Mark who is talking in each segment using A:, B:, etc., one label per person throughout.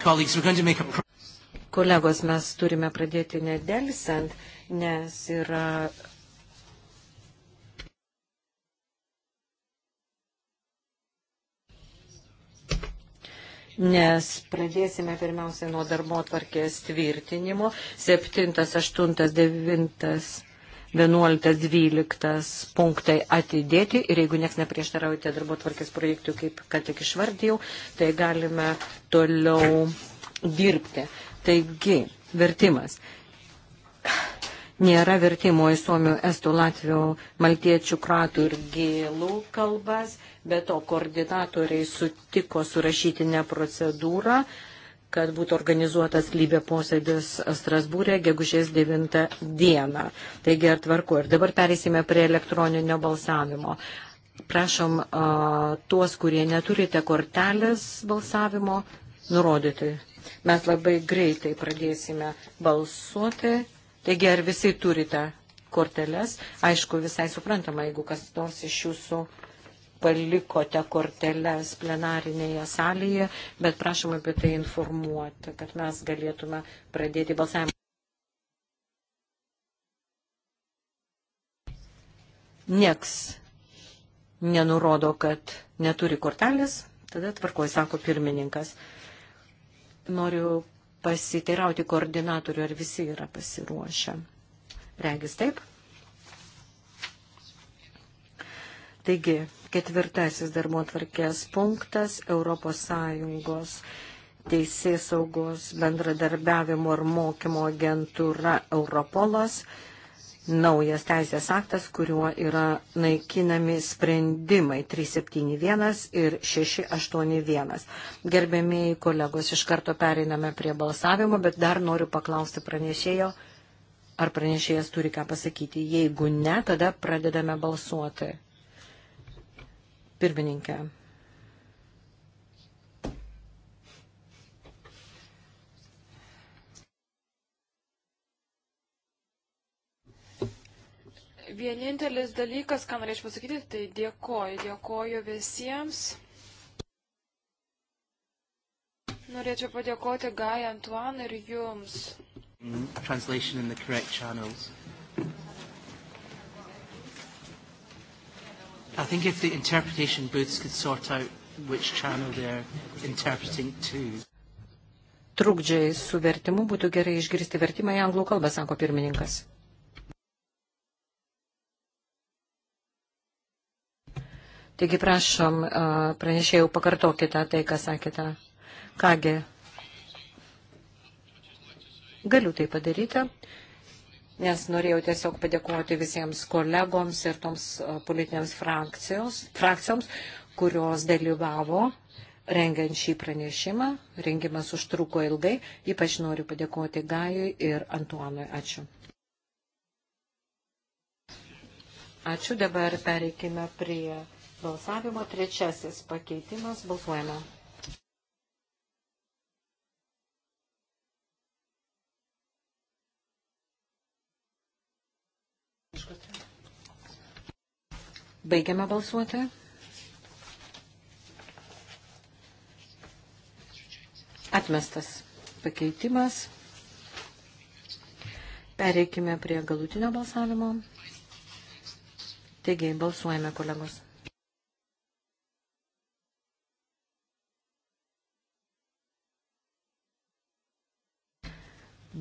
A: Kolegos, mes turime pradėti nedelsant, nes yra. Nes pradėsime pirmiausia nuo darbo tvarkės tvirtinimo. Septintas, aštuntas, devintas 11.12 punktai atidėti ir jeigu nieks neprieštaraujate darbo tvarkės projektų, kaip ką tik išvardėjau, tai galime toliau dirbti. Taigi, vertimas. Nėra vertimo į suomių, estų, latvių, maltiečių, kratų ir gėlų kalbas, bet to koordinatoriai sutiko surašyti ne procedūrą, kad būtų organizuotas lybė posėdis Strasbūrė gegužės 9 dieną. Taigi ar tvarku. Ir dabar perėsime prie elektroninio balsavimo. Prašom uh, tuos, kurie neturite kortelės balsavimo, nurodyti. Mes labai greitai pradėsime balsuoti. Taigi ar visi turite korteles? Aišku, visai suprantama, jeigu kas nors iš jūsų uh, palikote korteles plenarinėje salėje, bet prašom apie tai informuoti, kad mes galėtume pradėti balsavimą. Nieks nenurodo, kad neturi kortelės, tada tvarkoj, sako pirmininkas. Noriu pasiteirauti koordinatorių, ar visi yra pasiruošę. Regis taip? Taigi, Ketvirtasis darbo tvarkės punktas ES teisės saugos bendradarbiavimo ir mokymo agentūra Europolas. Naujas teisės aktas, kuriuo yra naikinami sprendimai 371 ir 681. Gerbėmiai kolegos, iš karto pereiname prie balsavimo, bet dar noriu paklausti pranešėjo, ar pranešėjas turi ką pasakyti. Jeigu ne, tada pradedame balsuoti pirmininkė.
B: Vienintelis dalykas, ką norėčiau pasakyti, tai dėkoju. Dėkoju visiems. Norėčiau padėkoti Gai Antuan ir jums. Mm, translation in the correct channels.
A: I think if the interpretation booths could sort out which channel they're interpreting to. Trukdžiai su vertimu būtų gerai išgirsti vertimą į anglų kalbą, sako pirmininkas. Taigi prašom, pranešėjau, pakartokite tai, ką sakėte. Kągi, galiu tai padaryti nes norėjau tiesiog padėkoti visiems kolegoms ir toms e, politinėms frakcijoms, kurios dalyvavo rengiant šį pranešimą. Rengimas užtruko ilgai. Ypač noriu padėkoti Gajui ir Antuanui. Ačiū. Ačiū. Dabar pereikime prie balsavimo. Trečiasis pakeitimas. Balsuojame. Baigiame balsuoti. Atmestas pakeitimas. Pereikime prie galutinio balsavimo. Taigi, balsuojame, kolegos.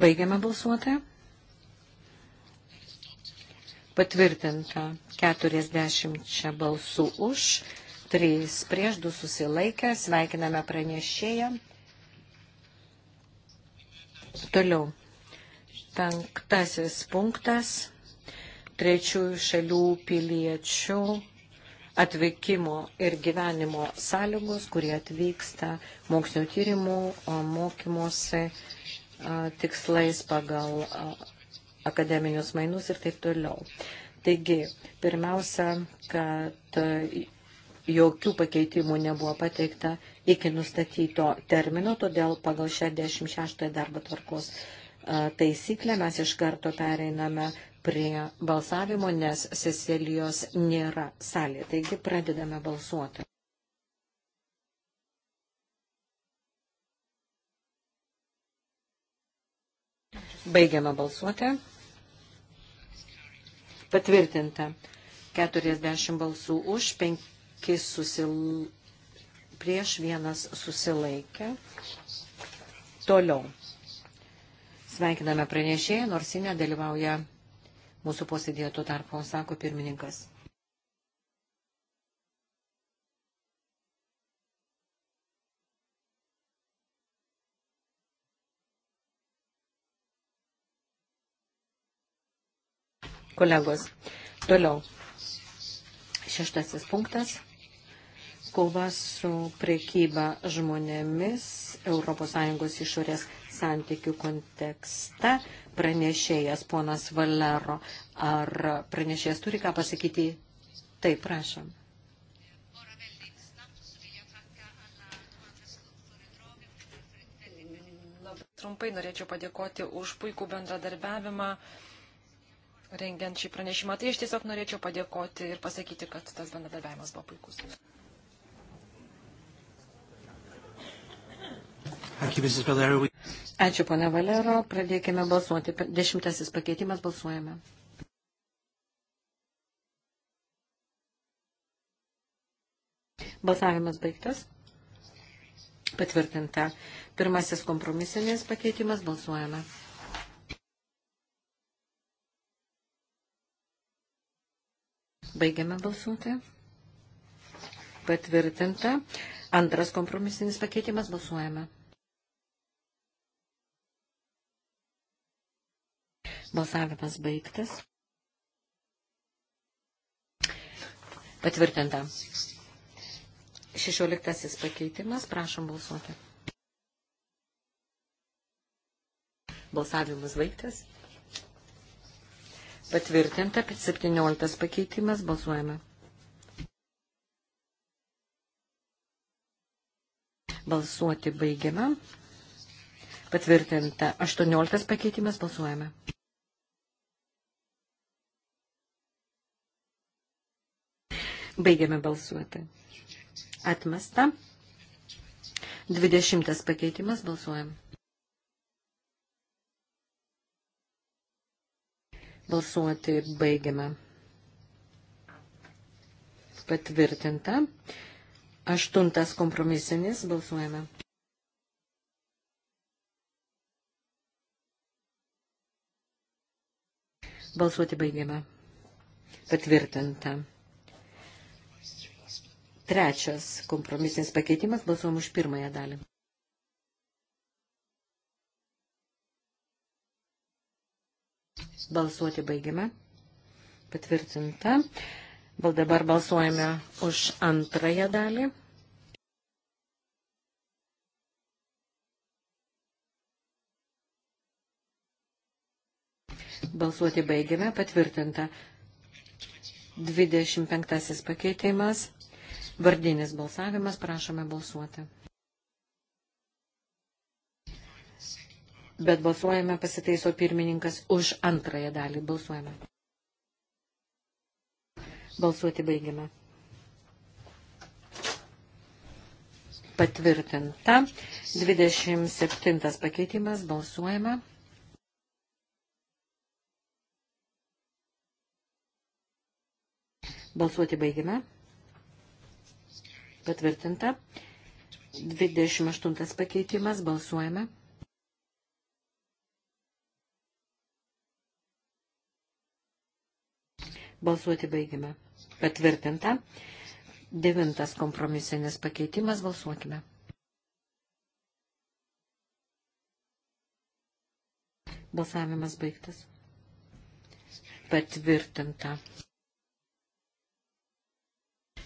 A: Baigiame balsuoti patvirtinta 40 balsų už, 3 prieš 2 susilaikę, sveikiname pranešėją. Toliau. Penktasis punktas. Trečiųjų šalių piliečių atvykimo ir gyvenimo sąlygos, kurie atvyksta mokslinio tyrimų, mokymosi tikslais pagal akademinius mainus ir taip toliau. Taigi, pirmiausia, kad jokių pakeitimų nebuvo pateikta iki nustatyto termino, todėl pagal 66 darbo tvarkos taisyklę mes iš karto pereiname prie balsavimo, nes Cecilijos nėra salė. Taigi pradedame balsuoti. Baigiame balsuoti patvirtinta. 40 balsų už, 5 susil... prieš, 1 susilaikė. Toliau. Sveikiname pranešėją, nors ji nedalyvauja mūsų posėdėje, tuo tarpu sako pirmininkas. kolegos. Toliau. Šeštasis punktas. Kova su prekyba žmonėmis ES išorės santykių kontekste. Pranešėjas ponas Valero. Ar pranešėjas turi ką pasakyti? Taip, prašom.
C: Trumpai norėčiau padėkoti už puikų bendradarbiavimą rengiant šį pranešimą. Tai aš tiesiog norėčiau padėkoti ir pasakyti, kad tas bendradarbiavimas buvo puikus.
A: Ačiū, ponia Valero. Pradėkime balsuoti. Dešimtasis pakeitimas balsuojame. Balsavimas baigtas. Patvirtinta. Pirmasis kompromisinis pakeitimas balsuojame. Baigiame balsuoti. Patvirtinta. Antras kompromisinis pakeitimas. Balsuojame. Balsavimas baigtas. Patvirtinta. Šešioliktasis pakeitimas. Prašom balsuoti. Balsavimas baigtas. Patvirtinta, 17 pakeitimas, balsuojame. Balsuoti baigiame. Patvirtinta, 18 pakeitimas, balsuojame. Baigiame balsuoti. Atmesta. 20 pakeitimas, balsuojame. Balsuoti baigiame. Patvirtinta. Aštuntas kompromisinis. Balsuojame. Balsuoti baigiame. Patvirtinta. Trečias kompromisinis pakeitimas. Balsuojam už pirmąją dalį. Balsuoti baigiame. Patvirtinta. Gal dabar balsuojame už antrąją dalį. Balsuoti baigiame. Patvirtinta. 25 pakeitimas. Vardinis balsavimas. Prašome balsuoti. bet balsuojame pasitaiso pirmininkas už antrąją dalį. Balsuojame. Balsuoti baigiame. Patvirtinta. 27 pakeitimas. Balsuojame. Balsuoti baigiame. Patvirtinta. 28 pakeitimas. Balsuojame. Balsuoti baigime. Patvirtinta. Devintas kompromisinis pakeitimas. Balsuokime. Balsavimas baigtas. Patvirtinta.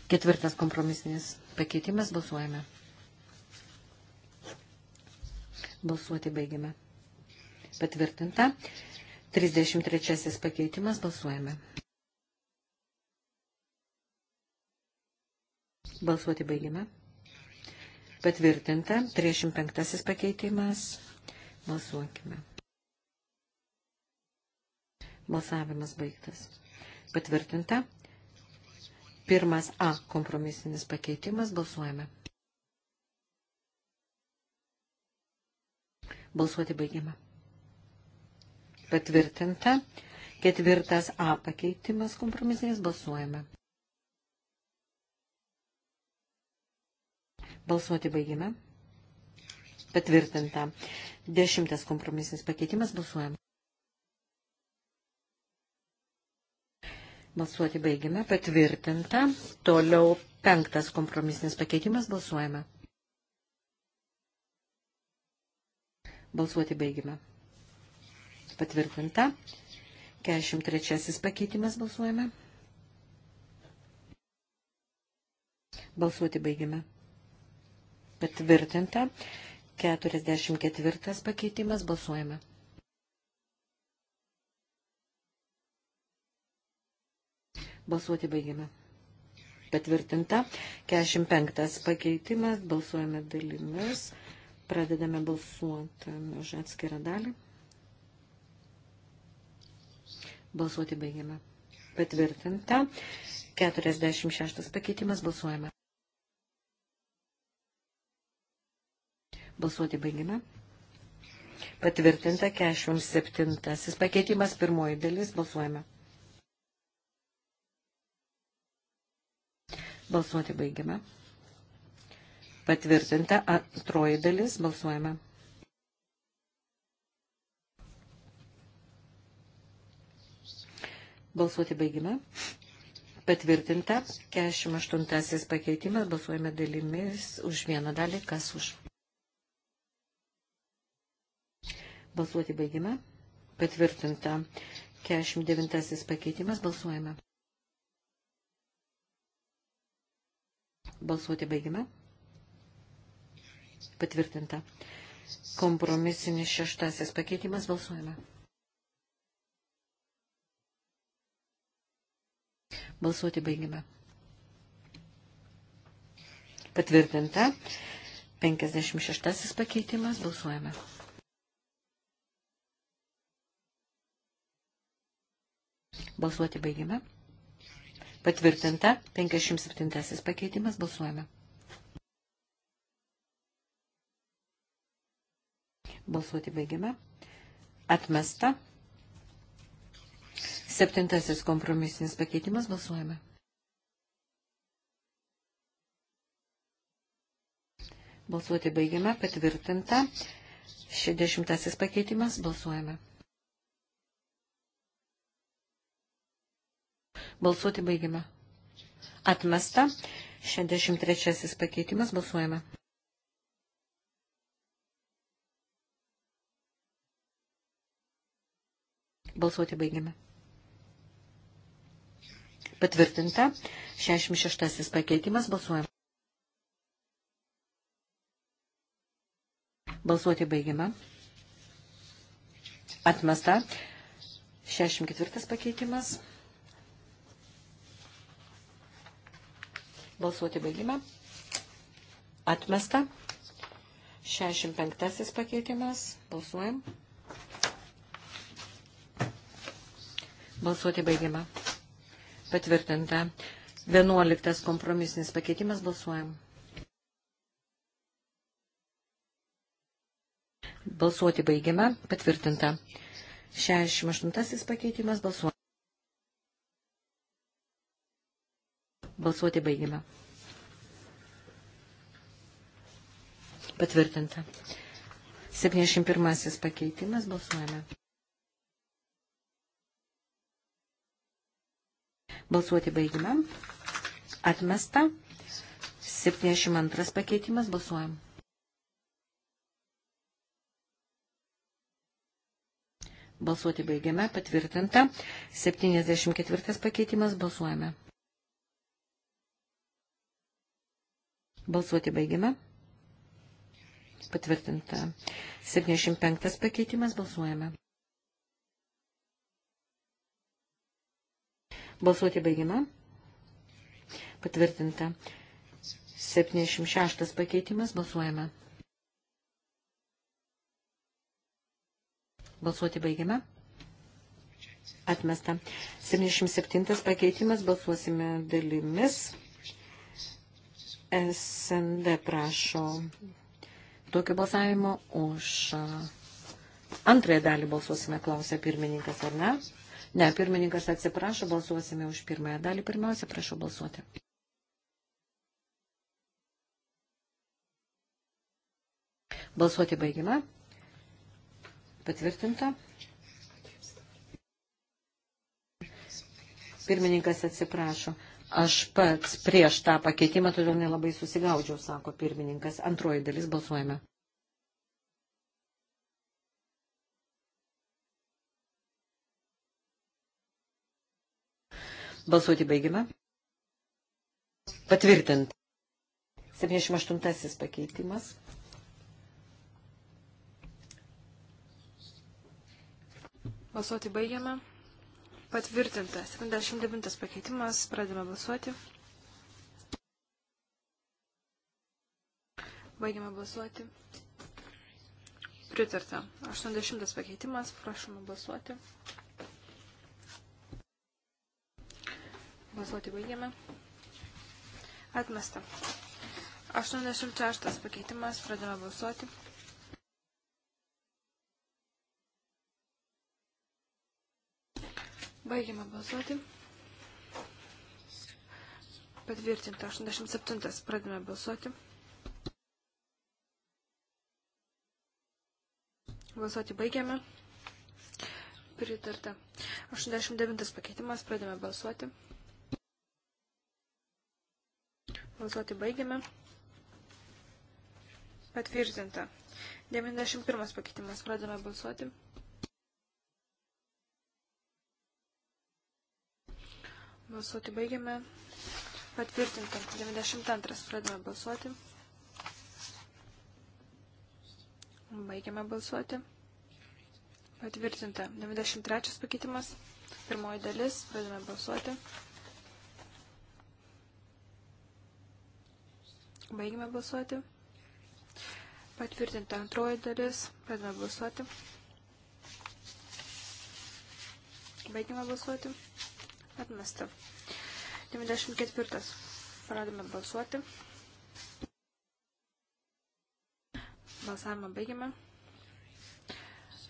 A: Ketvirtas kompromisinis pakeitimas. Balsuojame. Balsuoti baigiame. Patvirtinta. 33 pakeitimas. Balsuojame. Balsuoti baigime. Patvirtinta. 35 pakeitimas. Balsuokime. Balsavimas baigtas. Patvirtinta. Pirmas A kompromisinis pakeitimas. Balsuojame. Balsuoti baigime. Patvirtinta. Ketvirtas A pakeitimas kompromisinis. Balsuojame. Balsuoti baigime. Patvirtinta. Dešimtas kompromisinis pakeitimas. Balsuojam. Balsuoti baigime. Patvirtinta. Toliau penktas kompromisinis pakeitimas. Balsuojame. Balsuoti baigime. Patvirtinta. 43 pakeitimas balsuojame. Balsuoti baigime patvirtinta. 44 pakeitimas balsuojame. Balsuoti baigiame. Patvirtinta. 45 pakeitimas. Balsuojame dalimis. Pradedame balsuoti už atskirą dalį. Balsuoti baigiame. Patvirtinta. 46 pakeitimas. Balsuojame. Balsuoti baigime. Patvirtinta 47. Pakeitimas pirmoji dalis. Balsuojame. Balsuoti baigime. Patvirtinta antroji dalis. Balsuojame. Balsuoti baigime. Patvirtinta 48 pakeitimas. Balsuojame dalimis už vieną dalį. Kas už? Balsuoti baigime. Patvirtinta. 49 pakeitimas. Balsuojame. Balsuoti baigime. Patvirtinta. Kompromisinis šeštasis pakeitimas. Balsuojame. Balsuoti baigime. Patvirtinta. 56 pakeitimas. Balsuojame. Balsuoti baigime. Patvirtinta. 57 pakeitimas. Balsuojame. Balsuoti baigime. Atmesta. Septintasis kompromisinis pakeitimas. Balsuojame. Balsuoti baigime. Patvirtinta. Šešdešimtasis pakeitimas. Balsuojame. Balsuoti baigiame. Atmesta. 63 pakeitimas. Balsuojame. Balsuoti baigiame. Patvirtinta. 66 pakeitimas. Balsuojame. Balsuoti baigiame. Atmesta. 64 pakeitimas. Balsuoti baigime. Atmesta. 65 pakeitimas. Balsuojam. Balsuoti baigime. Patvirtinta. 11 kompromisinis pakeitimas. Balsuojam. Balsuoti baigime. Patvirtinta. 68 pakeitimas. Balsuojam. Balsuoti baigime. Patvirtinta. 71 pakeitimas. Balsuojame. Balsuoti baigime. Atmesta. 72 pakeitimas. Balsuojam. Balsuoti baigiame. Patvirtinta. 74 pakeitimas. Balsuojame. Balsuoti baigiame. Patvirtinta. 75 pakeitimas. Balsuojame. Balsuoti baigiame. Patvirtinta. 76 pakeitimas. Balsuojame. Balsuoti baigiame. Atmesta. 77 pakeitimas. Balsuosime dalimis. SND prašo tokio balsavimo už antrąją dalį balsuosime, klausė pirmininkas, ar ne? Ne, pirmininkas atsiprašo, balsuosime už pirmąją dalį. Pirmiausia, prašau balsuoti. Balsuoti baigime. Patvirtinta. Pirmininkas atsiprašo. Aš pats prieš tą pakeitimą, todėl nelabai susigaudžiau, sako pirmininkas. Antroji dalis balsuojame. Balsuoti baigime. Patvirtint. 78 pakeitimas.
B: Balsuoti baigiame. Patvirtinta. 79 pakeitimas. Pradame balsuoti. Baigiame balsuoti. Pritarta. 80 pakeitimas. Prašome balsuoti. Balsuoti baigiame. Atmesta. 86 pakeitimas. Pradame balsuoti. Baigiame balsuoti. Patvirtinta 87. Pradame balsuoti. Balsuoti baigiame. Pritarta. 89 pakeitimas. Pradame balsuoti. Balsuoti baigiame. Patvirtinta. 91 pakeitimas. Pradame balsuoti. Balsuoti baigiame. Patvirtinta. 92. Pradame balsuoti. Baigiame balsuoti. Patvirtinta. 93. Pakeitimas. Pirmoji dalis. Pradame balsuoti. Baigime balsuoti. Patvirtinta antroji dalis. Pradame balsuoti. Baigime balsuoti. Atmesta. 94. Pradame balsuoti. Balsavimą baigiame.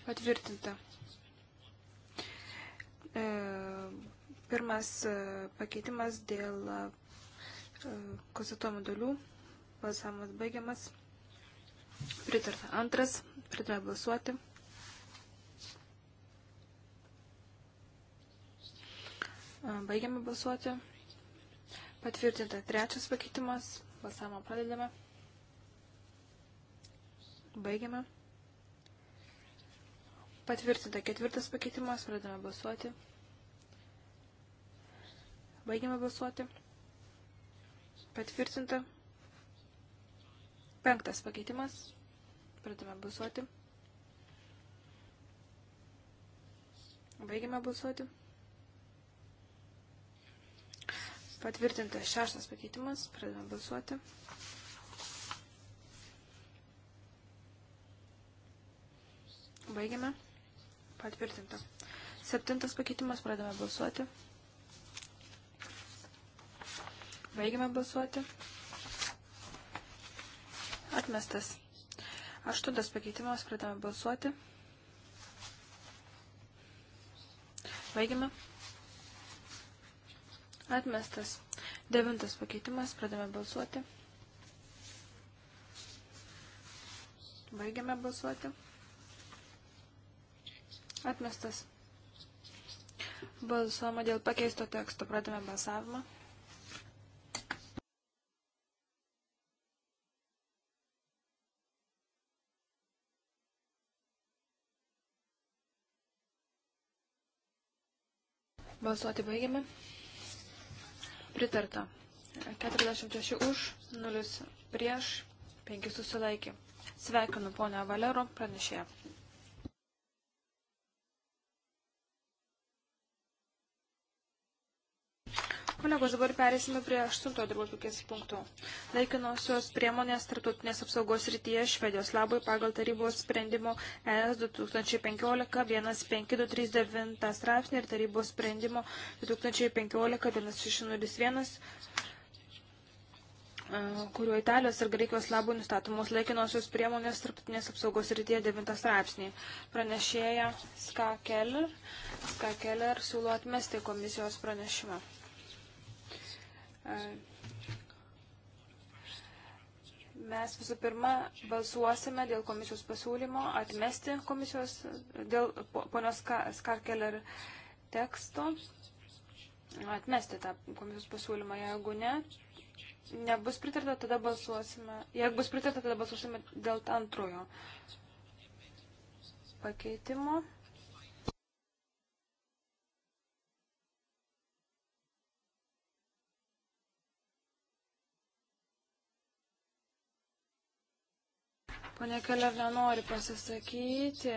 B: Patvirtinta. E, pirmas e, pakeitimas dėl e, konstatuojamų dalių. Balsavimas baigiamas. Pritarta. Antras. Pritarta balsuoti. Baigiame balsuoti. Patvirtinta trečias pakeitimas. Balsavimą pradedame. Baigiame. Patvirtinta ketvirtas pakeitimas. Pradedame balsuoti. Baigiame balsuoti. Patvirtinta. Penktas pakeitimas. Pradedame balsuoti. Baigiame balsuoti. Patvirtintas šeštas pakeitimas. Pradedame balsuoti. Baigiame. Patvirtinta. Septintas pakeitimas. Pradedame balsuoti. Baigiame balsuoti. Atmestas. Aštuntas pakeitimas. Pradedame balsuoti. Baigiame. Atmestas. Devintas pakeitimas. Pradame balsuoti. Baigiame balsuoti. Atmestas. Balsuojama dėl pakeisto teksto. Pradame balsavimą. Balsuoti baigiame pritarta. 46 už, 0 prieš, 5 susilaikė. Sveikinu ponę Valero pranešėją. Kolegos, dabar perėsime prie 8 darbotvarkės punktų. Laikinosios priemonės tartutinės apsaugos rytyje Švedijos labai pagal tarybos sprendimo ES 2015-1539 straipsnį ir tarybos sprendimo 2015-1601 e, kuriuo Italijos ir Graikijos labui nustatomos laikinosios priemonės tarptautinės apsaugos rytyje 9 straipsnį. Pranešėja Ska Keller. Ska Keller siūlo atmesti komisijos pranešimą. Mes visų pirma balsuosime dėl komisijos pasiūlymo atmesti komisijos dėl ponios Skarkeller teksto, atmesti tą komisijos pasiūlymą, jeigu ne, nebus pritarta, tada balsuosime, jeigu bus pritarta, tada balsuosime dėl antrojo pakeitimo. Pane Keller nenori pasisakyti.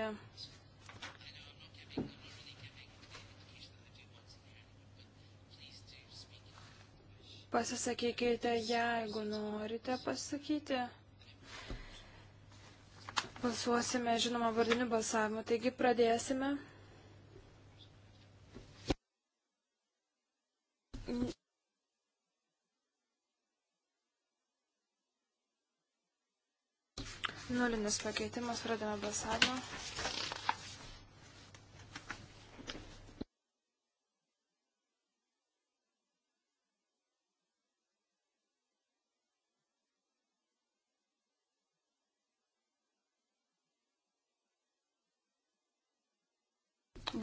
B: Pasisakykite, jeigu norite pasakyti. Balsuosime, žinoma, vardiniu balsavimu. Taigi pradėsime. Nulinis pakeitimas, pradėjome balsavimą.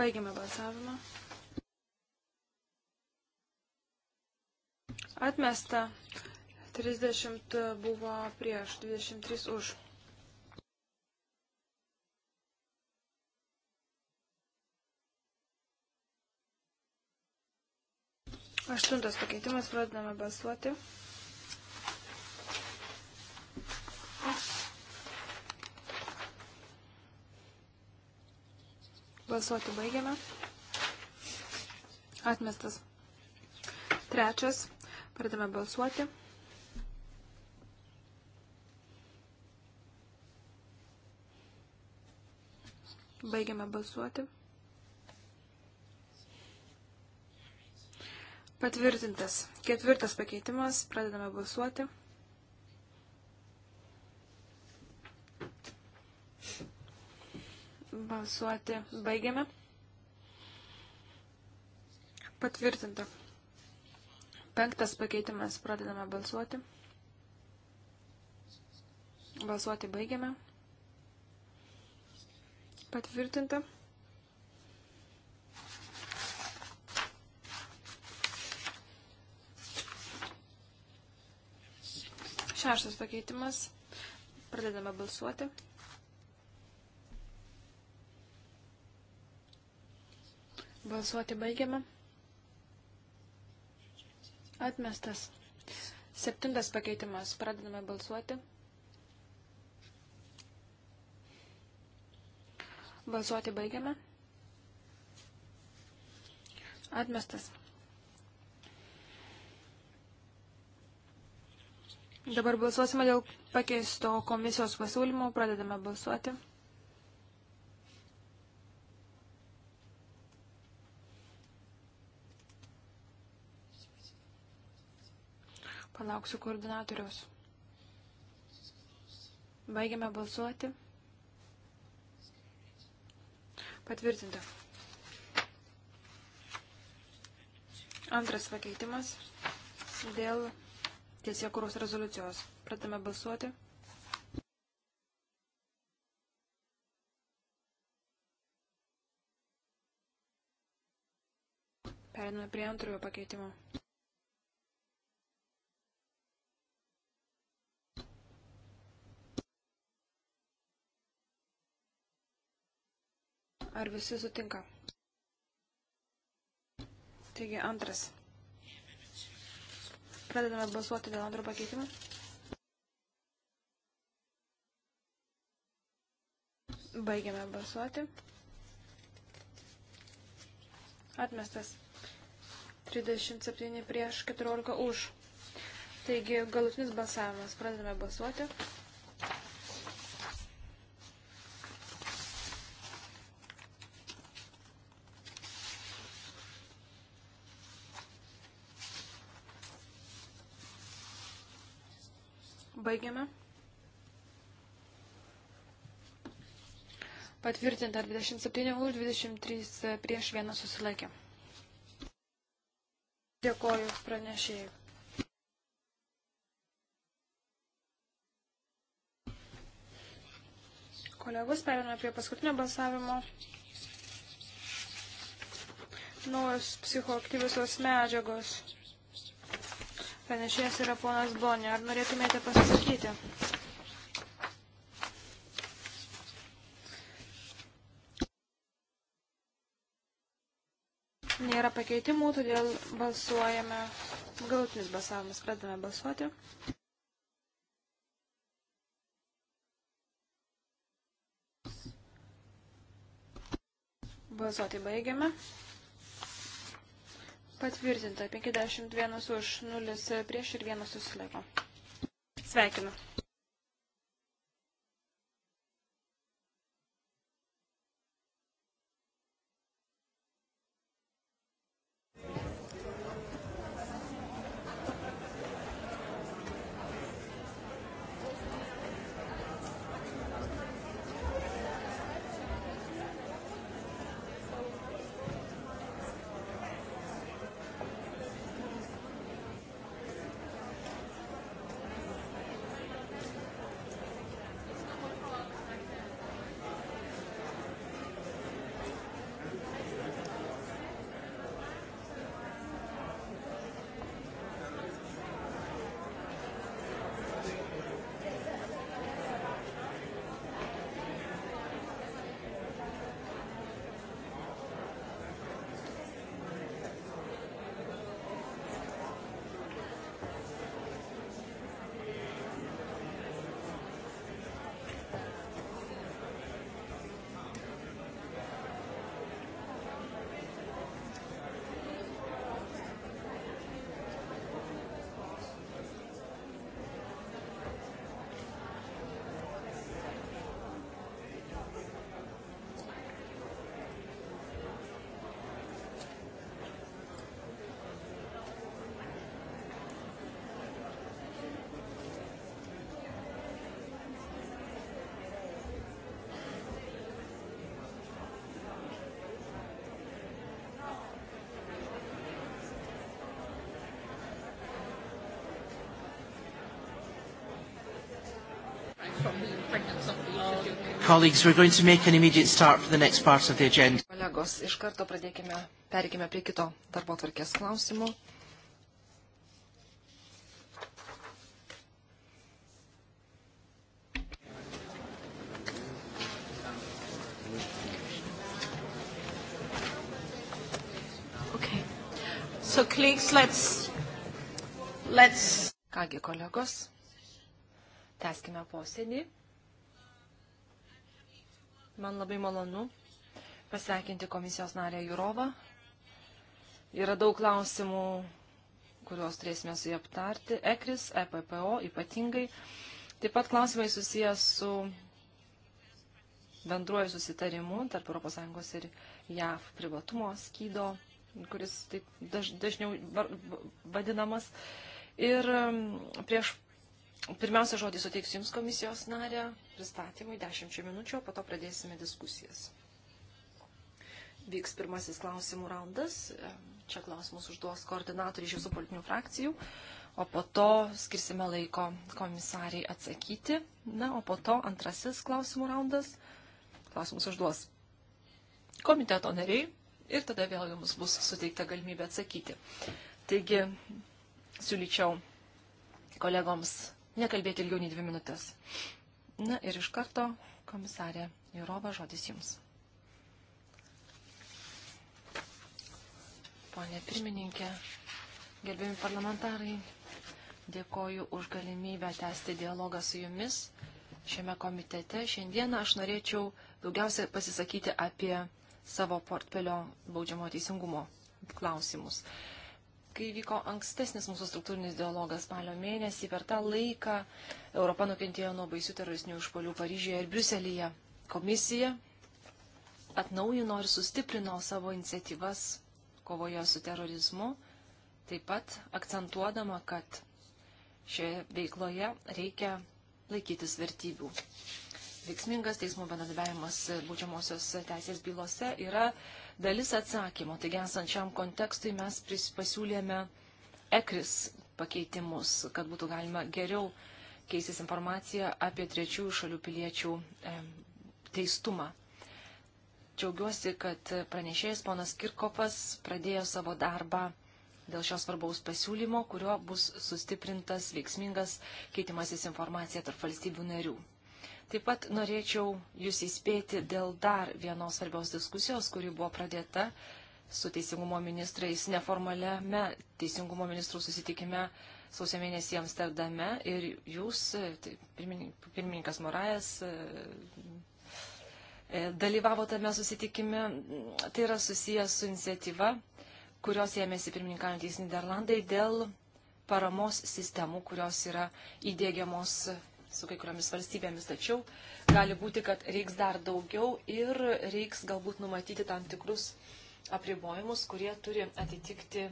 B: Baigiame balsavimą. Atmesta. 30 buvo prieš, 23 už. Aštuntas pakeitimas, pradedame balsuoti. Balsuoti baigiame. Atmestas. Trečias, pradedame balsuoti. Baigiame balsuoti. Patvirtintas. Ketvirtas pakeitimas. Pradedame balsuoti. Balsuoti baigiame. Patvirtinta. Penktas pakeitimas. Pradedame balsuoti. Balsuoti baigiame. Patvirtinta. Šeštas pakeitimas. Pradedame balsuoti. Balsuoti baigiame. Atmestas. Septintas pakeitimas. Pradedame balsuoti. Balsuoti baigiame. Atmestas. Dabar balsuosime dėl pakeisto komisijos pasiūlymo. Pradedame balsuoti. Palauksiu koordinatoriaus. Baigiame balsuoti. Patvirtinta. Antras pakeitimas dėl tiesiekuros rezoliucijos. Pradame balsuoti. Periname prie antrojo pakeitimo. Ar visi sutinka? Taigi antras Pradedame balsuoti dėl antro pakeitimo. Baigiame balsuoti. Atmestas. 37 prieš 14 už. Taigi galutinis balsavimas. Pradedame balsuoti. Baigiame. Patvirtinta 27 už 23 prieš vieną susilaikė. Dėkoju pranešėjai. Kolegos, perėmė prie paskutinio balsavimo. Naujos psichoaktyviusios medžiagos. Pranešėjas yra ponas Bonio. Ar norėtumėte pasisakyti? Nėra pakeitimų, todėl balsuojame. Galutinis balsavimas. Pradame balsuoti. Balsuoti baigiame. Patvirtinta 51 už 0 prieš ir 1 susilaiko. Sveikinu.
A: Colleagues, we're going to make an immediate start for the next part of the agenda.
C: Kolegos, iš karto pradėkime, perikime prie kito darbo tvarkės klausimo. Okay. So, colleagues, let's, let's... Kągi, kolegos, Teskime posėdį. Man labai malonu pasveikinti komisijos narę Jurovą. Yra daug klausimų, kuriuos turėsime su jį aptarti. ECRIS, EPPO ypatingai. Taip pat klausimai susijęs su bendruoju susitarimu tarp ES ir JAV privatumo skydo, kuris taip daž, dažniau vadinamas. Ir prieš Pirmiausia, žodį suteiksiu Jums komisijos narę pristatymui 10 minučių, o po to pradėsime diskusijas. Vyks pirmasis klausimų raundas. Čia klausimus užduos koordinatoriai iš jūsų politinių frakcijų, o po to skirsime laiko komisariai atsakyti. Na, o po to antrasis klausimų raundas. Klausimus užduos komiteto nariai ir tada vėl jums bus suteikta galimybė atsakyti. Taigi, siūlyčiau kolegoms nekalbėti ilgiau nei dvi minutės. Na ir iš karto, komisarė Jurova, žodis jums. Pone pirmininkė, gerbėjami parlamentarai, dėkoju už galimybę tęsti dialogą su jumis šiame komitete. Šiandieną aš norėčiau daugiausia pasisakyti apie savo portfelio baudžiamo teisingumo klausimus kai vyko ankstesnis mūsų struktūrinis dialogas spalio mėnesį, per tą laiką Europa nukentėjo nuo baisių teroristinių išpolių Paryžyje ir Briuselyje. Komisija atnaujino ir sustiprino savo iniciatyvas kovoje su terorizmu, taip pat akcentuodama, kad šioje veikloje reikia laikytis vertybių. Veiksmingas teismo bendradarbiavimas būdžiamosios teisės bylose yra dalis atsakymo. Taigi esant šiam kontekstui mes pasiūlėme ekris pakeitimus, kad būtų galima geriau keistis informaciją apie trečiųjų šalių piliečių e, teistumą. Džiaugiuosi, kad pranešėjas ponas Kirkopas pradėjo savo darbą dėl šios svarbaus pasiūlymo, kuriuo bus sustiprintas veiksmingas keitimasis informacija tarp valstybių narių. Taip pat norėčiau jūs įspėti dėl dar vienos svarbios diskusijos, kuri buvo pradėta su teisingumo ministrais neformaliame teisingumo ministrų susitikime sausio mėnesį Amsterdame ir jūs, tai pirmininkas Morajas, e, dalyvavo tame susitikime. Tai yra susijęs su iniciatyva, kurios ėmėsi pirmininkantys Niderlandai dėl paramos sistemų, kurios yra įdėgiamos su kai kuriomis valstybėmis, tačiau gali būti, kad reiks dar daugiau ir reiks galbūt numatyti tam tikrus apribojimus, kurie turi atitikti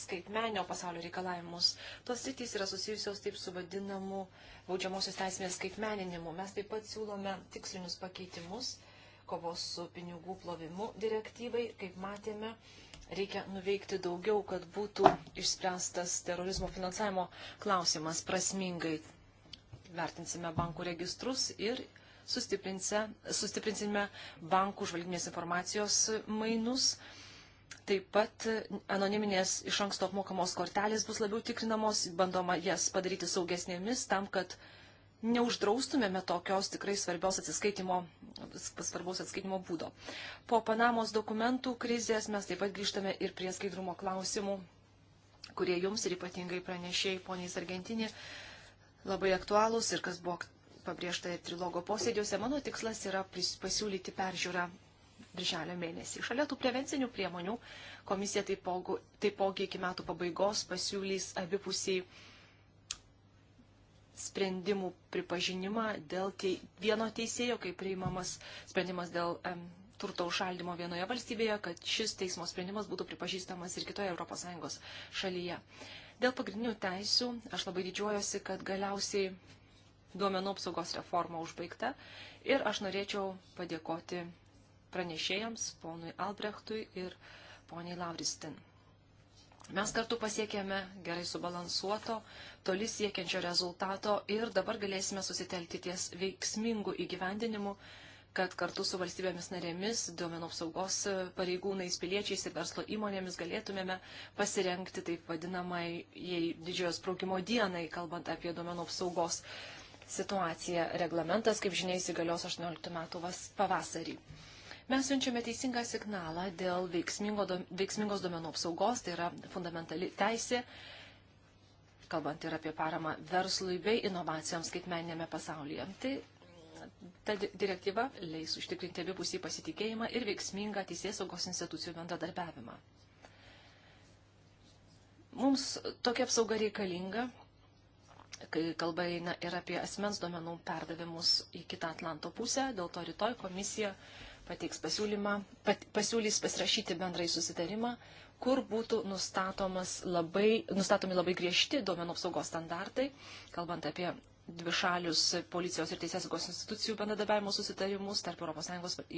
C: skaitmenio pasaulio reikalavimus. Tos sritys yra susijusios taip su vadinamu baudžiamosios teisinės skaitmeninimu. Mes taip pat siūlome tikslinius pakeitimus kovos su pinigų plovimu direktyvai, kaip matėme. Reikia nuveikti daugiau, kad būtų išspręstas terorizmo finansavimo klausimas prasmingai vertinsime bankų registrus ir sustiprinsime bankų žvalginės informacijos mainus. Taip pat anoniminės iš anksto apmokamos kortelės bus labiau tikrinamos, bandoma jas padaryti saugesnėmis tam, kad neuždraustumėme tokios tikrai svarbios atsiskaitimo, svarbaus atskaitimo būdo. Po Panamos dokumentų krizės mes taip pat grįžtame ir prie skaidrumo klausimų, kurie jums ir ypatingai pranešėjai, poniais Argentinė, labai aktualūs ir kas buvo pabrėžta ir trilogo posėdžiuose. Mano tikslas yra pasiūlyti peržiūrą birželio mėnesį. Šalia tų prevencinių priemonių komisija taipogi, taipogi iki metų pabaigos pasiūlys abipusiai sprendimų pripažinimą dėl tei, vieno teisėjo, kai priimamas sprendimas dėl um, turto užšaldimo vienoje valstybėje, kad šis teismo sprendimas būtų pripažįstamas ir kitoje ES šalyje. Uh, Dėl pagrindinių teisių aš labai didžiuojuosi, kad galiausiai duomenų apsaugos reforma užbaigta ir aš norėčiau padėkoti pranešėjams, ponui Albrechtui ir poniai Lauristin. Mes kartu pasiekėme gerai subalansuoto, toli siekiančio rezultato ir dabar galėsime susitelkti ties veiksmingų įgyvendinimų kad kartu su valstybėmis narėmis, duomenų apsaugos pareigūnais, piliečiais ir verslo įmonėmis galėtumėme pasirenkti taip vadinamai didžiojo spraukimo dienai, kalbant apie duomenų apsaugos situaciją. Reglamentas, kaip žinia, įsigalios 18 metų pavasarį. Mes siunčiame teisingą signalą dėl veiksmingos duomenų apsaugos, tai yra fundamentali teisė, kalbant ir apie paramą verslui bei inovacijoms skaitmeninėme pasaulyje. Tai ta direktyva leis užtikrinti abipusį pasitikėjimą ir veiksmingą teisėsaugos institucijų bendradarbiavimą. Mums tokia apsauga reikalinga, kai kalba eina ir apie asmens duomenų perdavimus į kitą Atlanto pusę, dėl to rytoj komisija pateiks pasiūlymą, pat, pasiūlys pasirašyti bendrai susitarimą, kur būtų labai, nustatomi labai griežti duomenų apsaugos standartai, kalbant apie dvišalius policijos ir teisėsaugos institucijų bendradarbiavimo susitarimus tarp ES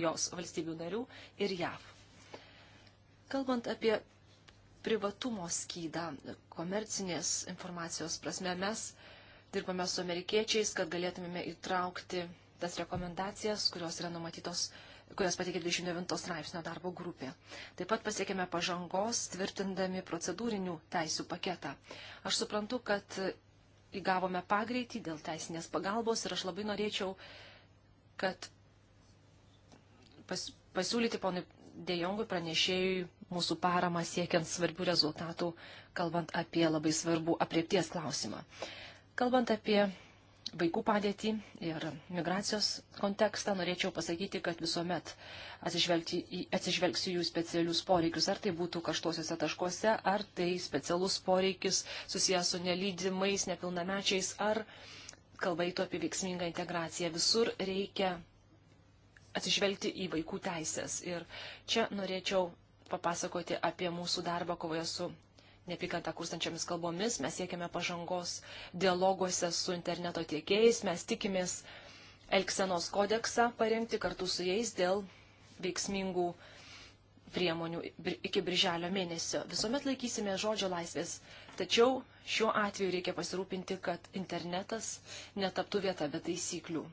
C: jos valstybių narių ir JAV. Kalbant apie privatumo skydą, komercinės informacijos prasme, mes dirbame su amerikiečiais, kad galėtumėme įtraukti tas rekomendacijas, kurios yra numatytos kurias pateikė 29 straipsnio darbo grupė. Taip pat pasiekėme pažangos, tvirtindami procedūrinių teisų paketą. Aš suprantu, kad įgavome pagreitį dėl teisinės pagalbos ir aš labai norėčiau, kad pas, pasiūlyti ponui Dejongui pranešėjui mūsų paramą siekiant svarbių rezultatų, kalbant apie labai svarbų apriepties klausimą. Kalbant apie vaikų padėtį ir migracijos kontekstą, norėčiau pasakyti, kad visuomet atsižvelgsiu jų specialius poreikius, ar tai būtų kaštuosiuose taškuose, ar tai specialus poreikis susijęs su nelydimais, nepilnamečiais, ar kalba įtų apie veiksmingą integraciją. Visur reikia atsižvelgti į vaikų teisės. Ir čia norėčiau papasakoti apie mūsų darbą kovoje su neapykantą kurstančiamis kalbomis, mes siekiame pažangos dialoguose su interneto tiekėjais, mes tikimės Elksenos kodeksą parengti kartu su jais dėl veiksmingų priemonių iki birželio mėnesio. Visuomet laikysime žodžio laisvės, tačiau šiuo atveju reikia pasirūpinti, kad internetas netaptų vieta be taisyklių.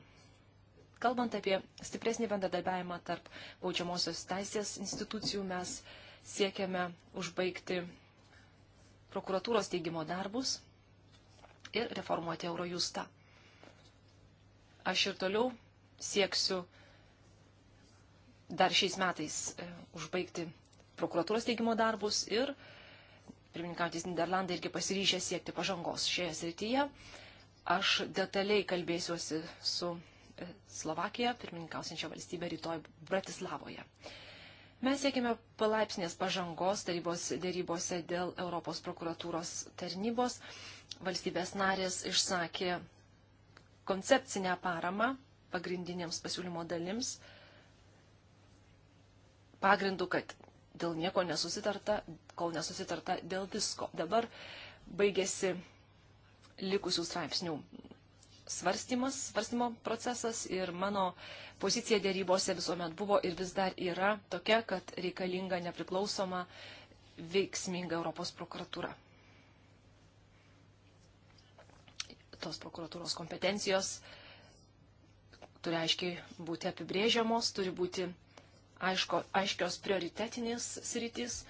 C: Kalbant apie stipresnį bendradarbiavimą tarp baudžiamosios teisės institucijų, mes siekiame užbaigti prokuratūros teigimo darbus ir reformuoti Eurojustą. Aš ir toliau sieksiu dar šiais metais e, užbaigti prokuratūros teigimo darbus ir pirmininkantis Niderlandai irgi pasiryžę siekti pažangos šioje srityje. Aš detaliai kalbėsiuosi su e, Slovakija, pirmininkausiančia valstybė rytoj Bratislavoje. Mes siekime palaipsnės pažangos tarybos dėrybose dėl Europos prokuratūros tarnybos. Valstybės narės išsakė koncepcinę paramą pagrindinėms pasiūlymo dalims, pagrindu, kad dėl nieko nesusitarta, kol nesusitarta dėl visko. Dabar baigėsi likusių straipsnių svarstymas, svarstymo procesas ir mano pozicija dėrybose visuomet buvo ir vis dar yra tokia, kad reikalinga nepriklausoma veiksminga Europos prokuratūra. Tos prokuratūros kompetencijos turi aiškiai būti apibrėžiamos, turi būti aiško, aiškios prioritetinės sritys.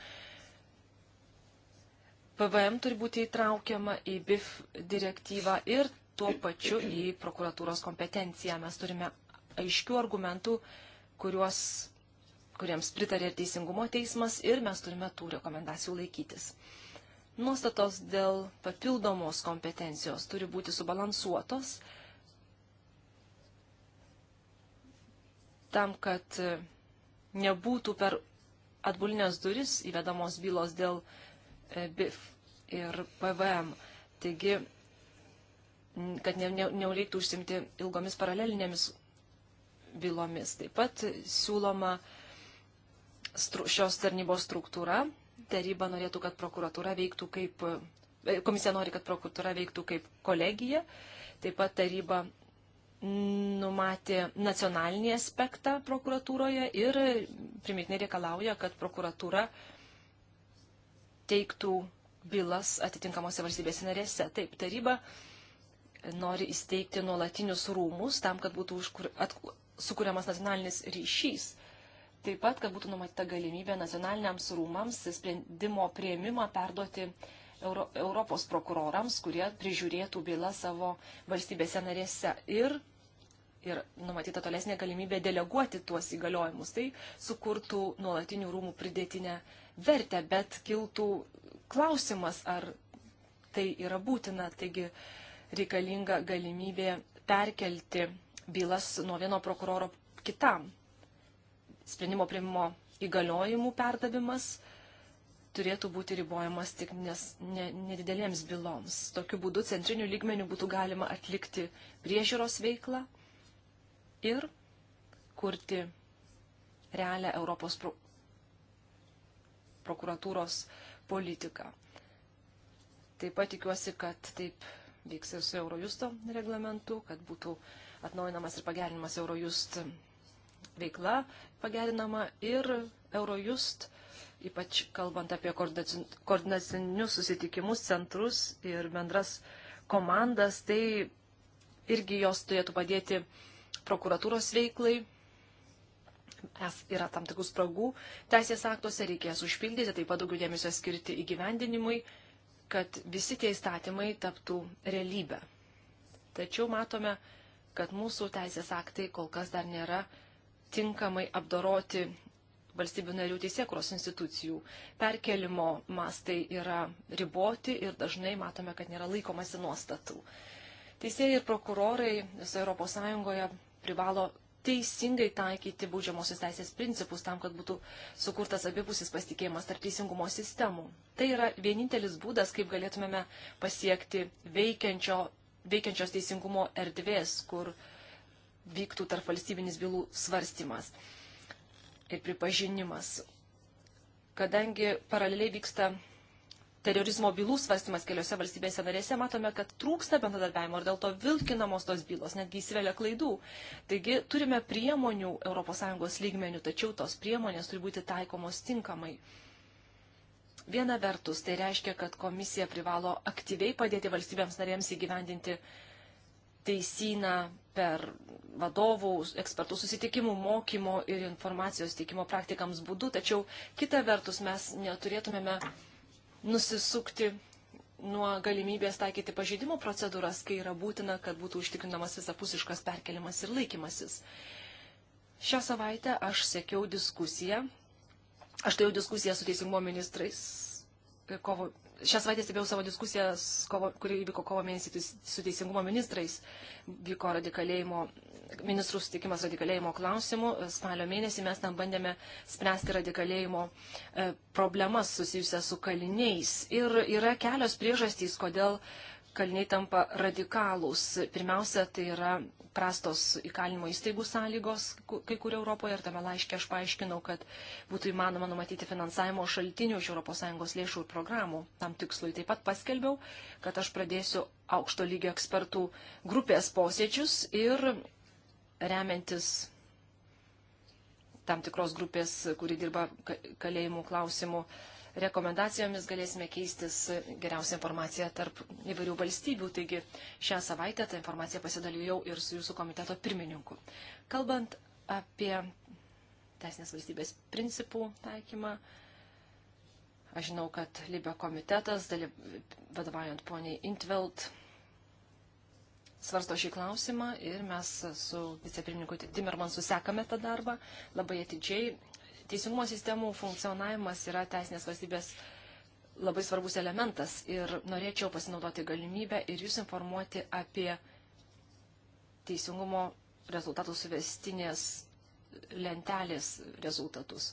C: PVM turi būti įtraukiama į BIF direktyvą ir tuo pačiu į prokuratūros kompetenciją. Mes turime aiškių argumentų, kuriuos, kuriems pritarė ir Teisingumo teismas ir mes turime tų rekomendacijų laikytis. Nuostatos dėl papildomos kompetencijos turi būti subalansuotos tam, kad nebūtų per atbulinės duris įvedamos bylos dėl e, BIF ir PVM. Taigi kad ne, ne, neureiktų užsimti ilgomis paralelinėmis bylomis. Taip pat siūloma stru, šios tarnybos struktūra. Taryba norėtų, kad prokuratūra veiktų kaip, e, komisija nori, kad prokuratūra veiktų kaip kolegija. Taip pat taryba numatė nacionalinį aspektą prokuratūroje ir primiknai reikalauja, kad prokuratūra teiktų bylas atitinkamose valstybėse narėse. Taip, taryba uh, nori įsteigti nuolatinius rūmus tam, kad būtų užkur, at, sukūriamas nacionalinis ryšys. Taip pat, kad būtų numatyta galimybė nacionaliniams rūmams sprendimo prieimimą perduoti Euro, Europos prokurorams, kurie prižiūrėtų bylą savo valstybėse narėse. Ir, ir numatyta tolesnė galimybė deleguoti tuos įgaliojimus. Tai sukurtų nuolatinių rūmų pridėtinę vertę, bet kiltų klausimas, ar tai yra būtina. Taigi, uh, reikalinga galimybė perkelti bylas nuo vieno prokuroro kitam. Sprendimo priimimo įgaliojimų perdavimas turėtų būti ribojamas tik nes, ne, nedidelėms byloms. Tokiu būdu centriniu lygmeniu būtų galima atlikti priežiūros veiklą ir kurti realią Europos pro, prokuratūros politiką. Taip pat tikiuosi, kad taip vyks ir su Eurojusto reglamentu, kad būtų atnaujinamas ir pagerinimas Eurojust veikla pagerinama ir Eurojust, ypač kalbant apie koordinacinius susitikimus, centrus ir bendras komandas, tai irgi jos turėtų padėti prokuratūros veiklai. Es yra tam tikrų spragų teisės aktuose, reikės užpildyti, taip pat daugiau dėmesio skirti įgyvendinimui, kad visi tie įstatymai taptų realybę. Tačiau matome, kad mūsų teisės aktai kol kas dar nėra tinkamai apdoroti valstybių narių teisėkros institucijų. Perkelimo mastai yra riboti ir dažnai matome, kad nėra laikomasi nuostatų. Teisėjai ir prokurorai visoje ES privalo teisingai taikyti baudžiamosios teisės principus tam, kad būtų sukurtas abipusis pasitikėjimas tarp teisingumo sistemų. Tai yra vienintelis būdas, kaip galėtumėme pasiekti veikiančio, veikiančios teisingumo erdvės, kur vyktų tarp valstybinis bylų svarstymas ir pripažinimas. Kadangi paraleliai vyksta terorizmo bylų svarstymas keliose valstybėse narėse, matome, kad trūksta bendradarbiavimo ir dėl to vilkinamos tos bylos, netgi įsivelia klaidų. Taigi turime priemonių ES lygmenių, tačiau tos priemonės turi būti taikomos tinkamai. Viena vertus, tai reiškia, kad komisija privalo aktyviai padėti valstybėms narėms įgyvendinti teisyną per vadovų, ekspertų susitikimų, mokymo ir informacijos teikimo praktikams būdu, tačiau kita vertus mes neturėtumėme nusisukti nuo galimybės taikyti pažeidimo procedūras, kai yra būtina, kad būtų užtikrinamas visapusiškas perkelimas ir laikymasis. Šią savaitę aš sekiau diskusiją, aš turėjau diskusiją su teisingumo ministrais kovo, šią savaitę stebėjau savo diskusijas, kovo, kuri įvyko kovo mėnesį su teisingumo ministrais, vyko radikalėjimo, ministrų sutikimas radikalėjimo klausimų. Spalio mėnesį mes ten bandėme spręsti radikalėjimo e, problemas susijusias su kaliniais. Ir yra kelios priežastys, kodėl kaliniai tampa radikalūs. Pirmiausia, tai yra prastos įkalinimo įstaigų sąlygos kai kur Europoje ir tame laiške aš paaiškinau, kad būtų įmanoma numatyti finansavimo šaltinių iš ES lėšų ir programų. Tam tikslui taip pat paskelbiau, kad aš pradėsiu aukšto lygio ekspertų grupės posėdžius ir remiantis tam tikros grupės, kuri dirba kalėjimų klausimų rekomendacijomis galėsime keistis geriausią informaciją tarp įvairių valstybių. Taigi šią savaitę tą informaciją pasidalijau ir su jūsų komiteto pirmininku. Kalbant apie teisinės valstybės principų taikymą, aš žinau, kad Libio komitetas, dalyv... vadovaujant poniai Intveld, svarsto šį klausimą ir mes su vicepirmininku Timerman susekame tą darbą labai atidžiai, teisingumo sistemų funkcionavimas yra teisinės valstybės labai svarbus elementas ir norėčiau pasinaudoti galimybę ir jūs informuoti apie teisingumo rezultatų suvestinės lentelės rezultatus,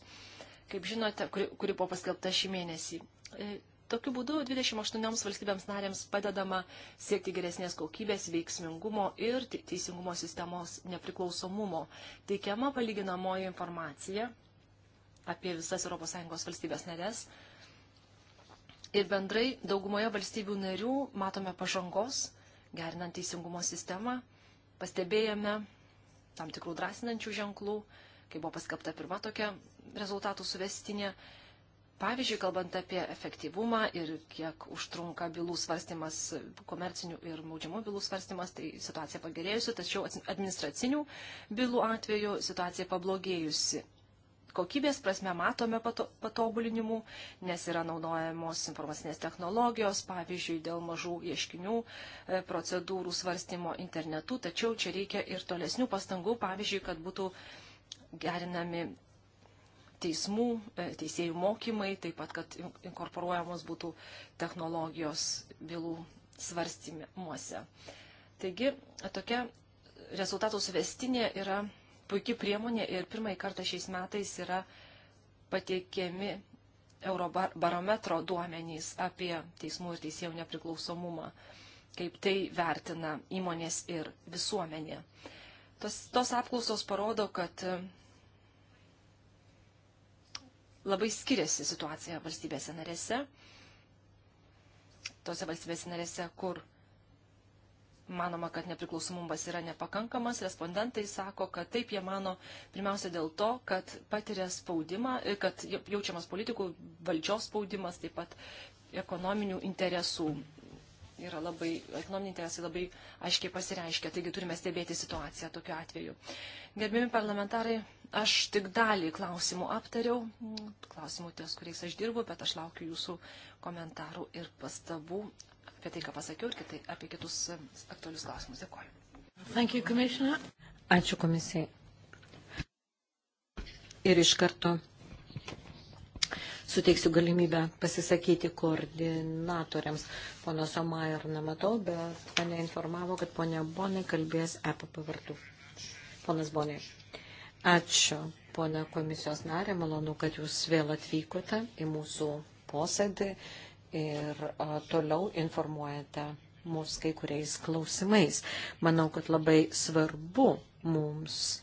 C: kaip žinote, kuri, kuri buvo paskelbta šį mėnesį. E, tokiu būdu 28 valstybėms narėms padedama siekti geresnės kokybės, veiksmingumo ir teisingumo sistemos nepriklausomumo. Teikiama palyginamoji informacija apie visas ES valstybės narės. Ir bendrai daugumoje valstybių narių matome pažangos, gerinant teisingumo sistemą, pastebėjome tam tikrų drąsinančių ženklų, kai buvo paskapta pirma tokia rezultatų suvestinė. Pavyzdžiui, kalbant apie efektyvumą ir kiek užtrunka bylų svarstymas, komercinių ir maudžiamų bylų svarstymas, tai situacija pagerėjusi, tačiau administracinių bylų atveju situacija pablogėjusi kokybės prasme matome pato, patobulinimų, nes yra naudojamos informacinės technologijos, pavyzdžiui, dėl mažų ieškinių e, procedūrų svarstymo internetu, tačiau čia reikia ir tolesnių pastangų, pavyzdžiui, kad būtų gerinami teismų, e, teisėjų mokymai, taip pat, kad inkorporuojamos būtų technologijos bylų svarstymuose. Taigi, tokia rezultatų suvestinė yra puikia priemonė ir pirmąjį kartą šiais metais yra pateikiami Eurobarometro duomenys apie teismų ir teisėjų nepriklausomumą, kaip tai vertina įmonės ir visuomenė. Tos, tos apklausos parodo, kad e, labai skiriasi situacija valstybėse narėse, tose valstybėse narėse, kur manoma, kad nepriklausomumas yra nepakankamas. Respondentai sako, kad taip jie mano pirmiausia dėl to, kad patiria spaudimą, e, kad jaučiamas politikų valdžios spaudimas, taip pat ekonominių interesų. Yra labai, ekonominiai interesai labai aiškiai pasireiškia, taigi turime stebėti situaciją tokiu atveju. Gerbimi parlamentarai, aš tik dalį klausimų aptariau, klausimų ties, kuriais aš dirbu, bet aš laukiu jūsų komentarų ir pastabų apie tai, ką pasakiau, ir kitai, apie kitus e, aktualius klausimus. Dėkoju.
A: You, Ačiū komisijai. Ir iš karto suteiksiu galimybę pasisakyti koordinatoriams. Pono Somair nematau, bet mane informavo, kad ponia Bonė kalbės EPP vardu. Ponas Bonė. Ačiū, ponia komisijos narė. Malonu, kad jūs vėl atvykote į mūsų posėdį ir toliau informuojate mus kai kuriais klausimais. Manau, kad labai svarbu mums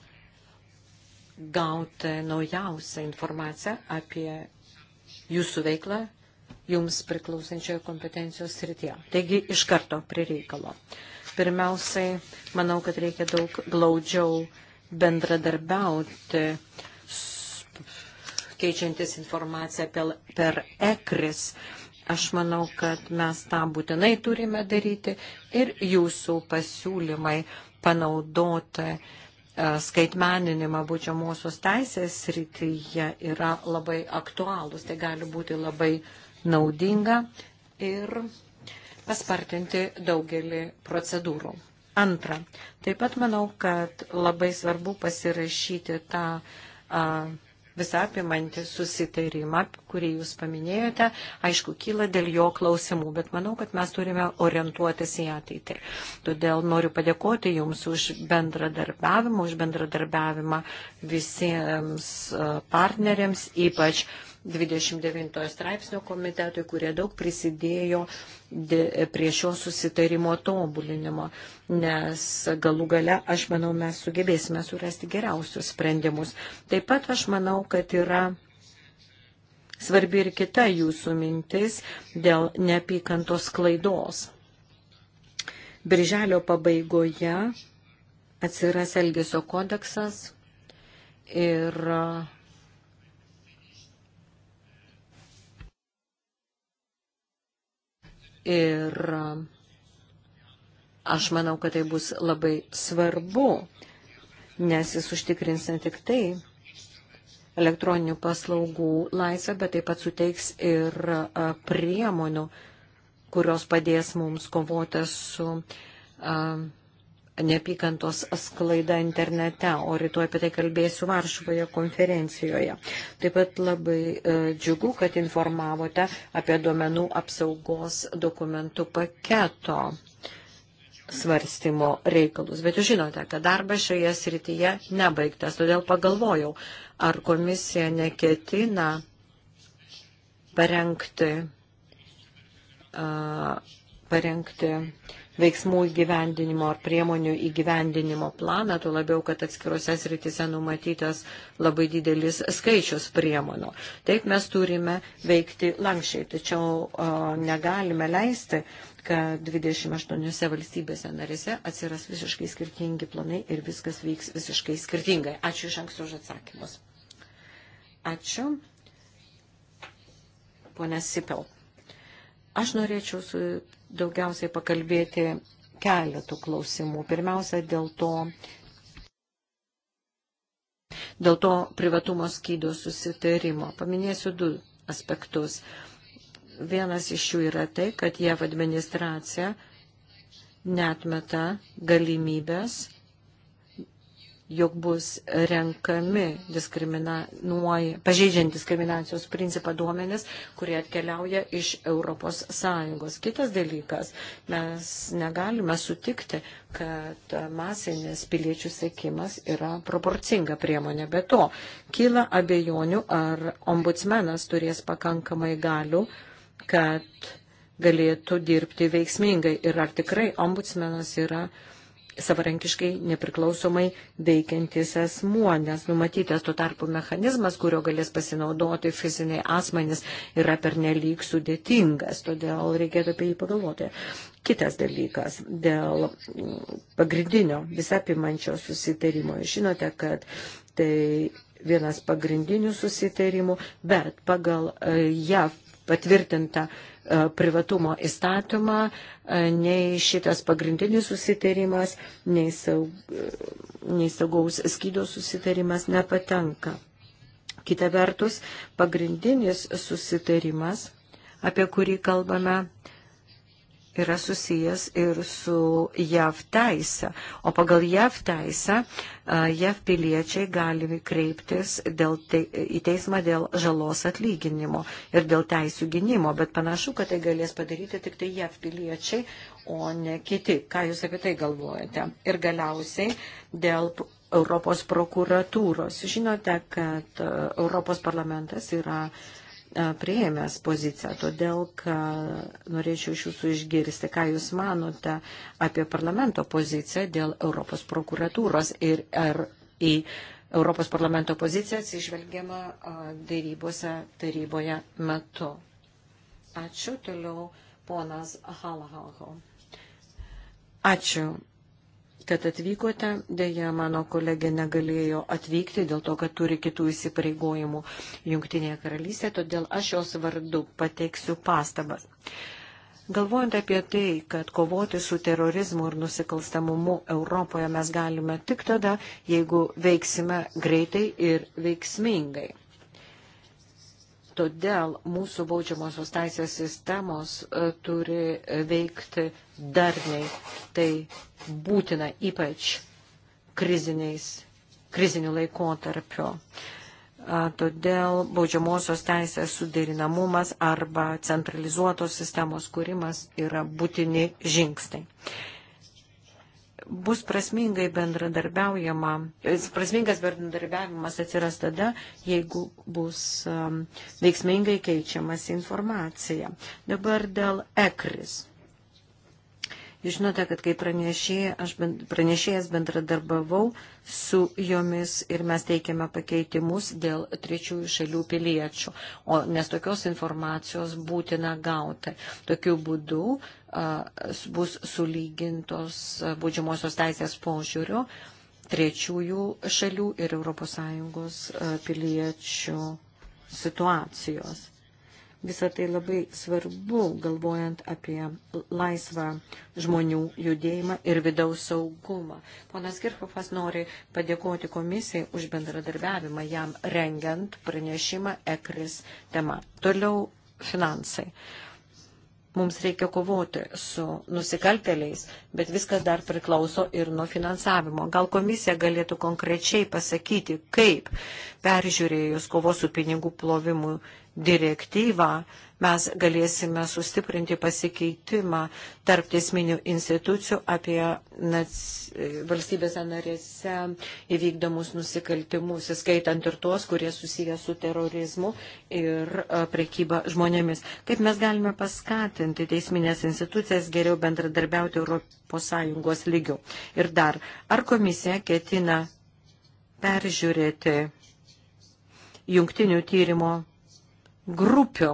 A: gauti naujausią informaciją apie jūsų veiklą jums priklausančioje kompetencijos srityje. Taigi iš karto prie reikalo. Pirmiausiai, manau, kad reikia daug glaudžiau bendradarbiauti, keičiantis informaciją per ECRIS Aš manau, kad mes tą būtinai turime daryti ir jūsų pasiūlymai panaudoti e, skaitmeninimą būčiamosios teisės rytyje yra labai aktualūs. Tai gali būti labai naudinga ir paspartinti daugelį procedūrų. Antra, taip pat manau, kad labai svarbu pasirašyti tą a, visapimantį susitarimą, kurį jūs paminėjote, aišku, kyla dėl jo klausimų, bet manau, kad mes turime orientuotis į ateitį. Todėl noriu padėkoti Jums už bendradarbiavimą, už bendradarbiavimą visiems e, partneriams, ypač uh, 29 straipsnio komitetui, kurie daug prisidėjo prie šio susitarimo tobulinimo, nes galų gale, aš manau, mes sugebėsime surasti geriausius sprendimus. Taip pat aš manau, kad yra svarbi ir kita jūsų mintis dėl neapykantos klaidos. Birželio pabaigoje atsiras Elgesio kodeksas ir Ir e, aš manau, kad tai bus labai svarbu, nes jis užtikrins ne tik tai elektroninių paslaugų laisvę, bet taip pat suteiks ir e, priemonių, kurios padės mums kovoti su uh, neapykantos sklaida internete, o rytoj apie tai kalbėsiu Varšuvoje konferencijoje. Taip pat labai e, džiugu, kad informavote apie duomenų apsaugos dokumentų paketo svarstymo reikalus. Bet jūs žinote, kad darbas šioje srityje nebaigtas, todėl pagalvojau, ar komisija neketina parengti, uh, parengti veiksmų įgyvendinimo ar priemonių įgyvendinimo planą, tuo labiau, kad atskiruose sritise numatytas labai didelis skaičius priemonių. Taip mes turime veikti lankščiai, tačiau o, negalime leisti, kad 28 valstybėse narėse atsiras visiškai skirtingi planai ir viskas vyks visiškai skirtingai. Ačiū iš anksto už atsakymus. Ačiū. Pone Sipel. Aš norėčiau su daugiausiai pakalbėti keletų klausimų. Pirmiausia, dėl to, dėl to privatumo skydo susitarimo. Paminėsiu du aspektus. Vienas iš jų yra tai, kad JAV administracija netmeta galimybės jog bus renkami pažeidžiant diskriminacijos principą duomenis, kurie atkeliauja iš ES. Kitas dalykas, mes negalime sutikti, kad masinis piliečių sėkimas yra proporcinga priemonė. Be to, kyla abejonių, ar ombudsmenas turės pakankamai galių, kad galėtų dirbti veiksmingai ir ar tikrai ombudsmenas yra savarankiškai nepriklausomai veikiantis asmuo, nes numatytas tuo tarpu mechanizmas, kurio galės pasinaudoti fiziniai asmenys, yra pernelyg sudėtingas, todėl reikėtų apie jį pagalvoti. Kitas dalykas dėl pagrindinio visapimančio susitarimo. Žinote, kad tai vienas pagrindinių susitarimų, bet pagal e, JAV patvirtintą E, privatumo įstatymą, e, nei šitas pagrindinis susitarimas, nei, saug, e, nei saugaus skydo susitarimas nepatenka. Kita vertus, pagrindinis susitarimas, apie kurį kalbame, yra susijęs ir su JAV teisė. O pagal JAV teisę JAV piliečiai gali kreiptis dėl te, į teismą dėl žalos atlyginimo ir dėl teisų gynimo, bet panašu, kad tai galės padaryti tik tai JAV piliečiai, o ne kiti. Ką Jūs apie tai galvojate? Ir galiausiai dėl Europos prokuratūros. Žinote, kad Europos parlamentas yra uh, prieėmęs poziciją, todėl, kad norėčiau iš jūsų išgirsti, ką jūs manote apie parlamento poziciją dėl Europos prokuratūros ir ar į Europos parlamento poziciją atsižvelgiama dėrybose taryboje metu. Ačiū toliau ponas Halahalho. Ačiū kad atvykote. Deja, mano kolegė negalėjo atvykti dėl to, kad turi kitų įsipareigojimų Junktinėje karalystėje, todėl aš jos vardu pateiksiu pastabas. Galvojant apie tai, kad kovoti su terorizmu ir nusikalstamumu Europoje mes galime tik tada, jeigu veiksime greitai ir veiksmingai. Todėl mūsų baudžiamosios teisės sistemos e, turi veikti darniai. Tai būtina ypač kriziniais, kriziniu laikotarpiu. Todėl baudžiamosios teisės suderinamumas arba centralizuotos sistemos kūrimas yra būtini žingsniai bus prasmingai bendradarbiaujama, prasmingas bendradarbiavimas atsiras tada, jeigu bus um, veiksmingai keičiamas informacija. Dabar dėl ekris. Žinote, kad kai pranešėja, aš bend, pranešėjas bendradarbavau su jomis ir mes teikiame pakeitimus dėl trečiųjų šalių piliečių, o, nes tokios informacijos būtina gauti. Tokiu būdu a, bus sulygintos būdžiamosios teisės požiūrių trečiųjų šalių ir ES piliečių situacijos. Visą tai labai svarbu, galvojant apie laisvą žmonių judėjimą ir vidaus saugumą. Ponas Kirchhoffas nori padėkoti komisijai už bendradarbiavimą jam rengiant pranešimą ECRIS tema. Toliau finansai mums reikia kovoti su nusikalteliais, bet viskas dar priklauso ir nuo finansavimo. Gal komisija galėtų konkrečiai pasakyti, kaip peržiūrėjus kovos su pinigų plovimu direktyvą, mes galėsime sustiprinti pasikeitimą tarp tiesminių institucijų apie nac... valstybės narėse įvykdomus nusikaltimus, įskaitant ir tuos, kurie susiję su terorizmu ir e, prekyba žmonėmis. Kaip mes galime paskatinti teisminės institucijas geriau bendradarbiauti ES lygių. Ir dar, ar komisija ketina peržiūrėti jungtinių tyrimo grupių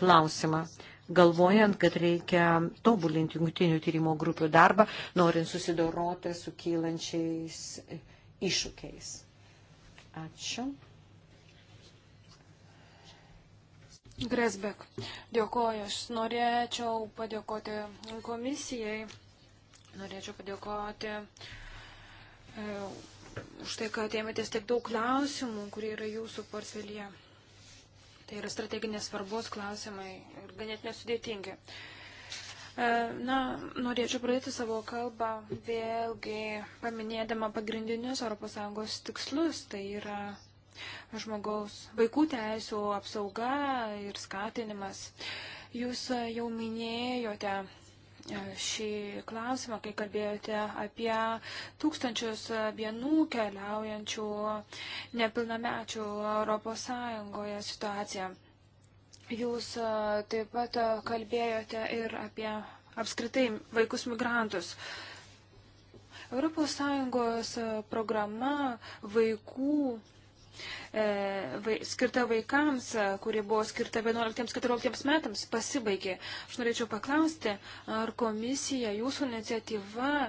A: klausimą, galvojant, kad reikia tobulinti jungtinių tyrimo grupių darbą, norint susidoroti su kylančiais iššūkiais. Ačiū. Gresbek, dėkoju. Aš
B: norėčiau padėkoti komisijai, norėčiau padėkoti e, už tai, kad ėmėtės tiek daug klausimų, kurie yra jūsų portfelyje. Tai yra strateginės svarbos klausimai ir ganėtinai sudėtingi. E, na, norėčiau pradėti savo kalbą vėlgi paminėdama pagrindinius ES tikslus, tai yra žmogaus vaikų teisų apsauga ir skatinimas. Jūs jau minėjote šį klausimą, kai kalbėjote apie tūkstančius vienų keliaujančių nepilnamečių Europos Sąjungoje situaciją. Jūs e, taip pat e, kalbėjote ir apie apskritai vaikus migrantus. Europos Sąjungos e, programa vaikų E, skirta vaikams, e, kuri buvo skirta 11-14 metams, pasibaigė. Aš norėčiau paklausti, ar komisija jūsų iniciatyva e,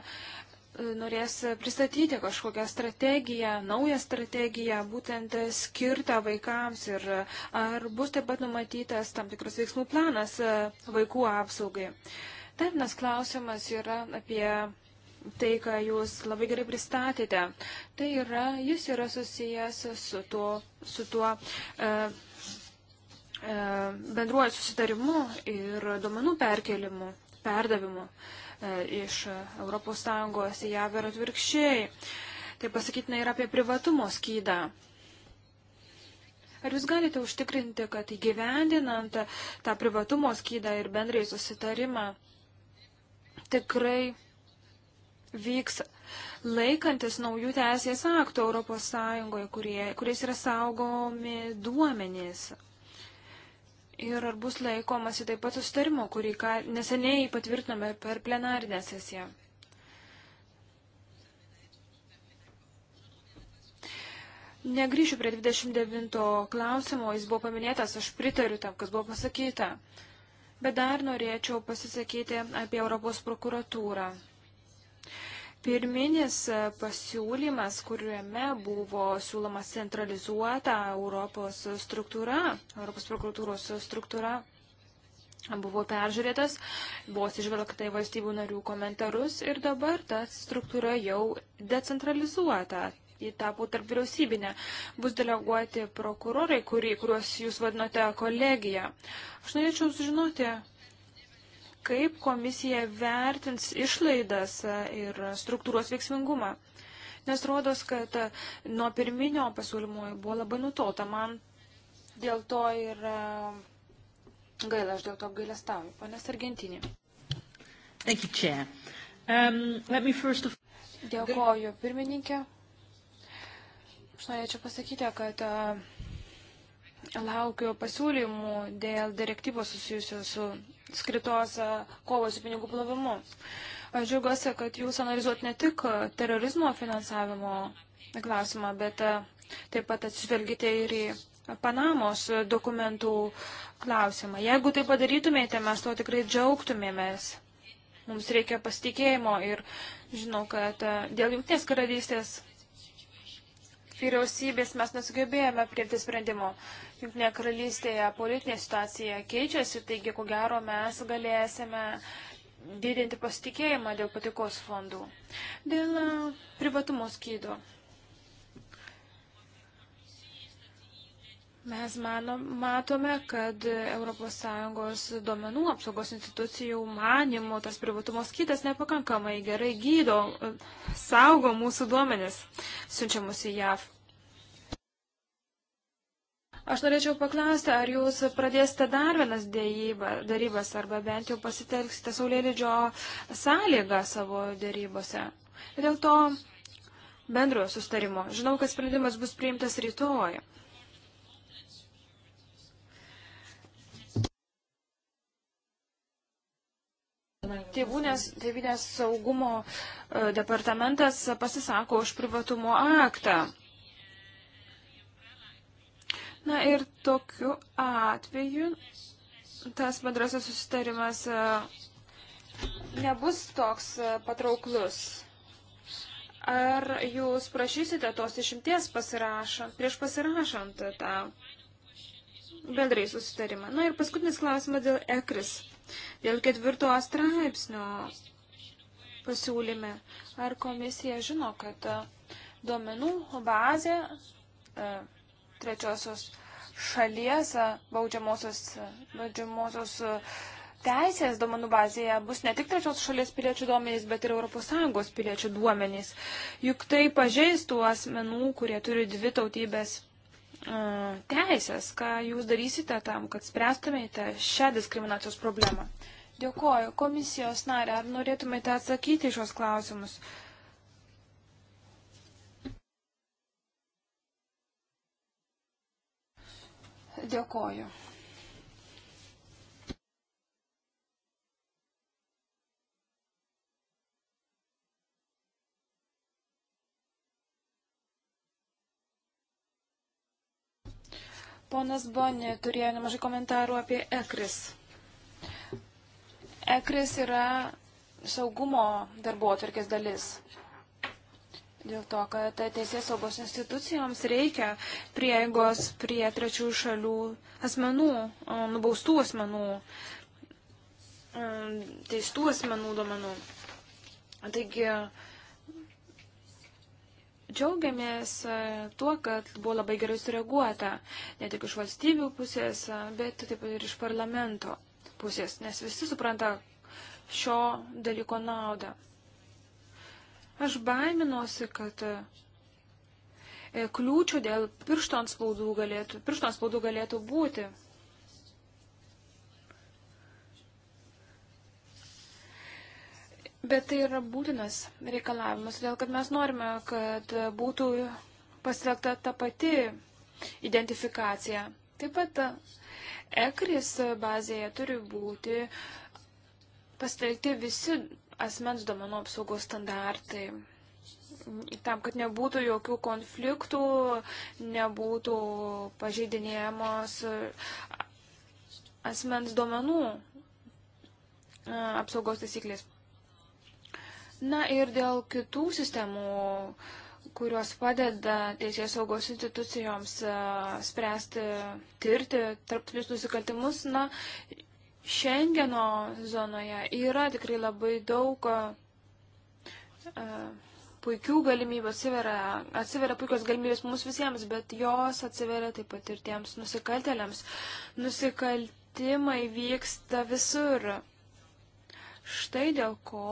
B: norės pristatyti kažkokią strategiją, naują strategiją, būtent skirtą vaikams ir ar bus taip pat numatytas tam tikras veiksmų planas vaikų apsaugai. Dar vienas klausimas yra apie tai, ką jūs labai gerai pristatėte. Tai yra, jis yra susijęs su tuo, su tuo e, e, bendruoju susitarimu ir duomenų perkelimu, perdavimu e, iš ES į JAV ir atvirkščiai. Tai pasakytina ir apie privatumo skydą. Ar jūs galite užtikrinti, kad įgyvendinant tą privatumo skydą ir bendrai susitarimą tikrai vyks laikantis naujų teisės aktų ES, kurie, kuriais yra saugomi duomenys. Ir ar bus laikomasi taip pat sustarimo, kurį neseniai patvirtinome per plenarinę sesiją. Negryšiu prie 29 klausimo, jis buvo paminėtas, aš pritariu tam, kas buvo pasakyta. Bet dar norėčiau pasisakyti apie Europos prokuratūrą. Pirminis e, pasiūlymas, kuriame buvo siūloma centralizuota Europos struktūra, Europos prokuratūros struktūra, buvo peržiūrėtas, buvo atsižvelgta į valstybių narių komentarus ir dabar ta struktūra jau decentralizuota. Ji tapo tarp vyriausybinė. Bus deleguoti prokurorai, kurį, kuriuos jūs vadinote kolegija. Aš norėčiau sužinoti, kaip komisija vertins išlaidas ir struktūros veiksmingumą. Nes rodos, kad nuo pirminio pasiūlymo buvo labai nutolta. Man dėl to ir e, gaila, aš dėl to gailę stauju. Panas Argentinė.
C: Um, of...
B: Dėkoju, pirmininkė. Aš norėčiau pasakyti, kad uh, laukiu pasiūlymų dėl direktyvos susijusios su skirtos e, kovai su pinigų plovimu. Aš džiaugiuosi, kad jūs analizuot ne tik e, terorizmo finansavimo klausimą, bet e, taip pat atsižvelgite ir į Panamos dokumentų klausimą. Jeigu tai padarytumėte, mes to tikrai džiaugtumėmės. Mums reikia pasitikėjimo ir žinau, kad dėl jungtinės karalystės vyriausybės mes nesugebėjome priimti sprendimo. Junktinėje karalystėje politinė situacija keičiasi, taigi ko gero mes galėsime didinti pasitikėjimą dėl patikos fondų. Dėl privatumo skydo. Mes mano, matome, kad ES duomenų apsaugos institucijų manimo tas privatumo skydas nepakankamai gerai gydo, saugo mūsų duomenis siunčiamus į JAV. Aš norėčiau paklausti, ar jūs pradėsite dar vienas dėjybą, darybas arba bent jau pasitelksite Saulėlydžio sąlygą savo darybose. Dėl to bendrojo sustarimo. Žinau, kad sprendimas bus priimtas rytoj. Tėvūnės, tėvinės saugumo e, departamentas pasisako už privatumo aktą. Na ir tokiu atveju tas bendrasis susitarimas e, nebus toks e, patrauklus. Ar jūs prašysite tos išimties pasirašant, prieš pasirašant tą bendrai susitarimą? Na ir paskutinis klausimas dėl ekris, dėl ketvirto straipsnio pasiūlyme. Ar komisija žino, kad duomenų bazė e, trečiosios šalies baudžiamosios, baudžiamosios teisės duomenų bazėje bus ne tik trečios šalies piliečių duomenys, bet ir ES piliečių duomenys. Juk tai pažeistų asmenų, kurie turi dvi tautybės teisės. Ką jūs darysite tam, kad spręstumėte šią diskriminacijos problemą? Dėkuoju. Komisijos narė, ar norėtumėte atsakyti šios klausimus? Dėkoju. Ponas Boni turėjo nemažai komentarų apie ekris. Ekris yra saugumo darbo atvarkės dalis. Dėl to, kad teisės saugos institucijoms reikia prieigos prie trečių šalių asmenų, nubaustų asmenų, teistų asmenų domenų. Taigi, džiaugiamės e, tuo, kad buvo labai gerai sureaguota, ne tik iš valstybių pusės, e, bet taip pat ir iš parlamento pusės, nes visi supranta šio dalyko naudą. Aš baiminosi, kad e, kliūčių dėl piršto ant spaudų galėtų, piršto ant spaudų galėtų būti. Bet tai yra būtinas reikalavimas, todėl kad mes norime, kad būtų pasitelkta ta pati identifikacija. Taip pat e, ekris bazėje turi būti pasitelkti visi asmens duomenų apsaugos standartai. Tam, kad nebūtų jokių konfliktų, nebūtų pažeidinėjamos asmens duomenų apsaugos taisyklės. Na ir dėl kitų sistemų, kurios padeda teisės saugos institucijoms spręsti, tirti tarptautinius nusikaltimus, na, Šengeno zonoje yra tikrai labai daug puikių galimybių, atsiveria, atsiveria puikios galimybės mums visiems, bet jos atsiveria taip pat ir tiems nusikaltėliams. Nusikaltimai vyksta visur. Štai dėl ko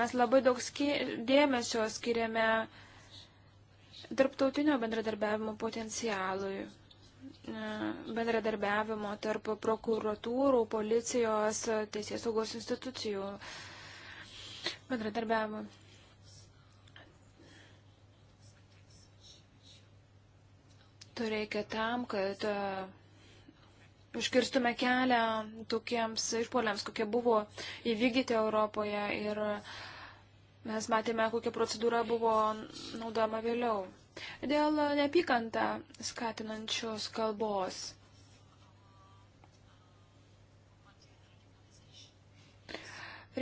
B: mes labai daug skir dėmesio skiriame tarptautinio bendradarbiavimo potencialui bendradarbiavimo tarp prokuratūrų, policijos, teisės saugos institucijų bendradarbiavimo. To reikia tam, kad e, užkirstume kelią tokiems išpoliams, kokie buvo įvykdyti Europoje ir mes matėme, kokia procedūra buvo naudojama vėliau. Dėl neapykantą skatinančios kalbos.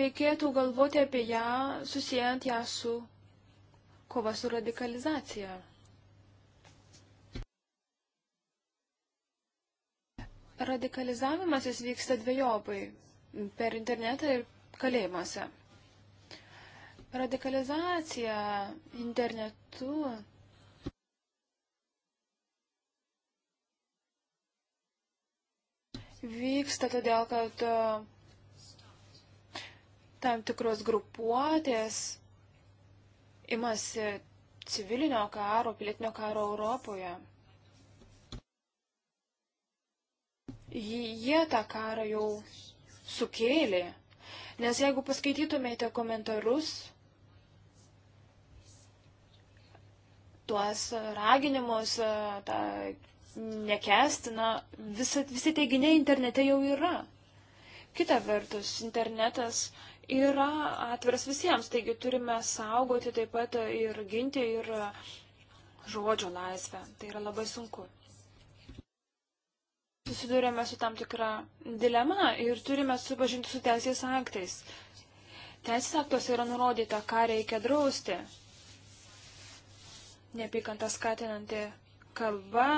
B: Reikėtų galvoti apie ją, susijęs ją su kova su radikalizacija. Radikalizavimas jis vyksta dviejopai - per internetą ir kalėjimuose. Radikalizacija internetu vyksta todėl, kad e, tam tikros grupuotės imasi civilinio karo, pilietinio karo Europoje. Jie tą karą jau sukėlė. Nes jeigu paskaitytumėte komentarus, tuos raginimus, e, tą nekestina, visi, visi teiginiai internete jau yra. Kita vertus, internetas yra atviras visiems, taigi turime saugoti taip pat ir ginti ir žodžio laisvę. Tai yra labai sunku. Susidurėme su tam tikra dilema ir turime supažinti su teisės aktais. Teisės aktuose yra nurodyta, ką reikia drausti. Nepykantą skatinanti kalba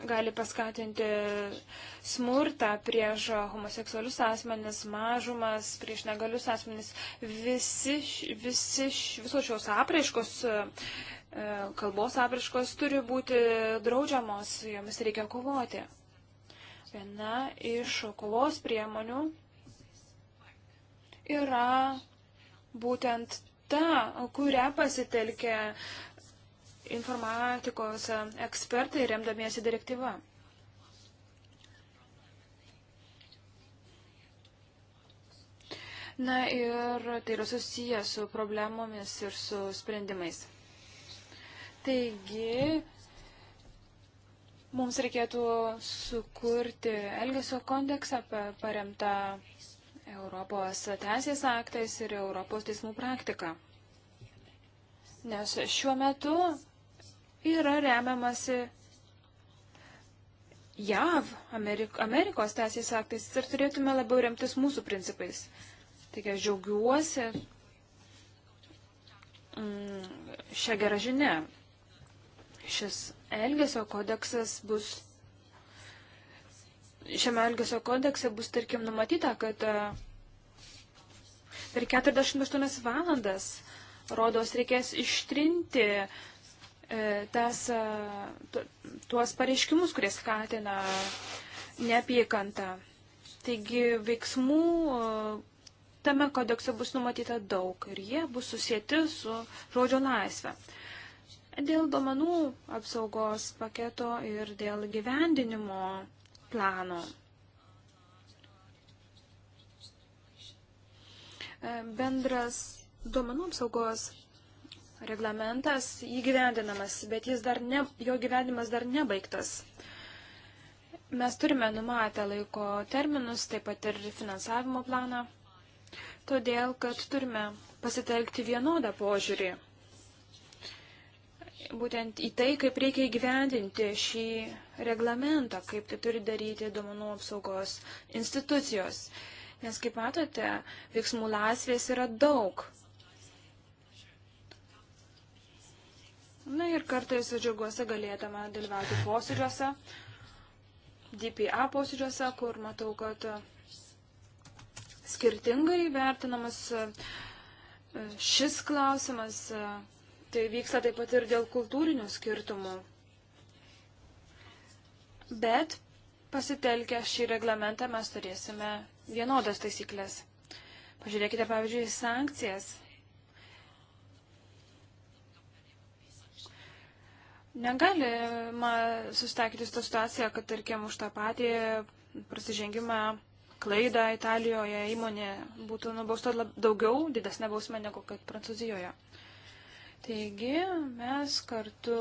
B: gali paskatinti smurtą prieš homoseksualius asmenis, mažumas, prieš negalius asmenis. Visi, visi, visos šios apraiškos, e, e, kalbos apraiškos turi būti draudžiamos, jomis reikia kovoti. Viena iš kovos priemonių yra būtent ta, kurią pasitelkė informatikos ekspertai remdamiesi direktyva. Na ir tai yra susiję su problemomis ir su sprendimais. Taigi, mums reikėtų sukurti Elgesio kondeksą paremtą Europos teisės aktais ir Europos teismų praktika. Nes šiuo metu yra remiamasi JAV, Amerik Amerikos teisės aktais ir turėtume labiau remtis mūsų principais. Taigi aš džiaugiuosi mm, šią gerą žinę. Šis Elgesio kodeksas bus. Šiame Elgesio kodekse bus, tarkim, numatyta, kad e, per 48 valandas, rodos, reikės ištrinti uh, E, tas, e, tuos pareiškimus, kurie skatina neapykantą. Taigi veiksmų e, tame kodekse bus numatyta daug ir jie bus susijęti su žodžio laisvė. Dėl domenų apsaugos paketo ir dėl gyvendinimo plano. Bendras duomenų apsaugos reglamentas įgyvendinamas, bet jis dar ne, jo gyvenimas dar nebaigtas. Mes turime numatę laiko terminus, taip pat ir finansavimo planą, todėl kad turime pasitelkti vienodą požiūrį. Būtent į tai, kaip reikia įgyvendinti šį reglamentą, kaip tai turi daryti duomenų apsaugos institucijos. Nes, kaip matote, veiksmų laisvės yra daug Na ir kartais džiaugiuosi galėdama dalyvauti posėdžiuose, DPA posėdžiuose, kur matau, kad e, skirtingai vertinamas e, šis klausimas. E, tai vyksta taip pat ir dėl kultūrinių skirtumų. Bet pasitelkę šį reglamentą mes turėsime vienodas taisyklės. Pažiūrėkite, pavyzdžiui, sankcijas Negalima susitaikyti su tą situaciją, kad, tarkim, už tą patį prasižengimą klaidą Italijoje įmonė būtų nubausta daugiau, didesnė bausmė negu kad Prancūzijoje. Taigi mes kartu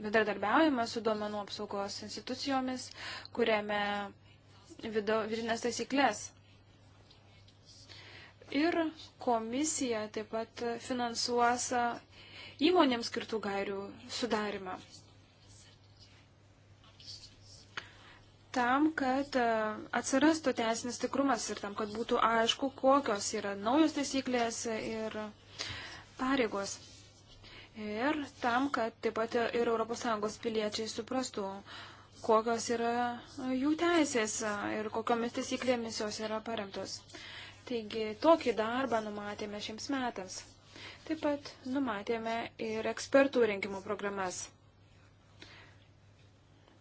B: bendradarbiaujame su duomenų apsaugos institucijomis, kuriame vidinės taisyklės. Ir komisija taip pat finansuos įmonėms skirtų gairių sudarimą. Tam, kad e, atsirastų teisinis tikrumas ir tam, kad būtų aišku, kokios yra naujos taisyklės ir pareigos. Ir tam, kad taip pat ir ES piliečiai suprastų, kokios yra jų teisės ir kokiomis taisyklėmis jos yra paremtos. Taigi tokį darbą numatėme šiems metams. Taip pat numatėme ir ekspertų rinkimų programas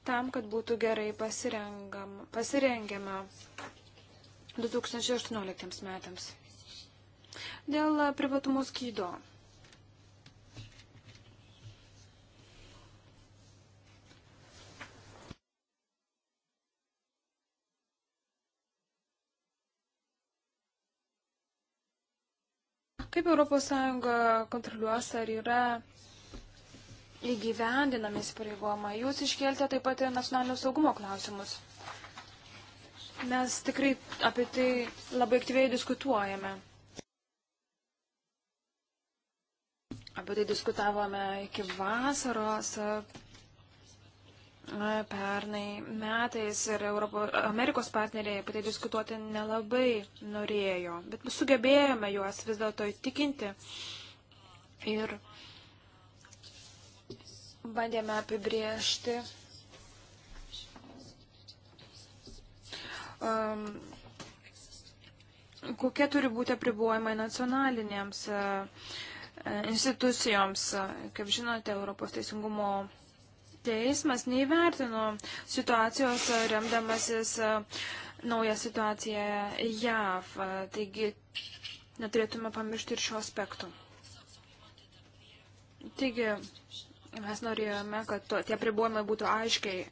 B: tam, kad būtų gerai pasirengiama 2018 metams. Dėl privatumo skydo. Kaip ES kontroliuos, ar yra įgyvendinami įsipareigojimai? Jūs iškeltė taip pat ir nacionalinio saugumo klausimus. Mes tikrai apie tai labai aktyviai diskutuojame. Apie tai diskutavome iki vasaros pernai metais ir Europo, Amerikos partneriai apie tai diskutuoti nelabai norėjo, bet sugebėjome juos vis dėlto įtikinti ir bandėme apibriežti um, kokie turi būti apribojimai nacionalinėms uh, institucijoms. Kaip žinote, Europos teisingumo teismas neįvertino situacijos e, remdamasis e, naują situaciją JAV. E, taigi neturėtume pamiršti ir šio aspektų. Taigi mes norėjome, kad to, tie pribojimai būtų aiškiai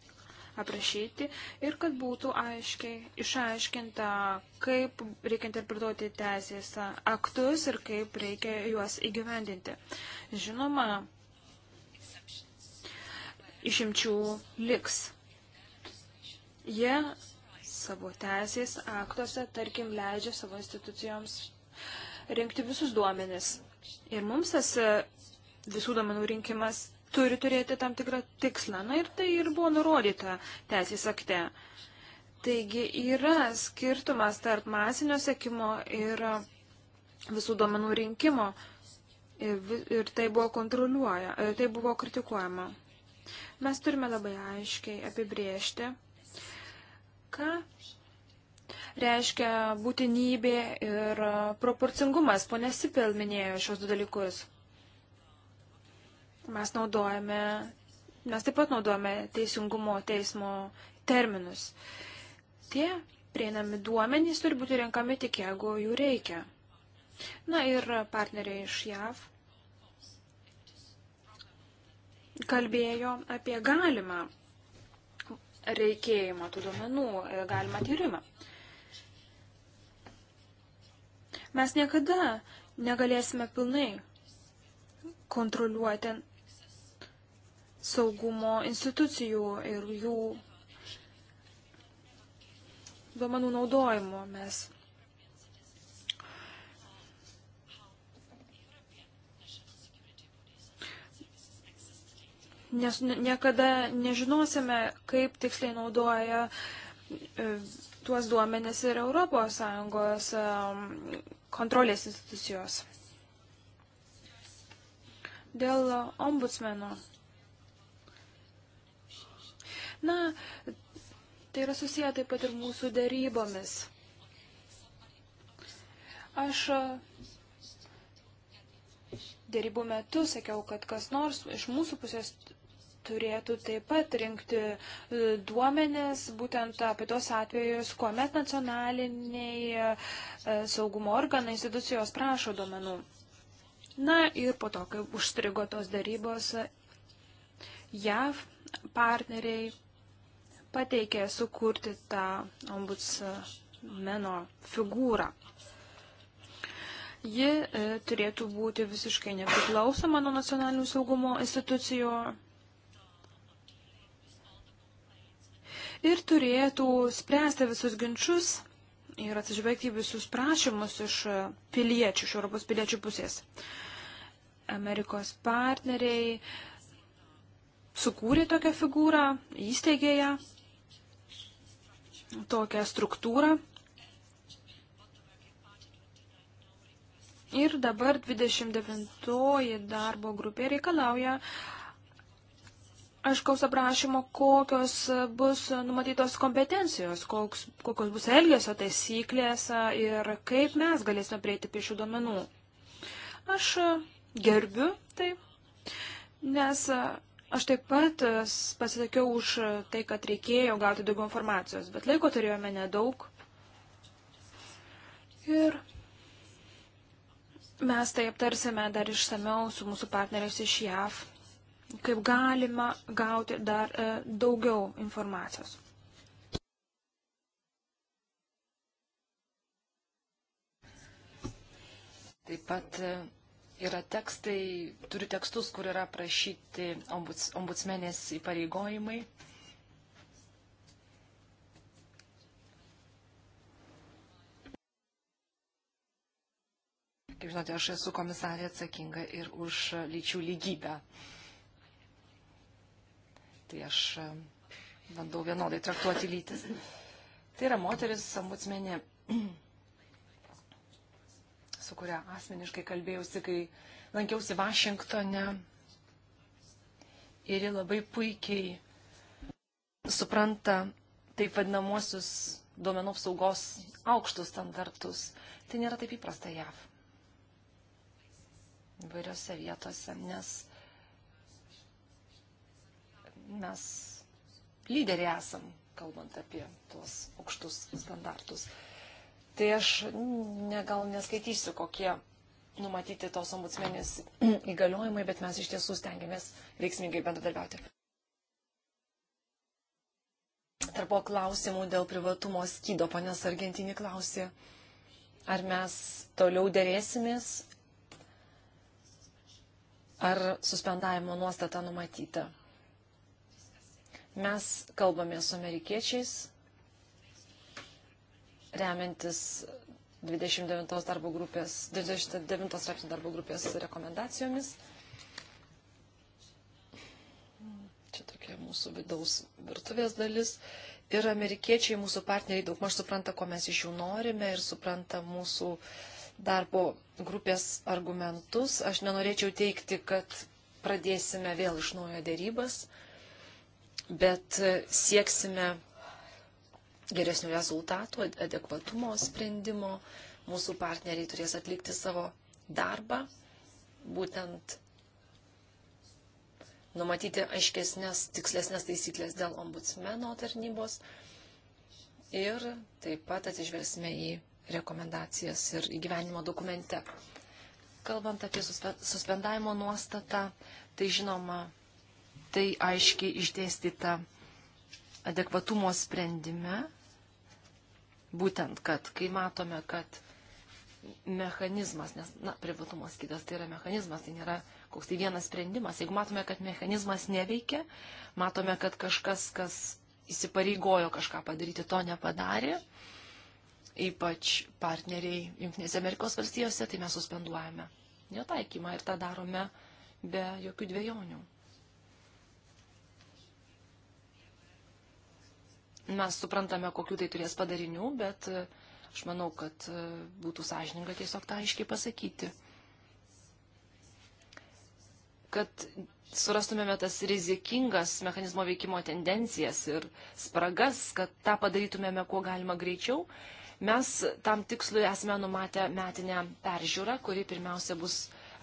B: aprašyti ir kad būtų aiškiai išaiškinta, kaip reikia interpretuoti teisės aktus ir kaip reikia juos įgyvendinti. Žinoma, išimčių liks. Jie savo teisės aktuose, tarkim, leidžia savo institucijoms rinkti visus duomenis. Ir mums tas e, visų duomenų rinkimas turi turėti tam tikrą tikslą. Na ir tai ir buvo nurodyta teisės akte. Taigi yra skirtumas tarp masinio sekimo ir visų duomenų rinkimo. Ir, ir tai buvo kontroliuoja, e, tai buvo kritikuojama. Mes turime labai aiškiai apibriežti, ką reiškia būtinybė ir proporcingumas. Pone Sipil minėjo šios du dalykus. Mes naudojame, mes taip pat naudojame teisingumo teismo terminus. Tie prieinami duomenys turi būti renkami tik jeigu jų reikia. Na ir partneriai iš JAV kalbėjo apie galimą reikėjimą tų duomenų, galimą tyrimą. Mes niekada negalėsime pilnai kontroliuoti saugumo institucijų ir jų duomenų naudojimo. Mes nes niekada nežinosime, kaip tiksliai naudoja e, tuos duomenis ir ES e, kontrolės institucijos. Dėl ombudsmeno. Na, tai yra susiję taip pat ir mūsų dėrybomis. Aš e, dėrybų metu sakiau, kad kas nors iš mūsų pusės turėtų taip pat rinkti e, duomenis būtent apie tos atvejus, kuomet nacionaliniai e, saugumo organai institucijos prašo duomenų. Na ir po to, kai užstrigo tos darybos, JAV partneriai pateikė sukurti tą ombudsmeno figūrą. Ji e, turėtų būti visiškai nepriklausoma nuo nacionalinių saugumo institucijų ir turėtų spręsti visus ginčius ir atsižvelgti visus prašymus iš piliečių, iš Europos piliečių pusės. Amerikos partneriai sukūrė tokią figūrą, įsteigė ją, tokią struktūrą. Ir dabar 29 darbo grupė reikalauja uh, aiškaus aprašymo, kokios bus numatytos kompetencijos, koks, kokios bus elgesio taisyklės ir kaip mes galėsime prieiti prie šių duomenų. Aš gerbiu tai, nes aš taip pat pasisakiau už tai, kad reikėjo gauti daugiau informacijos, bet laiko turėjome nedaug. Ir mes tai aptarsime dar išsameu su mūsų partneriais iš JAV kaip galima gauti dar e, daugiau informacijos.
C: Taip pat e, yra tekstai, turiu tekstus, kur yra prašyti ombuds, ombudsmenės įpareigojimai. Kaip žinote, aš esu komisarė atsakinga ir už lyčių lygybę. Uh, Tai aš e, bandau vienodai traktuoti lytis. Tai yra moteris sambutsmenė, su kuria asmeniškai kalbėjausi, kai lankiausi Vašingtone. Ir ji labai puikiai supranta taip vadinamuosius duomenų apsaugos aukštus standartus. Tai nėra taip įprasta JAV. Įvairiose vietose, nes mes lyderiai esam, kalbant apie tuos aukštus standartus. Tai aš ne, gal neskaitysiu, kokie numatyti tos ombudsmenės įgaliojimai, bet mes iš tiesų stengiamės veiksmingai bendradarbiauti. Tarp buvo klausimų dėl privatumo skydo, panas Argentinį klausė, ar mes toliau dėrėsimės, ar suspendavimo nuostata numatyta. Mes kalbame su amerikiečiais, remiantis 29 darbo grupės, 29 straipsnių darbo grupės rekomendacijomis. Čia tokia mūsų vidaus virtuvės dalis. Ir amerikiečiai, mūsų partneriai daugmaž supranta, ko mes iš jų norime ir supranta mūsų darbo grupės argumentus. Aš nenorėčiau teikti, kad pradėsime vėl iš naujo dėrybas bet e, sieksime geresnių rezultatų, adekvatumo sprendimo. Mūsų partneriai turės atlikti savo darbą, būtent numatyti aiškesnės, tikslesnės taisyklės dėl ombudsmeno tarnybos ir taip pat atsižvelgsime į rekomendacijas ir įgyvenimo dokumente. Kalbant apie suspendavimo nuostatą, tai žinoma, tai aiškiai išdėstyta adekvatumo sprendime, būtent, kad kai matome, kad mechanizmas, nes, na, privatumas kitas tai yra mechanizmas, tai nėra koks tai vienas sprendimas. Jeigu matome, kad mechanizmas neveikia, matome, kad kažkas, kas įsipareigojo kažką padaryti, to nepadarė, ypač partneriai Junktinėse Amerikos valstijose, tai mes suspenduojame jo taikymą ir tą darome be jokių dviejonių. mes suprantame, kokiu tai turės padarinių, bet e, aš manau, kad e, būtų sąžininga tiesiog tą aiškiai pasakyti. Kad surastumėme tas rizikingas mechanizmo veikimo tendencijas ir spragas, kad tą padarytumėme kuo galima greičiau, mes tam tikslui esame numatę metinę peržiūrą, kuri pirmiausia bus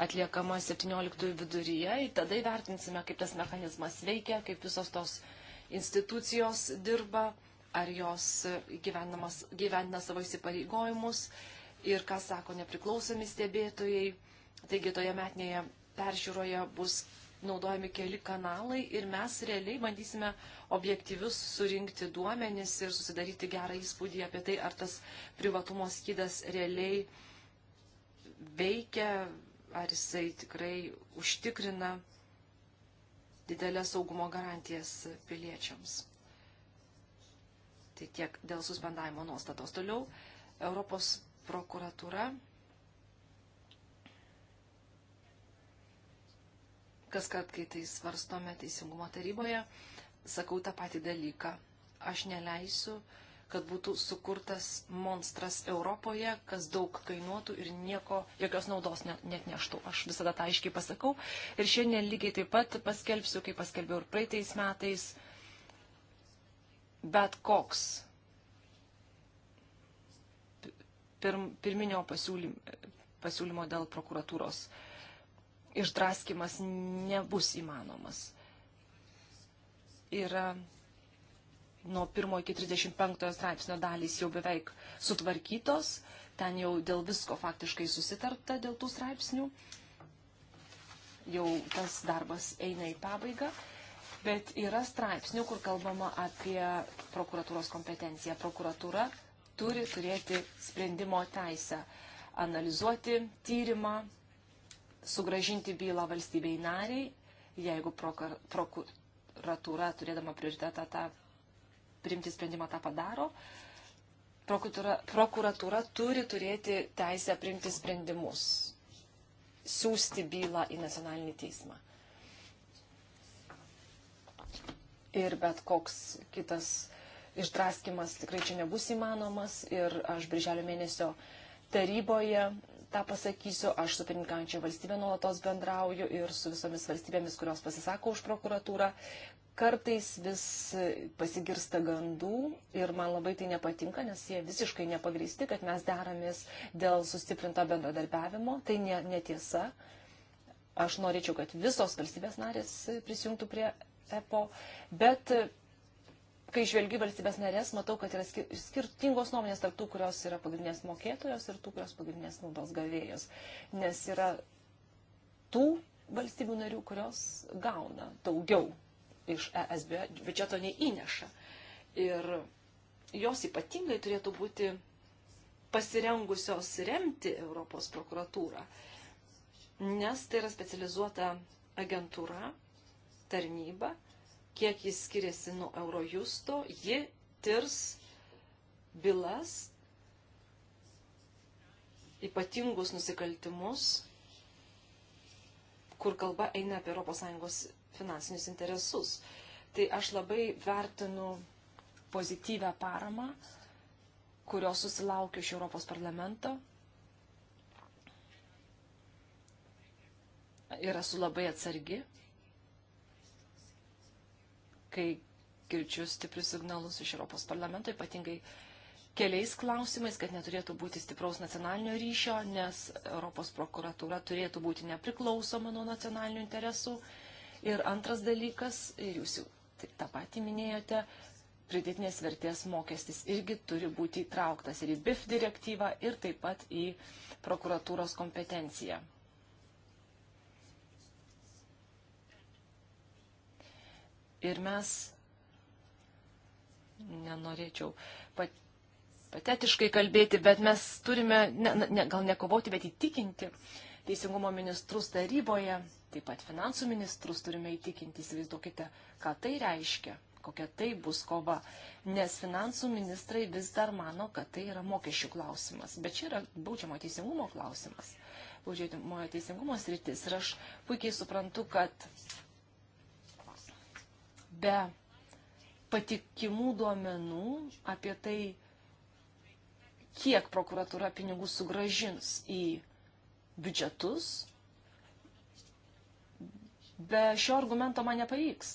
C: atliekama 17 viduryje ir tada įvertinsime, kaip tas mechanizmas veikia, kaip visos tos uh, institucijos dirba, ar jos gyvena savo įsipareigojimus ir ką sako nepriklausomi stebėtojai. Taigi toje metinėje peržiūroje bus naudojami keli kanalai ir mes realiai bandysime objektyvius surinkti duomenis ir susidaryti gerą įspūdį apie tai, ar tas privatumo skydas realiai veikia, ar jisai tikrai užtikrina didelės saugumo garantijas piliečiams. Tai tiek dėl suspendavimo nuostatos. Toliau Europos prokuratūra. Kas kart, kai tai svarstome Teisingumo taryboje, sakau tą patį dalyką. Aš neleisiu uh, kad būtų sukurtas monstras Europoje, kas daug kainuotų ir nieko, jokios naudos net, net neštų. Aš visada tą aiškiai pasakau. Ir šiandien lygiai taip pat paskelbsiu, kaip paskelbiau ir praeitais metais, bet koks pirminio pasiūlymo, pasiūlymo dėl prokuratūros išdraskimas nebus įmanomas. Yra nuo 1 iki 35 straipsnio dalys jau beveik sutvarkytos, ten jau dėl visko faktiškai susitarta dėl tų straipsnių, jau tas darbas eina į pabaigą, bet yra straipsnių, kur kalbama apie prokuratūros kompetenciją. Prokuratūra turi turėti sprendimo teisę analizuoti tyrimą, sugražinti bylą valstybei nariai, jeigu prokuratūra, turėdama prioritetą tą priimti sprendimą tą padaro, prokuratūra, prokuratūra turi turėti teisę priimti sprendimus, siūsti bylą į nacionalinį teismą. Ir bet koks kitas išdraskimas tikrai čia nebus įmanomas. Ir aš birželio mėnesio taryboje tą pasakysiu, aš su pirmininkančia valstybė nuolatos bendrauju ir su visomis valstybėmis, kurios pasisako už prokuratūrą, kartais vis pasigirsta gandų ir man labai tai nepatinka, nes jie visiškai nepagristi, kad mes deramės dėl sustiprinto bendradarbiavimo. Tai ne, netiesa. Aš norėčiau, kad visos valstybės narės prisijungtų prie EPO, bet kai žvelgiu valstybės narės, matau, kad yra skirtingos nuomonės tarp tų, kurios yra pagrindinės mokėtojos ir tų, kurios pagrindinės naudos gavėjos. Nes yra tų valstybių narių, kurios gauna daugiau iš ES biudžeto neįneša. Ir jos ypatingai turėtų būti pasirengusios remti Europos prokuratūrą, nes tai yra specializuota agentūra, tarnyba, kiek jis skiriasi nuo Eurojusto, ji tirs bylas, ypatingus nusikaltimus, kur kalba eina apie ES finansinius interesus. Tai aš labai vertinu pozityvę paramą, kurios susilaukiu iš Europos parlamento. Ir esu labai atsargi, kai girdžiu stiprius signalus iš Europos parlamento, ypatingai keliais klausimais, kad neturėtų būti stipraus nacionalinio ryšio, nes Europos prokuratūra turėtų būti nepriklausoma nuo nacionalinių interesų. Uh, Ir antras dalykas, jūs jau tai tą patį minėjote, pridėtinės vertės mokestis irgi turi būti įtrauktas ir į BIF direktyvą, ir taip pat į prokuratūros kompetenciją. Ir mes, nenorėčiau pat, patetiškai kalbėti, bet mes turime, ne, ne, gal nekovoti, bet įtikinti teisingumo ministrus taryboje taip pat finansų ministrus turime įtikinti, įsivaizduokite, ką tai reiškia, kokia tai bus kova, nes finansų ministrai vis dar mano, kad tai yra mokesčių klausimas, bet čia yra baudžiamo teisingumo klausimas, baudžiamojo teisingumo sritis ir aš puikiai suprantu, kad be patikimų duomenų apie tai, kiek prokuratura pinigų sugražins į biudžetus, Be šio argumento man nepavyks.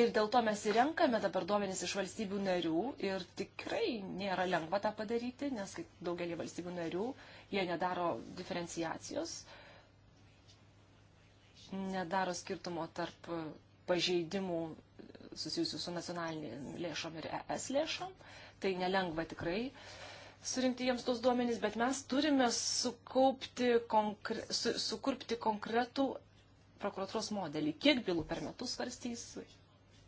C: Ir dėl to mes įrenkame dabar duomenys iš valstybių narių ir tikrai nėra lengva tą padaryti, nes daugelį valstybių narių jie nedaro diferenciacijos, nedaro skirtumo tarp pažeidimų susijusių su nacionalinėm lėšom ir ES lėšom. Tai nelengva tikrai surinkti jiems tos duomenys, bet mes turime sukaupti, konkre, su, sukurpti konkretų prokuratūros modelį. Kiek bylų per metus svarstys,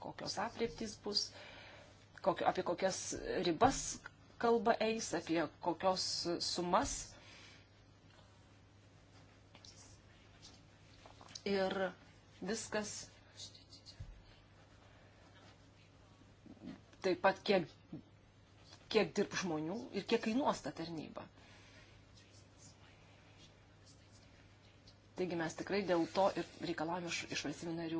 C: kokios apriptys bus, kokio, apie kokias ribas kalba eis, apie kokios sumas. Ir viskas taip pat kiek, kiek dirb žmonių ir kiek kainuos ta tarnyba. Taigi mes tikrai dėl to ir reikalavome iš, iš valstybių narių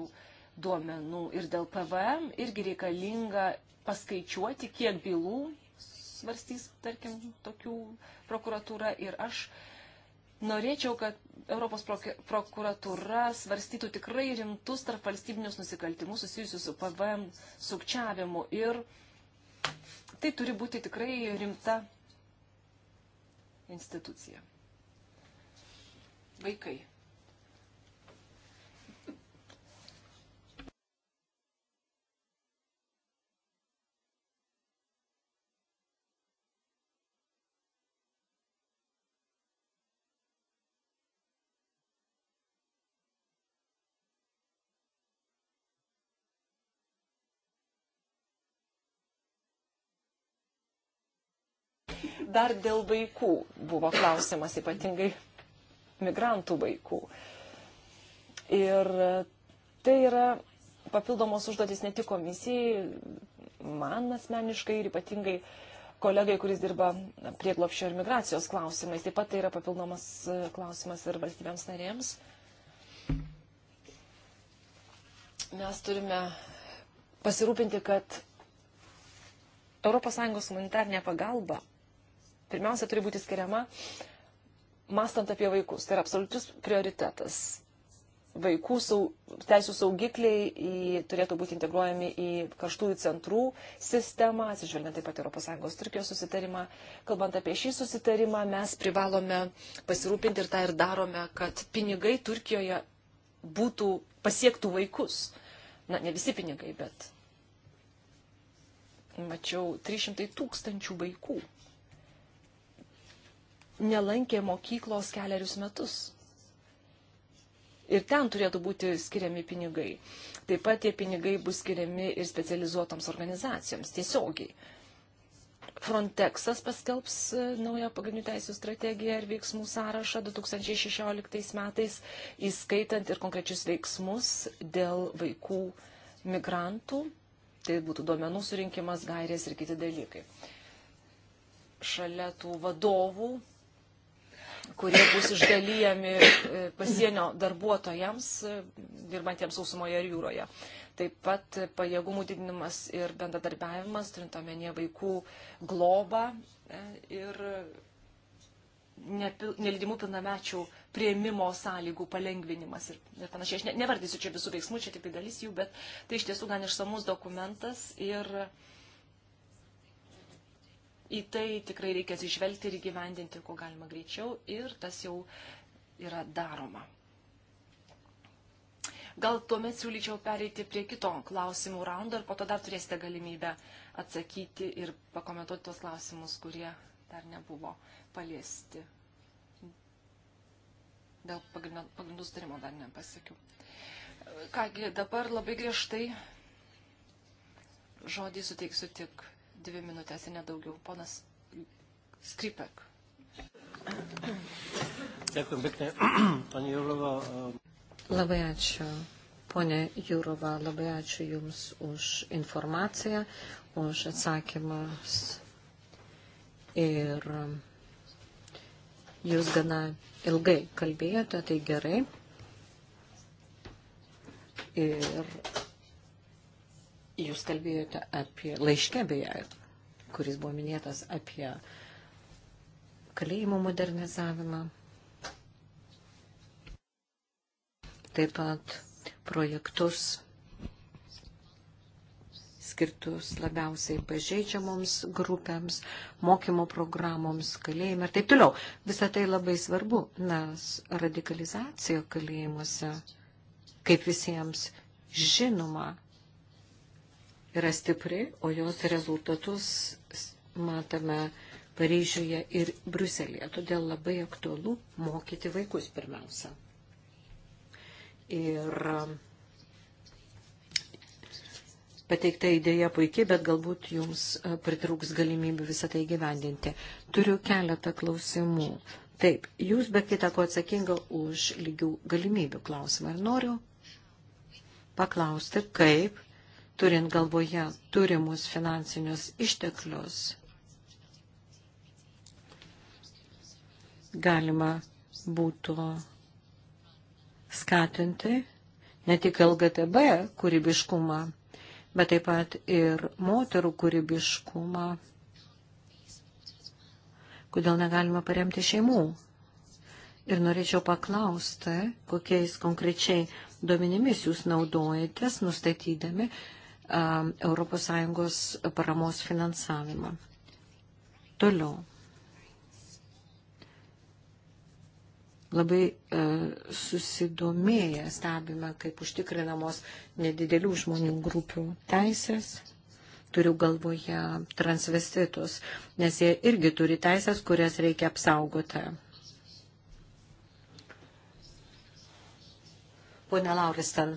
C: duomenų ir dėl PVM irgi reikalinga paskaičiuoti, kiek bylų svarstys, tarkim, tokių prokuratūra ir aš norėčiau, kad Europos prokuratūra svarstytų tikrai rimtus tarp valstybinius nusikaltimus susijusius su PVM sukčiavimu ir tai turi būti tikrai rimta institucija. Vaikai. dar dėl vaikų buvo klausimas, ypatingai migrantų vaikų. Ir tai yra papildomos užduotis ne tik komisijai, man asmeniškai ir ypatingai kolegai, kuris dirba prieglopščio ir migracijos klausimais. Taip pat tai yra papildomas klausimas ir valstybėms narėms. Mes turime pasirūpinti, kad ES humanitarnė pagalba pirmiausia turi būti skiriama mastant apie vaikus. Tai yra absoliutus prioritetas. Vaikų sau, teisų saugikliai į, turėtų būti integruojami į karštųjų centrų sistemą, atsižvelgiant taip pat ES Turkijos susitarimą. Kalbant apie šį susitarimą, mes privalome pasirūpinti ir tą ir darome, kad pinigai Turkijoje būtų pasiektų vaikus. Na, ne visi pinigai, bet mačiau 300 tūkstančių vaikų nelankė mokyklos keliarius metus. Ir ten turėtų būti skiriami pinigai. Taip pat tie pinigai bus skiriami ir specializuotoms organizacijoms tiesiogiai. Frontexas paskelbs e, naują pagrindinių teisų strategiją ir veiksmų sąrašą 2016 metais, įskaitant ir konkrečius veiksmus dėl vaikų migrantų. Tai būtų duomenų surinkimas, gairės ir kiti dalykai. Šalia tų vadovų kurie bus išdalyjami e, pasienio darbuotojams, e, dirbantiems sausumoje ir jūroje. Taip pat pajėgumų didinimas ir bendradarbiavimas, turint omenyje vaikų globą e, ir nelydimų pilnamečių prieimimo sąlygų palengvinimas ir, ir panašiai. Aš ne, nevardysiu čia visų veiksmų, čia tik tai dalis jų, bet tai iš tiesų gan išsamus dokumentas ir uh, į tai tikrai reikia atsižvelgti ir įgyvendinti, kuo galima greičiau, ir tas jau yra daroma. Gal tuomet siūlyčiau pereiti prie kito klausimų raundo ir po to dar turėsite galimybę atsakyti ir pakomentuoti tuos klausimus, kurie dar nebuvo paliesti. Dėl pagrindų starimo dar nepasakiau. Kągi, dabar labai griežtai žodį suteiksiu tik dvi minutės ir nedaugiau. Ponas Skripek.
A: Eh, labai ačiū, ponė Jūrova, labai ačiū Jums už informaciją, už atsakymus. Ir eh, Jūs gana ilgai kalbėjote, tai gerai. Ir Jūs kalbėjote apie laiškę beje, kuris buvo minėtas apie kalėjimo modernizavimą. Taip pat projektus skirtus labiausiai pažeidžiamoms grupėms, mokymo programoms, kalėjimai ir taip toliau. Visą tai labai svarbu, nes radikalizacija kalėjimuose, kaip visiems žinoma, yra stipri, o jos rezultatus matome Paryžiuje ir Bruselėje. Todėl labai aktualu mokyti vaikus pirmiausia. Ir e, pateikta idėja puikiai, bet galbūt jums e, pritrūks galimybių visą tai gyvendinti. Turiu keletą klausimų. Taip, jūs be kita ko atsakinga už lygių galimybių klausimą. Ir noriu paklausti, kaip turint galvoje turimus finansinius išteklius, galima būtų skatinti ne tik LGTB kūrybiškumą, bet taip pat ir moterų kūrybiškumą. Kodėl negalima paremti šeimų? Ir norėčiau paklausti, kokiais konkrečiai duomenimis jūs naudojatės, nustatydami, Um, ES paramos finansavimą. Toliau. Labai e, susidomėję stebime, kaip užtikrinamos nedidelių žmonių grupių teisės turiu galvoje transvestitus, nes jie irgi turi teisės, kurias reikia apsaugoti. Pone Lauristan,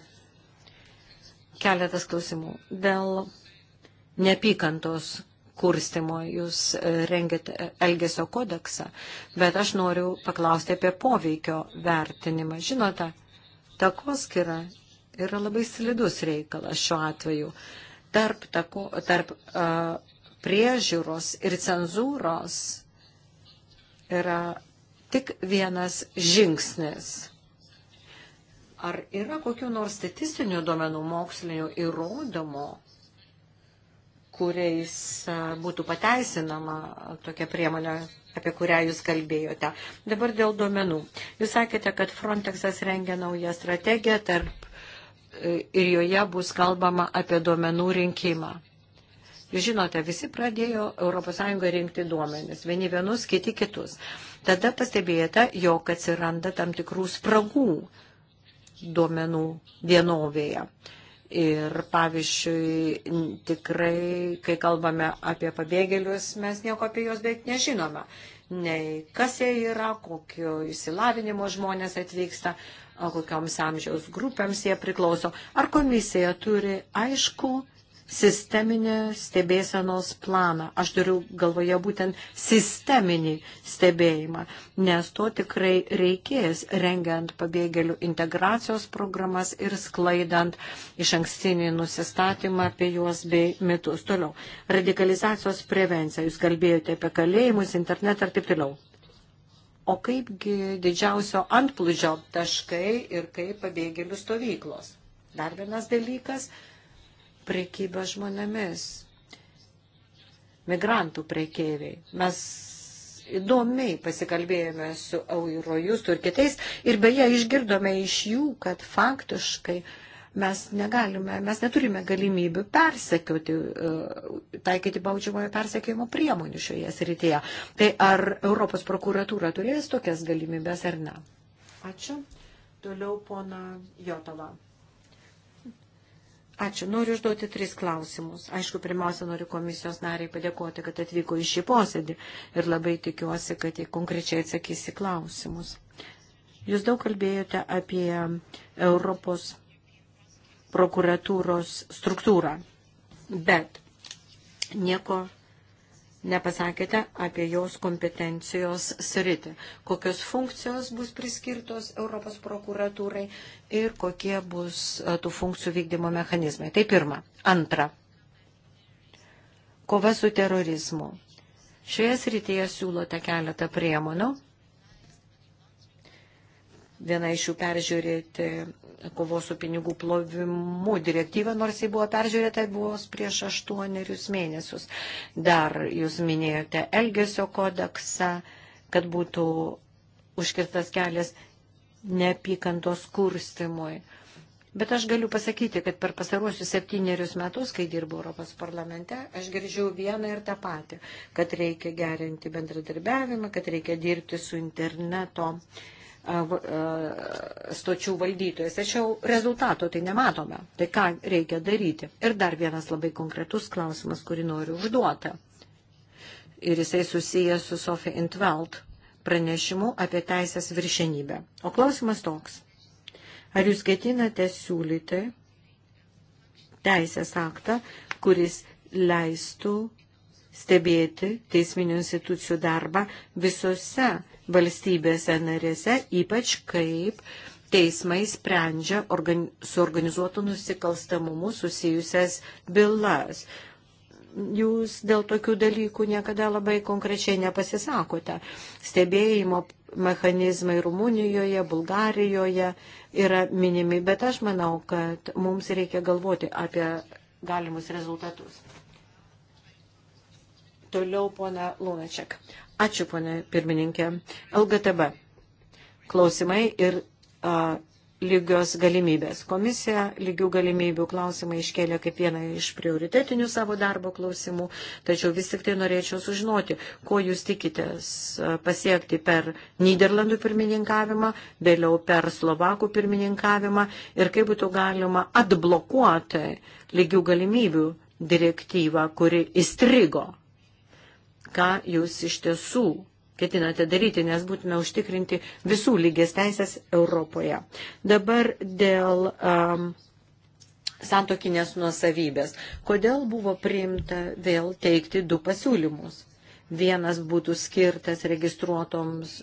A: Keletas klausimų. Dėl neapykantos kurstimo jūs e, rengėte Elgesio kodeksą, bet aš noriu paklausti apie poveikio vertinimą. Žinote, takoskira yra labai slidus reikalas šiuo atveju. Tarp, tako, tarp uh, priežiūros ir cenzūros yra tik vienas žingsnis Ar yra kokiu nors statistiniu duomenų mokslinių įrodymų, kuriais e, būtų pateisinama tokia priemonė, apie kurią jūs kalbėjote. Dabar dėl duomenų. Jūs sakėte, kad Frontexas rengia naują strategiją tarp, e, ir joje bus kalbama apie duomenų rinkimą. Jūs žinote, visi pradėjo ES rinkti duomenis, vieni vienus, kiti kitus. Tada pastebėjote, jog atsiranda tam tikrų spragų duomenų vienovėje. Ir pavyzdžiui, tikrai, kai kalbame apie pabėgėlius, mes nieko apie juos beveik nežinome. Nei kas jie yra, kokio įsilavinimo žmonės atvyksta, kokioms amžiaus grupėms jie priklauso. Ar komisija turi aišku sisteminį stebėsenos planą. Aš turiu galvoje būtent sisteminį stebėjimą, nes to tikrai reikės rengiant pabėgėlių integracijos programas ir sklaidant iš ankstinį nusistatymą apie juos bei mitus. Toliau, radikalizacijos prevencija. Jūs kalbėjote apie kalėjimus, internetą ir taip toliau. O kaipgi didžiausio antplūdžio taškai ir kaip pabėgėlių stovyklos? Dar vienas dalykas prekyba žmonėmis, migrantų prekeiviai. Mes įdomiai pasikalbėjome su Eurojustu ir kitais ir beje išgirdome iš jų, kad faktiškai mes negalime, mes neturime galimybių persekioti, e, taikyti baudžiamojo persekiojimo priemonių šioje srityje. Tai ar Europos prokuratūra turės tokias galimybės ar ne? Ačiū. Toliau pona Jotova. Ačiū. Noriu užduoti tris klausimus. Aišku, pirmiausia, noriu komisijos nariai padėkoti, kad atvyko į šį posėdį ir labai tikiuosi, kad jie konkrečiai atsakys į klausimus. Jūs daug kalbėjote apie Europos prokuratūros struktūrą, bet nieko nepasakėte apie jos kompetencijos sritį, kokios funkcijos bus priskirtos Europos prokuratūrai ir kokie bus e, tų funkcijų vykdymo mechanizmai. Tai pirma. Antra. Kova su terorizmu. Šioje srityje siūlote keletą priemonių viena iš jų peržiūrėti kovos su pinigų plovimu direktyvą, nors jį buvo peržiūrėta, buvo prieš aštuonerius mėnesius. Dar jūs minėjote Elgesio kodeksą, kad būtų užkirtas kelias neapykantos kurstimui. Bet aš galiu pasakyti, kad per pasaruosius septynerius metus, kai dirbu Europos parlamente, aš girdžiu vieną ir tą patį, kad reikia gerinti bendradarbiavimą, kad reikia dirbti su interneto uh, stočių valdytojais. Tačiau rezultato tai nematome. Tai ką reikia daryti? Ir dar vienas labai konkretus klausimas, kurį noriu užduoti. Ir jisai susijęs su Sofija Intveld pranešimu apie teisės viršenybę. O klausimas toks. Ar jūs ketinate siūlyti teisės aktą, kuris leistų stebėti teisminių institucijų darbą visose valstybėse narėse, ypač kaip teismai sprendžia organi su organizuotu nusikalstamumu susijusias bylas. Jūs dėl tokių dalykų niekada labai konkrečiai nepasisakote. Stebėjimo mechanizmai Rumunijoje, Bulgarijoje yra minimi, bet aš manau, kad mums reikia galvoti apie galimus rezultatus. Toliau pona Lunačiak. Ačiū, ponė pirmininkė. LGTB. Klausimai ir a, lygios galimybės. Komisija lygių galimybių klausimą iškėlė kaip vieną iš prioritetinių savo darbo klausimų, tačiau vis tik tai norėčiau sužinoti, ko jūs tikitės pasiekti per Niderlandų pirmininkavimą, vėliau per Slovakų pirmininkavimą ir kaip būtų galima atblokuoti lygių galimybių direktyvą, kuri įstrigo ką jūs iš tiesų ketinate daryti, nes būtume užtikrinti visų lygės teisės Europoje. Dabar dėl um, santokinės nuosavybės. Kodėl buvo priimta vėl teikti du pasiūlymus? Vienas būtų skirtas registruotoms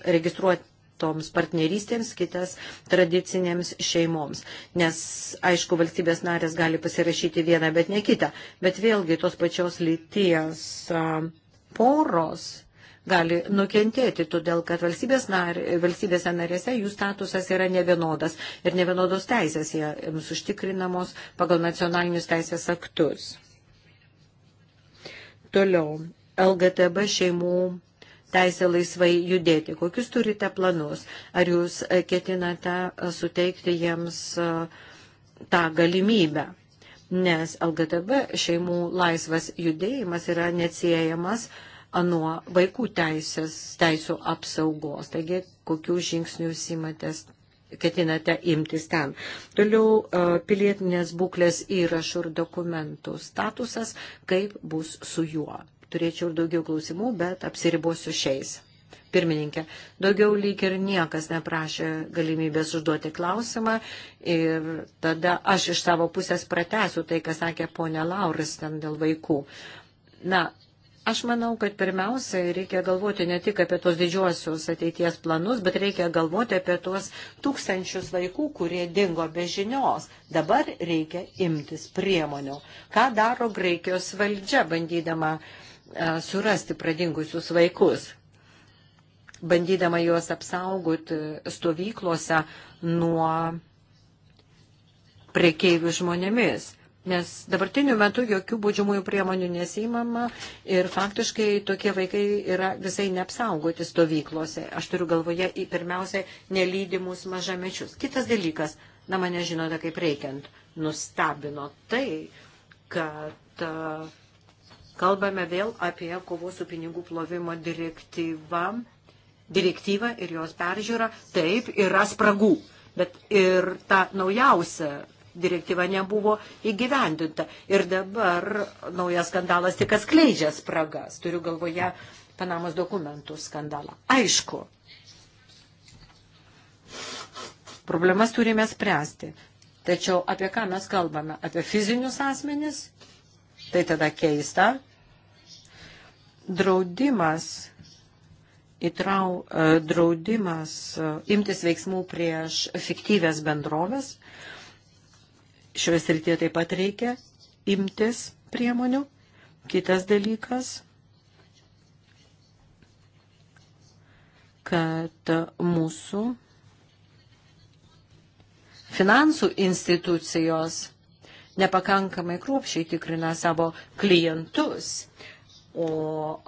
A: partnerystėms, kitas tradicinėms šeimoms. Nes, aišku, valstybės narės gali pasirašyti vieną, bet ne kitą. Bet vėlgi tos pačios lyties. Uh, um, poros gali nukentėti, todėl kad valstybės nar, valstybėse narėse jų statusas yra nevienodas ir nevienodos teisės jiems užtikrinamos pagal nacionalinius teisės aktus. Toliau, LGTB šeimų teisė laisvai judėti. Kokius turite planus? Ar jūs ketinate suteikti jiems tą galimybę? nes LGTB šeimų laisvas judėjimas yra neatsiejamas nuo vaikų teisės, teisų apsaugos. Taigi, kokių žingsnių simatės ketinate imtis ten. Toliau e, pilietinės būklės įrašų ir dokumentų statusas, kaip bus su juo. Turėčiau ir daugiau klausimų, bet apsiribosiu šiais pirmininkė. Daugiau lyg ir niekas neprašė galimybės užduoti klausimą ir tada aš iš savo pusės pratęsiu tai, ką sakė ponė Lauris ten dėl vaikų. Na, Aš manau, kad pirmiausia reikia galvoti ne tik apie tos didžiuosius ateities planus, bet reikia galvoti apie tuos tūkstančius vaikų, kurie dingo be žinios. Dabar reikia imtis priemonių. Ką daro Graikijos valdžia, bandydama a, surasti pradingusius vaikus? bandydama juos apsaugoti stovyklose nuo prekeivių žmonėmis. Nes dabartiniu metu jokių būdžiamųjų priemonių nesimama ir faktiškai tokie vaikai yra visai neapsaugoti stovyklose. Aš turiu galvoje į pirmiausia nelydimus mažamečius. Kitas dalykas, na mane žinote kaip reikiant, nustabino tai, kad a, kalbame vėl apie kovos su pinigų plovimo direktyvą direktyvą ir jos peržiūrą, taip, yra spragų, bet ir ta naujausia direktyva nebuvo įgyvendinta. Ir dabar naujas skandalas tik atskleidžia spragas, turiu galvoje Panamos dokumentų skandalą. Aišku, problemas turime spręsti. Tačiau apie ką mes kalbame? Apie fizinius asmenis? Tai tada keista. Draudimas įtrau e, draudimas e, imtis veiksmų prieš fiktyvės bendrovės. Šioje srityje taip pat reikia imtis priemonių. Kitas dalykas, kad mūsų finansų institucijos nepakankamai kruopšiai tikrina savo klientus o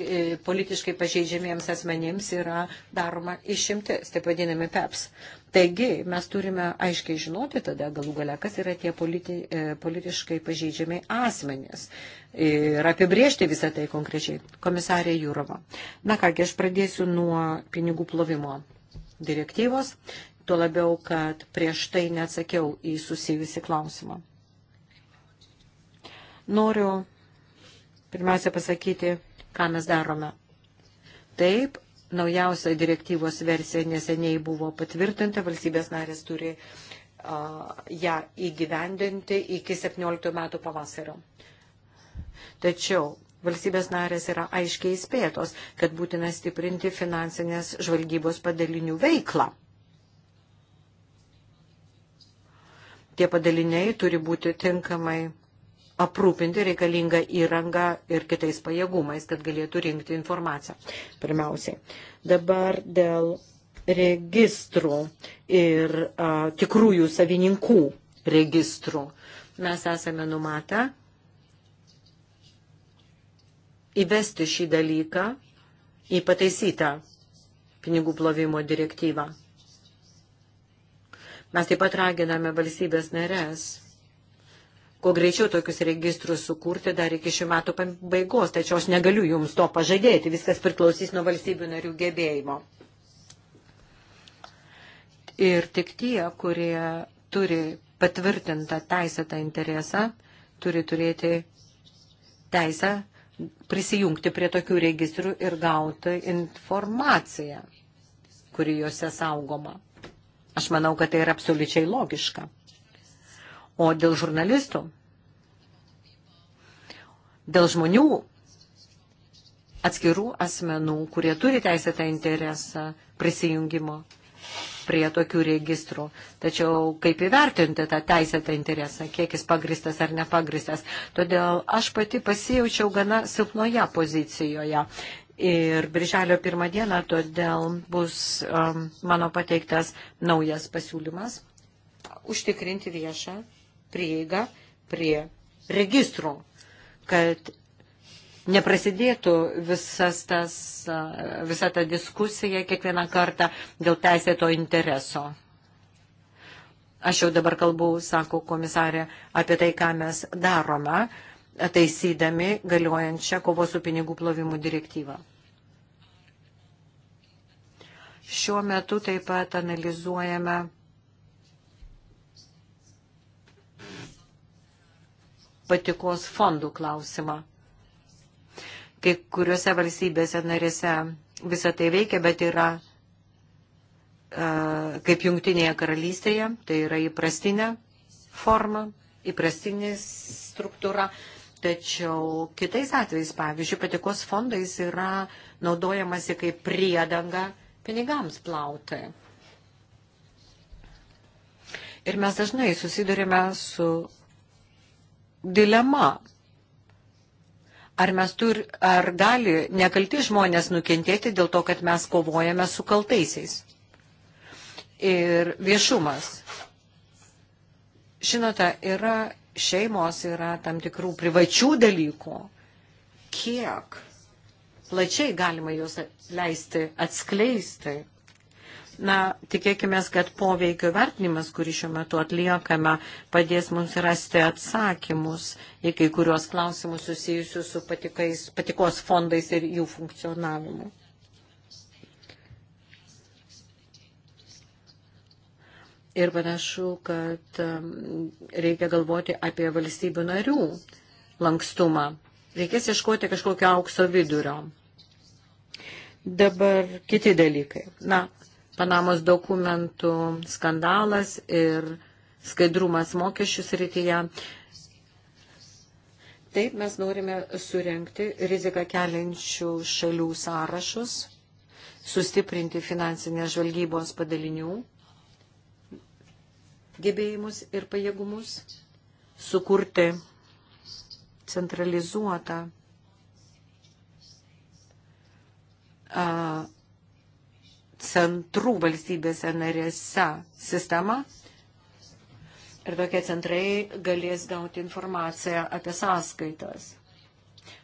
A: e, politiškai pažeidžiamiems asmenims yra daroma išimtis, taip vadinami PEPS. Taigi mes turime aiškiai žinoti tada galų gale, kas yra tie politi, e, politiškai pažeidžiami asmenys ir apibriežti visą tai konkrečiai. Komisarė Jūrova. Na kągi, aš pradėsiu nuo pinigų plovimo direktyvos, tuo labiau, kad prieš tai neatsakiau į susijusi klausimą. Noriu pirmiausia pasakyti, ką mes darome. Taip, naujausia direktyvos versija neseniai buvo patvirtinta, valstybės narės turi uh, ją įgyvendinti iki 17 metų pavasario. Tačiau valstybės narės yra aiškiai įspėtos, kad būtina stiprinti finansinės žvalgybos padalinių veiklą. Tie padaliniai turi būti tinkamai aprūpinti reikalingą įrangą ir kitais pajėgumais, kad galėtų rinkti informaciją. Pirmiausiai. Dabar dėl registrų ir a, tikrųjų savininkų registrų. Mes esame numatę įvesti šį dalyką į pataisytą pinigų plovimo direktyvą. Mes taip pat raginame valstybės narės kuo greičiau tokius registrus sukurti dar iki šių metų pabaigos, tačiau aš negaliu jums to pažadėti, viskas priklausys nuo valstybių narių gebėjimo. Ir tik tie, kurie turi patvirtintą teisėtą interesą, turi turėti teisę prisijungti prie tokių registrų ir gauti informaciją, kuri juose saugoma. Aš manau, kad tai yra absoliučiai logiška. O dėl žurnalistų, dėl žmonių atskirų asmenų, kurie turi teisėtą interesą prisijungimo prie tokių registrų. Tačiau kaip įvertinti tą teisėtą interesą, kiek jis pagristas ar nepagristas. Todėl aš pati pasijaučiau gana silpnoje pozicijoje. Ir birželio pirmą dieną todėl bus um, mano pateiktas naujas pasiūlymas užtikrinti viešą prieigą prie registro, kad neprasidėtų visas tas, visa ta diskusija kiekvieną kartą dėl teisėto intereso. Aš jau dabar kalbu, sako komisarė, apie tai, ką mes darome, taisydami galiojančią kovos su pinigų plovimu direktyvą. Šiuo metu taip pat analizuojame patikos fondų klausimą. Kai kuriuose valstybėse narėse visą tai veikia, bet yra e, kaip jungtinėje karalystėje, tai yra įprastinė forma, įprastinė struktūra, tačiau kitais atvejais, pavyzdžiui, patikos fondais yra naudojamasi kaip priedanga pinigams plauti. Ir mes dažnai susidurime su dilema. Ar, mes tur, ar gali nekalti žmonės nukentėti dėl to, kad mes kovojame su kaltaisiais? Ir viešumas. Žinote, yra šeimos, yra tam tikrų privačių dalykų. Kiek plačiai galima juos leisti atskleisti? Na, tikėkime, kad poveikio vertinimas, kurį šiuo metu atliekame, padės mums rasti atsakymus į kai kuriuos klausimus susijusius su patikais, patikos fondais ir jų funkcionavimu. Ir panašu, kad um, reikia galvoti apie valstybių narių lankstumą. Reikės ieškoti kažkokio aukso vidurio. Dabar kiti dalykai. Na, Panamos dokumentų skandalas ir skaidrumas mokesčių srityje. Taip mes norime surenkti riziką keliančių šalių sąrašus, sustiprinti finansinės žvalgybos padalinių gebėjimus ir pajėgumus, sukurti centralizuotą centrų valstybėse narėse sistema. Ir tokie centrai galės gauti informaciją apie sąskaitas.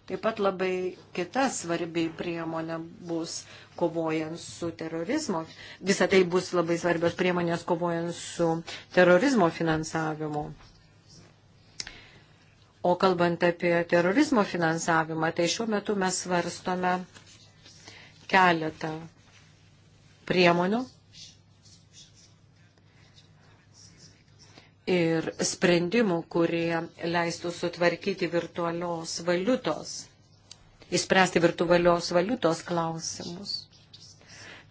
A: Taip pat labai kita svarbi priemonė bus kovojant su terorizmo. Visą tai bus labai svarbios priemonės kovojant su terorizmo finansavimu. O kalbant apie terorizmo finansavimą, tai šiuo metu mes svarstome keletą priemonių ir sprendimų, kurie leistų sutvarkyti virtualios valiutos, įspręsti virtualios valiutos klausimus.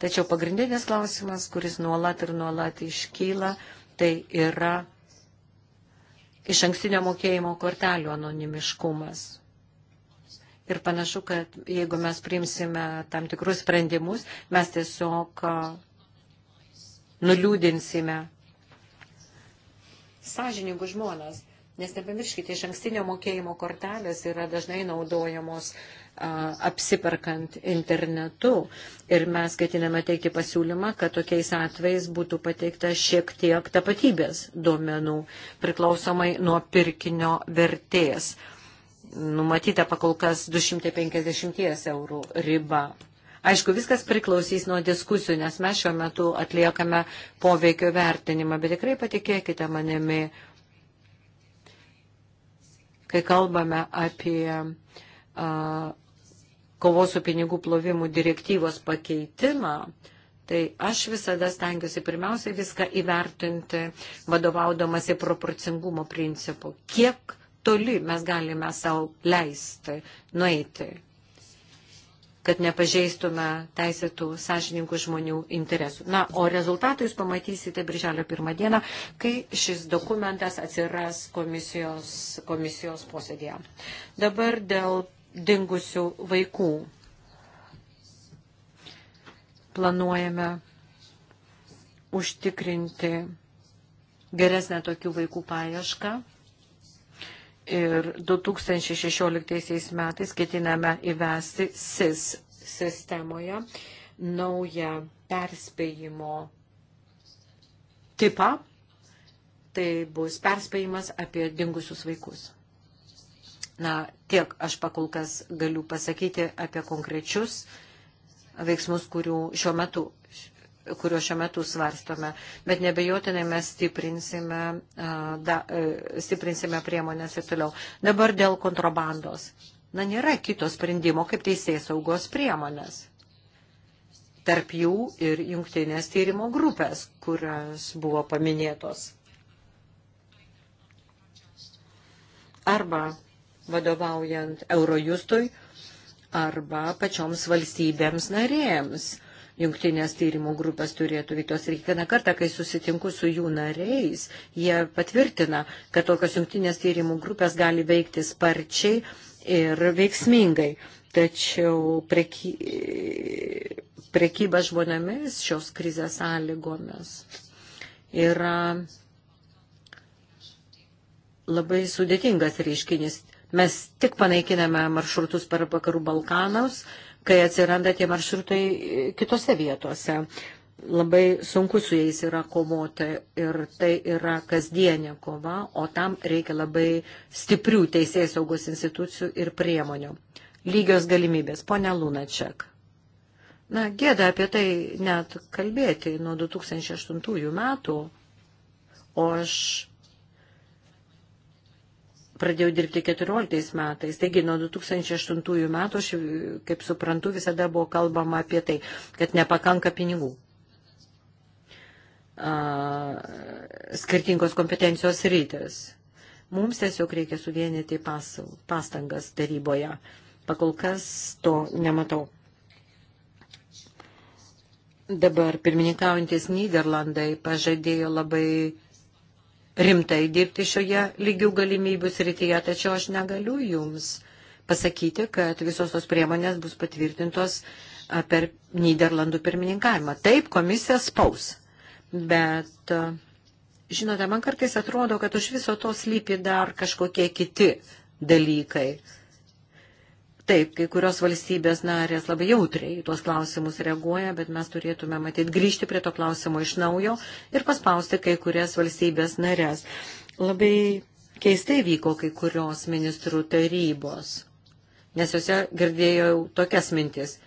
A: Tačiau pagrindinis klausimas, kuris nuolat ir nuolat iškyla, tai yra iš ankstinio mokėjimo kortelių anonimiškumas. Ir panašu, kad jeigu mes priimsime tam tikrus sprendimus, mes tiesiog nuliūdinsime sąžiningus žmonės. Nes nepamirškite, iš ankstinio mokėjimo kortelės yra dažnai naudojamos a, apsiperkant internetu. Ir mes ketiname teikti pasiūlymą, kad tokiais atvejais būtų pateikta šiek tiek tapatybės duomenų priklausomai nuo pirkinio vertės numatyta pakol kas 250 eurų riba. Aišku, viskas priklausys nuo diskusijų, nes mes šiuo metu atliekame poveikio vertinimą, bet tikrai patikėkite manimi, kai kalbame apie a, kovos su pinigų plovimų direktyvos pakeitimą, tai aš visada stengiuosi pirmiausiai viską įvertinti, vadovaudamasi proporcingumo principu. Kiek toli mes galime savo leisti nueiti, kad nepažeistume teisėtų sąžininkų žmonių interesų. Na, o rezultatą jūs pamatysite birželio pirmą dieną, kai šis dokumentas atsiras komisijos, komisijos posėdėje. Dabar dėl dingusių vaikų planuojame užtikrinti geresnę tokių vaikų paiešką Ir 2016 metais ketiname įvesti SIS sistemoje naują perspėjimo tipą. Tai bus perspėjimas apie dingusius vaikus. Na, tiek aš pakol kas galiu pasakyti apie konkrečius veiksmus, kurių šiuo metu kurio šiuo metu svarstome, bet nebejotinai mes stiprinsime, da, e, stiprinsime priemonės ir toliau. Dabar dėl kontrabandos. Na, nėra kito sprendimo kaip teisės saugos priemonės. Tarp jų ir jungtinės tyrimo grupės, kurios buvo paminėtos. Arba vadovaujant Eurojustui, arba pačioms valstybėms narėjams jungtinės tyrimų grupės turėtų vyktos. Ir kiekvieną kartą, kai susitinku su jų nariais, jie patvirtina, kad tokios jungtinės tyrimų grupės gali veikti sparčiai ir veiksmingai. Tačiau preky... prekyba žmonėmis šios krizės sąlygomis yra labai sudėtingas reiškinys. Mes tik panaikiname maršrutus per vakarų Balkanus kai atsiranda tie maršrutai e, kitose vietose. Labai sunku su jais yra kovoti ir tai yra kasdienė kova, o tam reikia labai stiprių teisės saugos institucijų ir priemonių. Lygios galimybės. Pone Lunačiak. Na, gėda apie tai net kalbėti nuo 2008 metų, o aš pradėjau dirbti 14 metais. Taigi nuo 2008 metų, aš, kaip suprantu, visada buvo kalbama apie tai, kad nepakanka pinigų. A, skirtingos kompetencijos rytis. Mums tiesiog reikia suvienyti pas, pastangas taryboje. Pakol kas to nematau. Dabar pirmininkaujantis Niderlandai pažadėjo labai rimtai dirbti šioje lygių galimybių srityje, tačiau aš negaliu jums pasakyti, kad visos tos priemonės bus patvirtintos per Niderlandų pirmininkavimą. Taip, komisija spaus, bet, žinote, man kartais atrodo, kad už viso to slypi dar kažkokie kiti dalykai Taip, kai kurios valstybės narės labai jautriai į tuos klausimus reaguoja, bet mes turėtume matyti grįžti prie to klausimo iš naujo ir paspausti kai kurias valstybės narės. Labai keistai vyko kai kurios ministrų tarybos, nes juose girdėjau tokias mintis.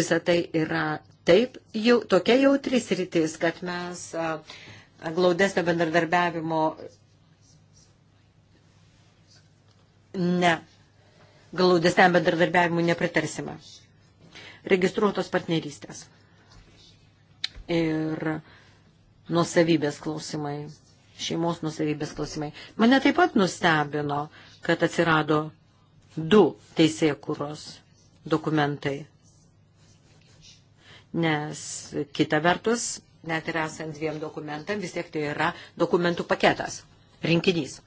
A: Visa tai yra taip, jau, tokia jautri sritis, kad mes a, glaudesnio bendradarbiavimo ne glaudesniam bendradarbiavimui nepritarsime. Registruotos partnerystės ir nusavybės klausimai, šeimos nusavybės klausimai. Mane taip pat nustebino, kad atsirado du teisėkuros dokumentai. Nes kita vertus, net ir esant dviem dokumentam, vis tiek tai yra dokumentų paketas, rinkinys.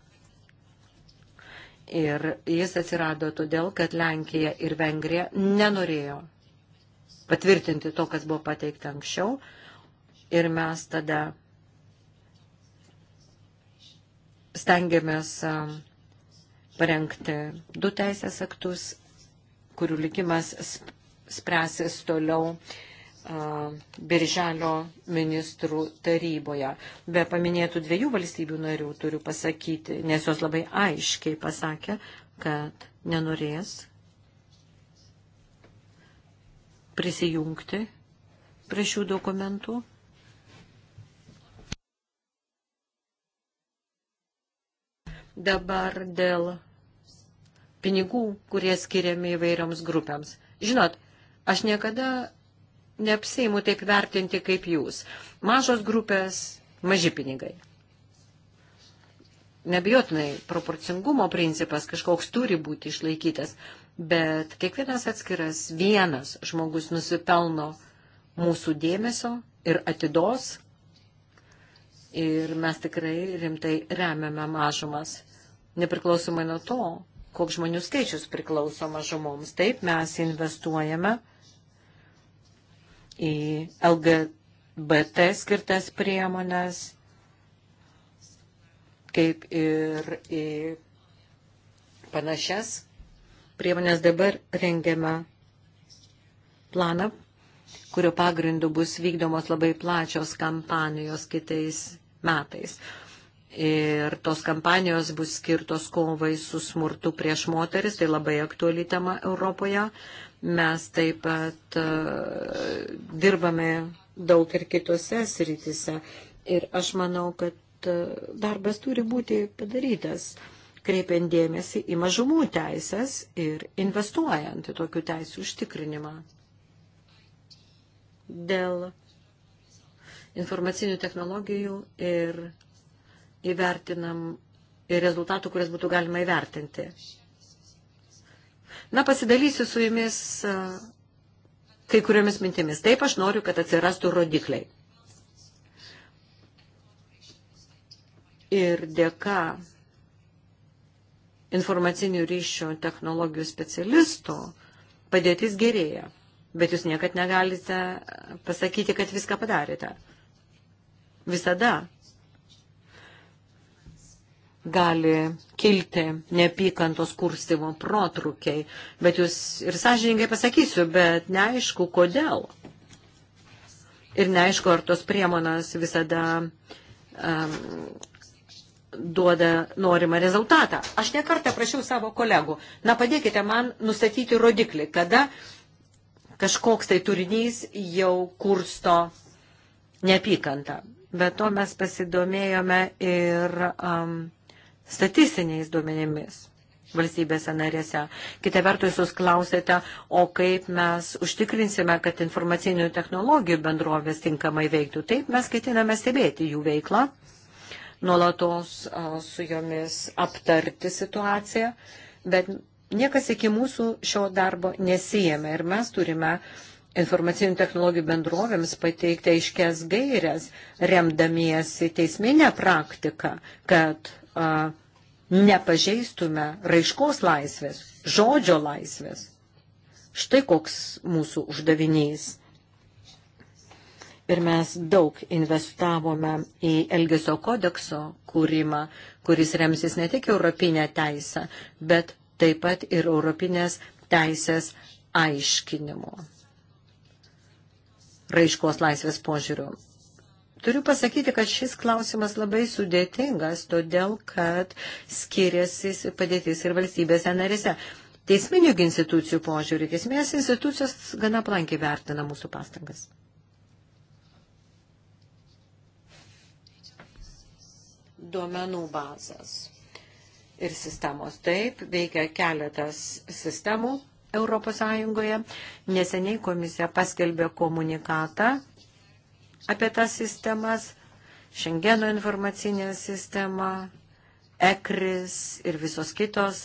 A: Ir jis atsirado todėl, kad Lenkija ir Vengrija nenorėjo patvirtinti to, kas buvo pateikta anksčiau. Ir mes tada stengiamės parengti du teisės aktus, kurių likimas spręsis toliau Birželio ministrų taryboje. Be paminėtų dviejų valstybių narių turiu pasakyti, nes jos labai aiškiai pasakė, kad nenorės prisijungti prie šių dokumentų. Dabar dėl pinigų, kurie skiriami įvairioms grupėms. Žinot, aš niekada neapsėjimu taip vertinti kaip jūs. Mažos grupės, maži pinigai. Nebijotinai proporcingumo principas kažkoks turi būti išlaikytas, bet kiekvienas atskiras vienas žmogus nusipelno mūsų dėmesio ir atidos. Ir mes tikrai rimtai remiame mažumas, nepriklausomai nuo to, koks žmonių skaičius priklauso mažumoms. Taip mes investuojame į LGBT skirtas priemonės, kaip ir į panašias priemonės dabar rengiame planą, kurio pagrindu bus vykdomos labai plačios kampanijos kitais metais ir tos kampanijos bus skirtos kovai su smurtu prieš moteris, tai labai aktuali tema Europoje. Mes taip pat uh, dirbame daug ir kitose srityse. Ir aš manau, kad uh, darbas turi būti padarytas, kreipiant dėmesį į mažumų teisės ir investuojant į tokių teisų užtikrinimą. Dėl informacinių technologijų ir įvertinam ir rezultatų, kurias būtų galima įvertinti. Na, pasidalysiu su jumis kai kuriomis mintimis. Taip, aš noriu, kad atsirastų rodikliai. Ir dėka informacinių ryšio technologijų specialisto padėtis gerėja, bet jūs niekad negalite pasakyti, kad viską padarėte. Visada gali kilti neapykantos kurstimo protrukiai. Bet jūs ir sąžininkai pasakysiu, bet neaišku, kodėl. Ir neaišku, ar tos priemonas visada um, duoda norimą rezultatą. Aš nekartą prašiau savo kolegų, na padėkite man nustatyti rodiklį, kada kažkoks tai turinys jau kursto neapykantą. Bet to mes pasidomėjome ir um, statistiniais duomenimis valstybėse narėse. Kita vertus, jūs klausėte, o kaip mes užtikrinsime, kad informacinių technologijų bendrovės tinkamai veiktų. Taip, mes ketiname stebėti jų veiklą, nuolatos su jomis aptarti situaciją, bet niekas iki mūsų šio darbo nesijėmė ir mes turime informacinių technologijų bendrovėms pateikti aiškės gairias, remdamiesi teisminę praktiką, kad a, nepažeistume raiškos laisvės, žodžio laisvės. Štai koks mūsų uždavinys. Ir mes daug investavome į Elgesio kodekso kūrimą, kuris remsis ne tik europinę teisę, bet taip pat ir europinės teisės aiškinimo raiškos laisvės požiūriu. Turiu pasakyti, kad šis klausimas labai sudėtingas, todėl kad skiriasi padėtis ir valstybėse narėse. Teisminių institucijų požiūrį, teisminės institucijos gana plankiai vertina mūsų pastangas. Duomenų bazas ir sistemos. Taip, veikia keletas sistemų Europos Sąjungoje. Neseniai komisija paskelbė komunikatą apie tas sistemas, Šengeno informacinė sistema, ECRIS ir visos kitos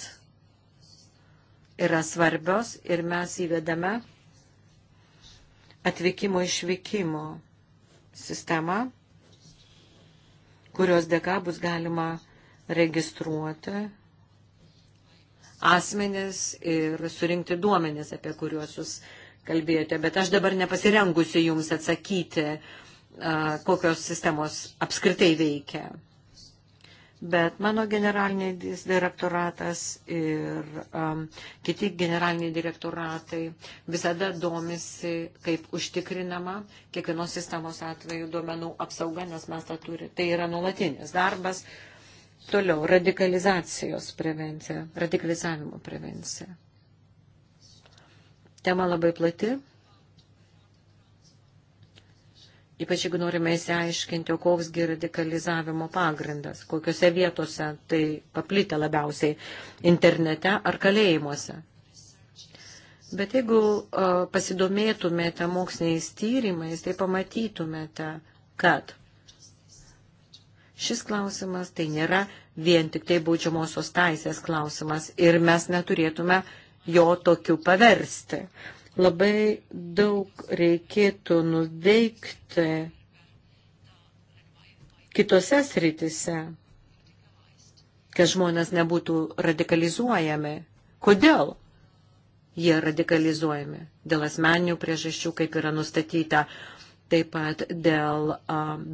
A: yra svarbios ir mes įvedame atvykimo išvykimo sistemą, kurios dėka bus galima registruoti asmenis ir surinkti duomenis, apie kuriuos jūs kalbėjote. Bet aš dabar nepasirengusiu jums atsakyti kokios sistemos apskritai veikia. Bet mano generaliniai direktoratas ir um, kiti generaliniai direktoratai visada domisi, kaip užtikrinama kiekvienos sistemos atveju duomenų apsauga, nes mes tą turime. Tai yra nuolatinis darbas. Toliau radikalizacijos prevencija, radikalizavimo prevencija. Tema labai plati. Ypač jeigu norime įsiaiškinti, o koksgi radikalizavimo pagrindas, kokiuose vietose tai paplitę labiausiai internete ar kalėjimuose. Bet jeigu uh, pasidomėtumėte moksliniais tyrimais, tai pamatytumėte, kad šis klausimas tai nėra vien tik tai baudžiamosios taisės klausimas ir mes neturėtume jo tokiu paversti. Labai daug reikėtų nuveikti kitose sritise, kad žmonės nebūtų radikalizuojami. Kodėl jie radikalizuojami? Dėl asmeninių priežasčių, kaip yra nustatyta, taip pat dėl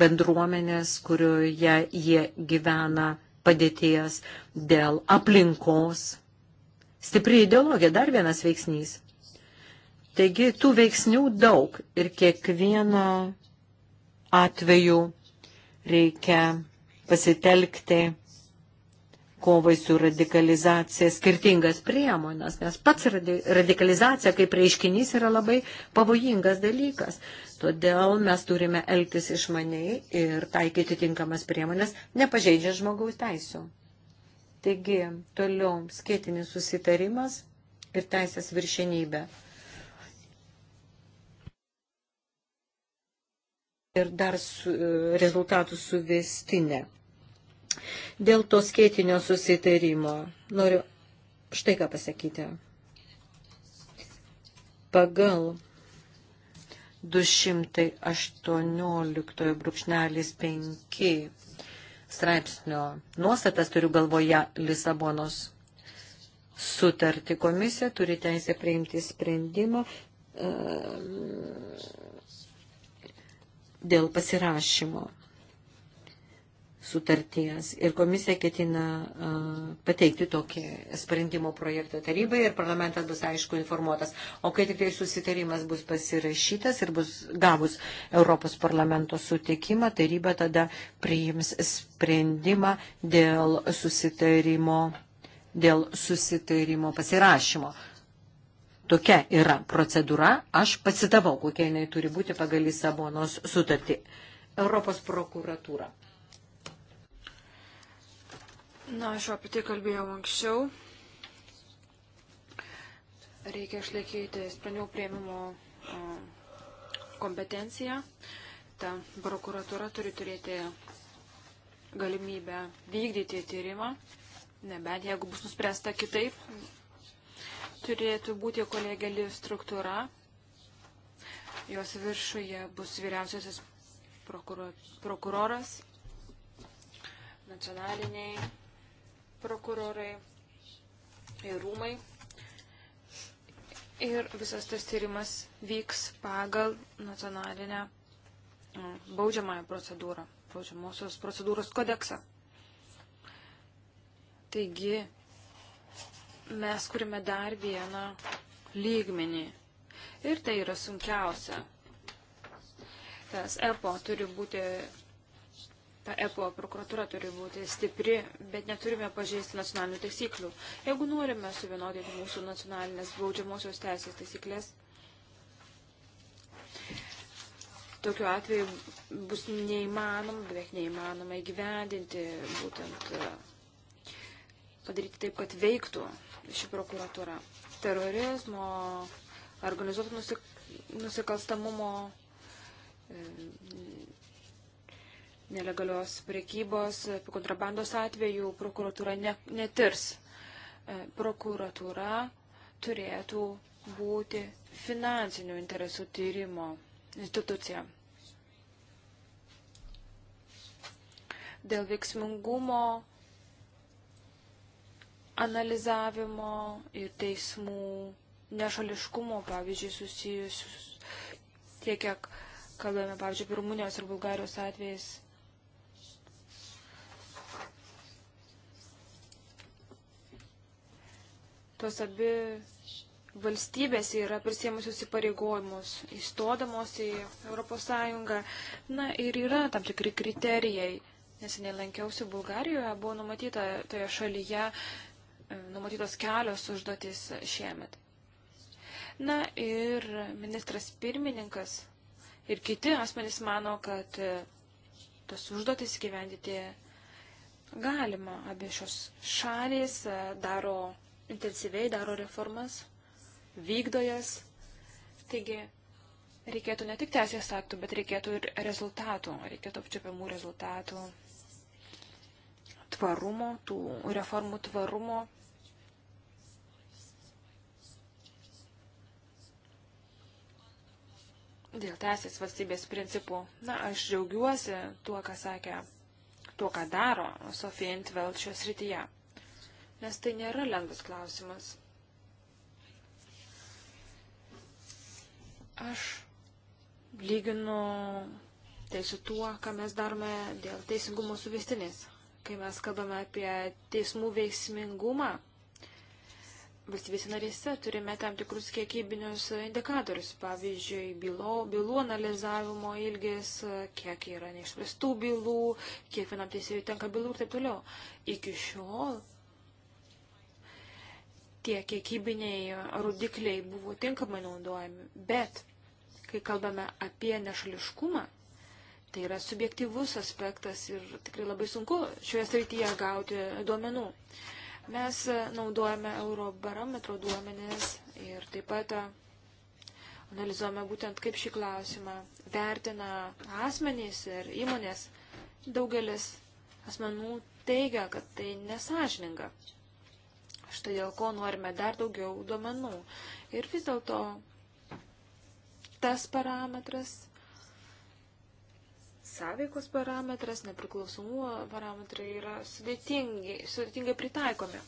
A: bendruomenės, kurioje jie gyvena padėties, dėl aplinkos. Stipri ideologija, dar vienas veiksnys. Taigi tų veiksnių daug ir kiekvieno atveju reikia pasitelkti kovai su radikalizacija skirtingas priemonės, nes pats radikalizacija kaip reiškinys yra labai pavojingas dalykas. Todėl mes turime elgtis išmaniai ir taikyti tinkamas priemonės, nepažeidžia žmogaus teisų. Taigi, toliau skėtinis susitarimas ir teisės viršenybė. ir dar su, e, rezultatų suvestinę. Dėl to skėtinio susitarimo noriu štai ką pasakyti. Pagal 218.5 straipsnio nuostatas turiu galvoje Lisabonos sutartį. Komisija turi teisę priimti sprendimą e, dėl pasirašymo sutarties ir komisija ketina uh, pateikti tokį sprendimo projektą tarybai ir parlamentas bus aišku informuotas. O kai tik tai susitarimas bus pasirašytas ir bus gavus Europos parlamento sutikimą, taryba tada priims sprendimą dėl susitarimo, dėl susitarimo pasirašymo. Tokia yra procedūra, aš pasidavau, kokia jinai turi būti pagal Lisabonos sutartį. Europos prokuratūra.
B: Na, aš apie tai kalbėjau anksčiau. Reikia išlaikyti sprendimų prieimimo kompetenciją. Ta prokuratūra turi turėti galimybę vykdyti tyrimą, nebent jeigu bus nuspręsta kitaip, turėtų būti kolegiali struktūra. Jos viršuje bus vyriausiasis prokuroras, nacionaliniai prokurorai ir rūmai. Ir visas tas tyrimas vyks pagal nacionalinę mm, baudžiamąją procedūrą, baudžiamosios procedūros kodeksą. Taigi, mes kurime dar vieną lygmenį. Ir tai yra sunkiausia. Tas EPO turi būti, ta EPO prokuratūra turi būti stipri, bet neturime pažeisti nacionalinių taisyklių. Jeigu norime suvienodinti mūsų nacionalinės baudžiamosios teisės taisyklės, tokiu atveju bus neįmanoma, beveik neįmanoma įgyvendinti būtent padaryti taip, kad veiktų ši prokuratūra. Terorizmo, organizuotų nusik nusikalstamumo, nelegalios priekybos, kontrabandos atveju prokuratūra ne, netirs. E, prokuratūra turėtų būti finansinių interesų tyrimo institucija. Dėl veiksmingumo analizavimo ir teismų nešališkumo, pavyzdžiui, susijusius tiek, kiek kalbame, pavyzdžiui, apie Rumunijos ir Bulgarijos atvejais. Tos abi valstybės yra prisėmusios įpareigojimus įstodamos į ES. Na ir yra tam tikri kriterijai. Neseniai lankiausi Bulgarijoje, buvo numatyta toje šalyje numatytos kelios užduotys šiemet. Na ir ministras pirmininkas ir kiti asmenys mano, kad e, tas užduotis gyvendyti galima. Abi šios šalys e, daro intensyviai, daro reformas, vykdo jas. Taigi reikėtų ne tik teisės aktų, bet reikėtų ir rezultatų, reikėtų apčiopiamų rezultatų, tvarumo, tų reformų tvarumo dėl teisės valstybės principų. Na, aš džiaugiuosi tuo, ką sakė, tuo, ką daro Sofija Intveld šios rytyje. Nes tai nėra lengvas klausimas. Aš lyginu tai su tuo, ką mes darome dėl teisingumo suvestinės. Kai mes kalbame apie teismų veiksmingumą, valstybės narėse turime tam tikrus kiekybinius indikatorius, pavyzdžiui, bylo, bylų analizavimo ilgis, kiek yra neišspręstų bylų, kiek vienam teisėjui tenka bylų ir taip toliau. Iki šiol tie kiekybiniai rodikliai buvo tinkamai naudojami, bet kai kalbame apie nešališkumą, tai yra subjektyvus aspektas ir tikrai labai sunku šioje srityje gauti duomenų. Uh, Mes e, naudojame eurobarometro duomenis ir taip pat e, analizuojame būtent, kaip šį klausimą vertina asmenys ir įmonės. Daugelis asmenų teigia, kad tai nesažininga. Štai dėl ko norime dar daugiau duomenų. Ir vis dėlto tas parametras sąveikos parametras, nepriklausomumo parametrai yra sudėtingai, sudėtingai pritaikomi.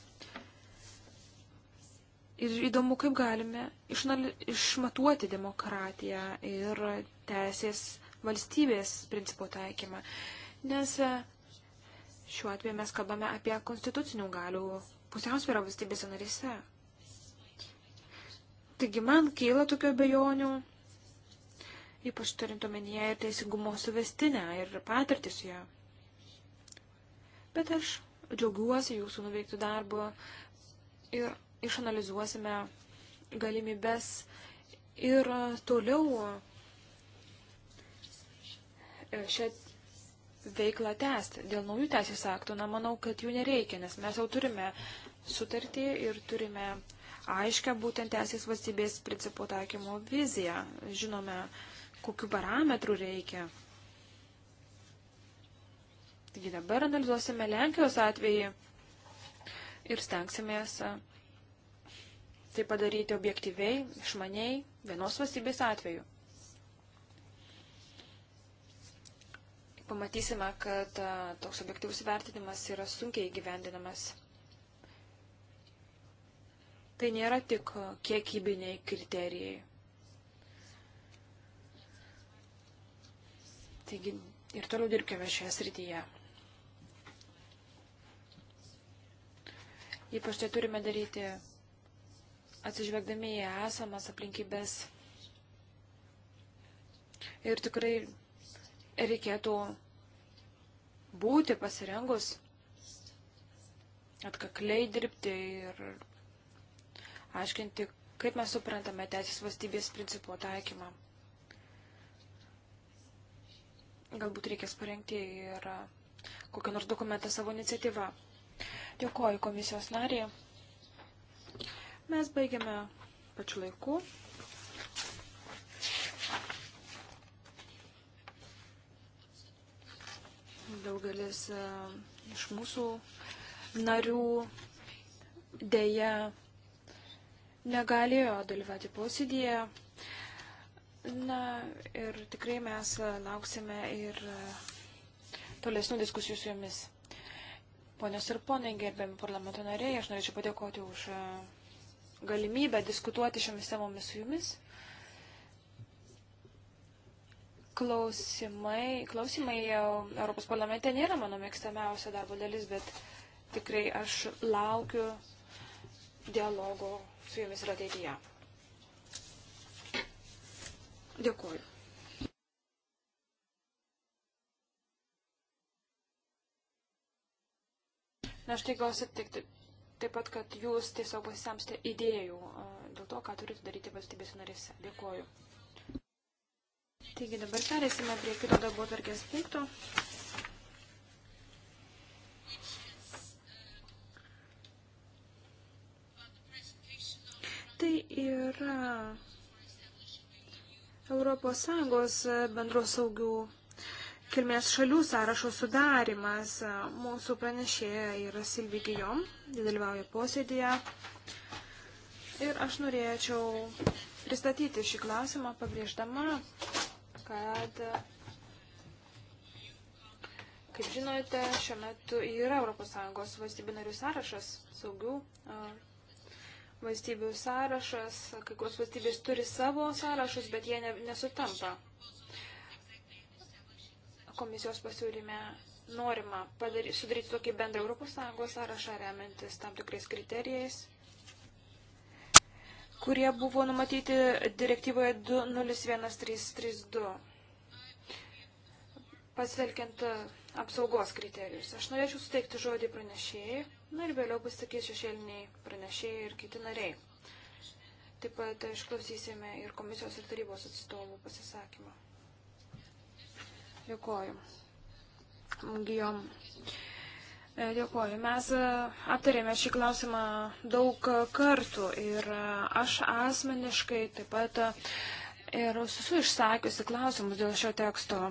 B: Ir įdomu, kaip galime išnali, išmatuoti demokratiją ir teisės valstybės principo taikymą. Nes e, šiuo atveju mes kalbame apie konstitucinių galių pusiausvyrą valstybėse narise. Taigi man kyla tokių bejonių ypač turint omenyje ir teisingumo suvestinę ir patirtį su ją. Bet aš džiaugiuosi jūsų nuveiktų darbu ir išanalizuosime galimybės ir toliau e, šią veiklą tęsti. Dėl naujų teisės aktų, na, manau, kad jų nereikia, nes mes jau turime sutartį ir turime aiškę būtent teisės valstybės principų taikymo viziją. Žinome, uh, kokiu parametru reikia. Taigi dabar analizuosime Lenkijos atvejį ir stengsimės tai padaryti objektyviai, išmaniai, vienos valstybės atveju. Pamatysime, kad toks objektyvus vertinimas yra sunkiai gyvendinamas. Tai nėra tik kiekybiniai kriterijai. Taigi ir toliau dirbkime šioje srityje. Ypač tai turime daryti atsižvelgdami į esamas aplinkybės. Ir tikrai reikėtų būti pasirengus atkakliai dirbti ir aiškinti, kaip mes suprantame teisės valstybės principų taikymą. Galbūt reikės parengti ir kokią nors dokumentą savo iniciatyvą. Dėkoju komisijos narė. Mes baigiame pačiu laiku. Daugelis iš mūsų narių dėja negalėjo dalyvauti posėdėje. Na ir tikrai mes lauksime ir e, tolesnių diskusijų su jumis. Ponios ir ponai, gerbiami parlamento nariai, aš norėčiau padėkoti už e, galimybę diskutuoti šiomis temomis su jumis. Klausimai, klausimai Europos parlamente nėra mano mėgstamiausia darbo dalis, bet tikrai aš laukiu dialogo su jumis ir ateityje. Dėkuoju. Na, aš tikiuosi tik taip pat, kad jūs tiesiog pasisamstė idėjų dėl to, ką turite daryti valstybės narėse. Dėkuoju. Taigi dabar perėsime prie kito darbo tvarkės punkto. Tai yra ES e, bendros saugių kilmės šalių sąrašo sudarimas. E, mūsų pranešėja yra Silvi Gijom, dalyvauja posėdėje. Ir aš norėčiau pristatyti šį klausimą, pabrėždama, kad, kaip žinote, šiuo metu yra ES valstybių narių sąrašas saugių e, valstybių sąrašas, kai kurios valstybės turi savo sąrašus, bet jie ne, nesutampa. Komisijos pasiūlyme norima padary, sudaryti tokį bendrą ES sąrašą remiantis tam tikrais kriterijais, kurie buvo numatyti direktyvoje 201332, pasitelkiant e, apsaugos kriterijus. Aš norėčiau suteikti žodį pranešėjai. Na ir vėliau pasakys šešėliniai pranešėjai ir kiti nariai. Taip pat išklausysime ir komisijos ir tarybos atstovų pasisakymą. Dėkoju. Gijom. E, Dėkuoju. Mes e, aptarėme šį klausimą daug kartų ir e, aš asmeniškai taip pat ir esu išsakiusi klausimus dėl šio teksto.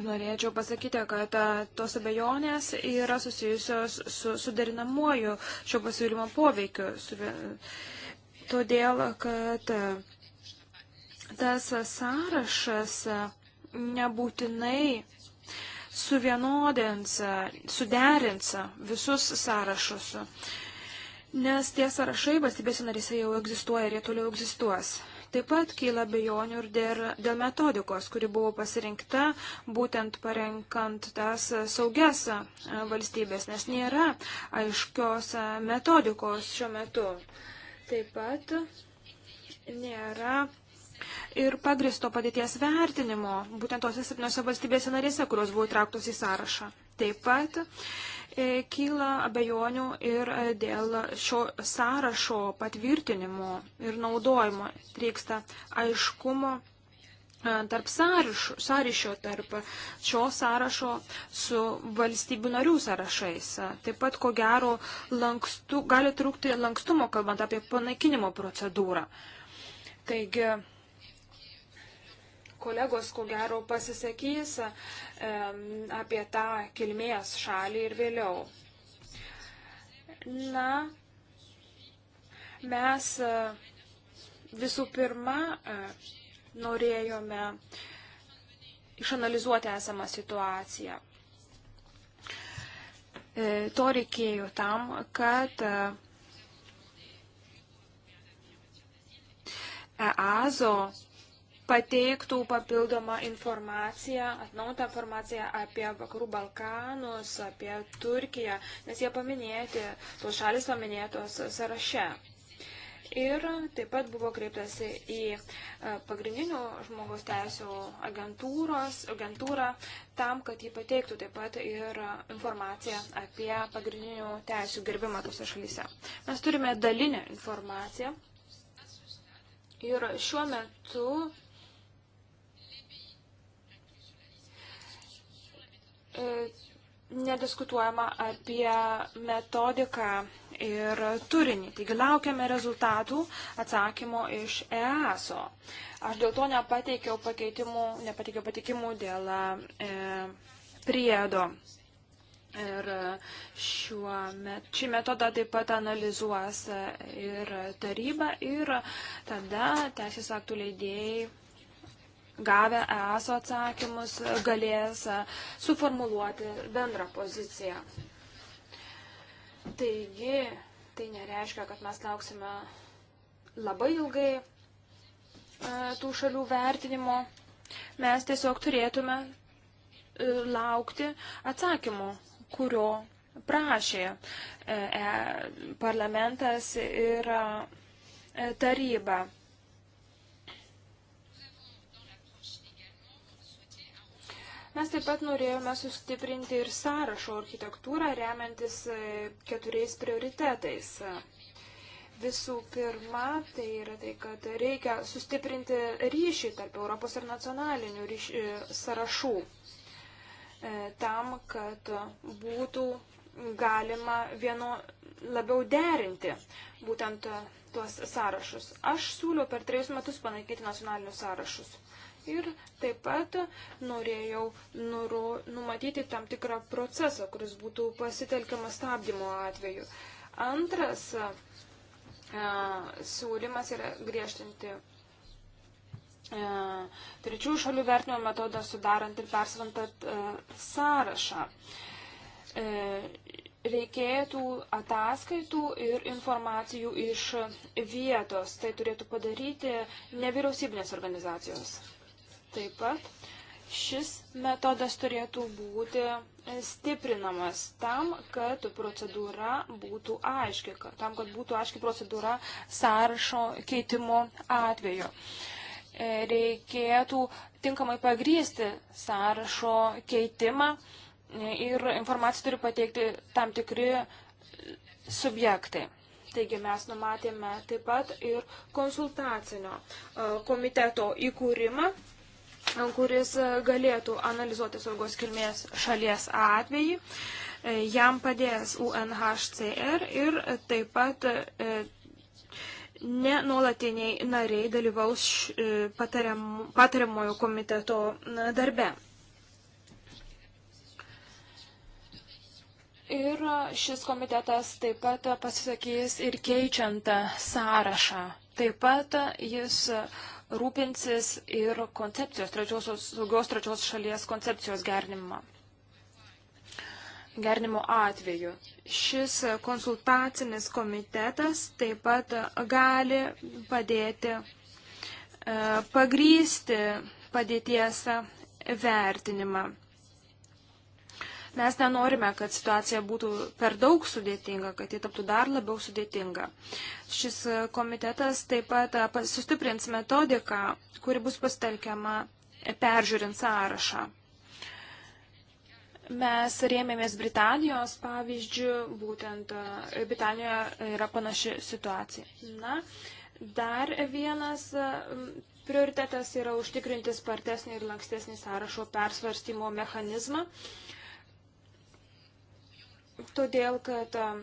B: Norėčiau pasakyti, kad tos abejonės yra susijusios su suderinamuoju šio pasiūlymo poveikiu. Su, todėl, kad tas sąrašas nebūtinai suvienodins, suderins visus sąrašus, nes tie sąrašai valstybėse narėse jau egzistuoja ir jie toliau egzistuos. Taip pat kyla bejonių ir dėl, dėl metodikos, kuri buvo pasirinkta būtent parenkant tas saugias valstybės, nes nėra aiškios metodikos šiuo metu. Taip pat nėra ir pagristo padėties vertinimo, būtent tose septyniose valstybėse narėse, kurios buvo įtrauktos į sąrašą. Taip pat E, kyla abejonių ir e, dėl šio sąrašo patvirtinimo ir naudojimo. Tryksta aiškumo e, tarp sąryšo, sąryšio, tarp šio sąrašo su valstybių narių sąrašais. Taip pat, ko gero, lankstu, gali trūkti lankstumo, kalbant apie panaikinimo procedūrą. Taigi, kolegos, ko gero, pasisakys apie tą kilmės šalį ir vėliau. Na, mes visų pirma norėjome išanalizuoti esamą situaciją. E, to reikėjo tam, kad EASO pateiktų papildomą informaciją, atnautą informaciją apie Vakarų Balkanus, apie Turkiją, nes jie paminėti, tos šalis paminėtos sąraše. Ir taip pat buvo kreiptasi į e, pagrindinių žmogaus teisų agentūrą tam, kad jį pateiktų taip pat ir informaciją apie pagrindinių teisų gerbimą tose šalyse. Mes turime dalinę informaciją. Ir šiuo metu E, nediskutuojama apie metodiką ir turinį. Taigi laukiame rezultatų atsakymo iš EASO. Aš dėl to nepateikiau pakeitimų, nepateikiau patikimų dėl e, priedo. Ir šiuo met, šį metodą taip pat analizuos ir taryba ir tada teisės aktų leidėjai gavę ESO atsakymus, galės e, suformuluoti bendrą poziciją. Taigi, tai nereiškia, kad mes lauksime labai ilgai e, tų šalių vertinimo. Mes tiesiog turėtume e, laukti atsakymų, kurio prašė parlamentas ir taryba. Mes taip pat norėjome sustiprinti ir sąrašo architektūrą remiantis e, keturiais prioritetais. Visų pirma, tai yra tai, kad reikia sustiprinti ryšį tarp Europos ir nacionalinių ryšį, e, sąrašų e, tam, kad būtų galima vieno labiau derinti būtent tuos sąrašus. Aš siūliau per trejus metus panaikyti nacionalinius sąrašus. Ir taip pat norėjau nuru, numatyti tam tikrą procesą, kuris būtų pasitelkiamas stabdymo atveju. Antras a, siūlymas yra griežtinti trečių šalių vertinimo metodą sudarant ir persvantant sąrašą. E, reikėtų ataskaitų ir informacijų iš vietos. Tai turėtų padaryti nevyriausybinės organizacijos. Taip pat šis metodas turėtų būti stiprinamas tam, kad procedūra būtų aiški, tam, kad būtų aiški procedūra sąrašo keitimo atveju. E, reikėtų tinkamai pagrysti sąrašo keitimą e, ir informaciją turi pateikti tam tikri subjektai. Taigi mes numatėme taip pat ir konsultacinio e, komiteto įkūrimą kuris e, galėtų analizuoti saugos kilmės šalies atvejį. E, jam padės UNHCR ir taip pat e, nenuolatiniai nariai dalyvaus patariam, patariamojo komiteto darbe. Ir šis komitetas taip pat pasisakys ir keičiant sąrašą. Taip pat jis rūpinsis ir koncepcijos, trečiosios, saugios trečios šalies koncepcijos gernimą. Gernimo atveju. Šis konsultacinis komitetas taip pat gali padėti e, pagrysti padėties vertinimą. Mes nenorime, kad situacija būtų per daug sudėtinga, kad ji taptų dar labiau sudėtinga. Šis komitetas taip pat sustiprins metodiką, kuri bus pastelkiama peržiūrint sąrašą. Mes rėmėmės Britanijos pavyzdžių, būtent Britanijoje yra panaši situacija. Na, dar vienas prioritetas yra užtikrinti spartesnį ir lankstesnį sąrašo persvarstymo mechanizmą. Uh, todėl kad um,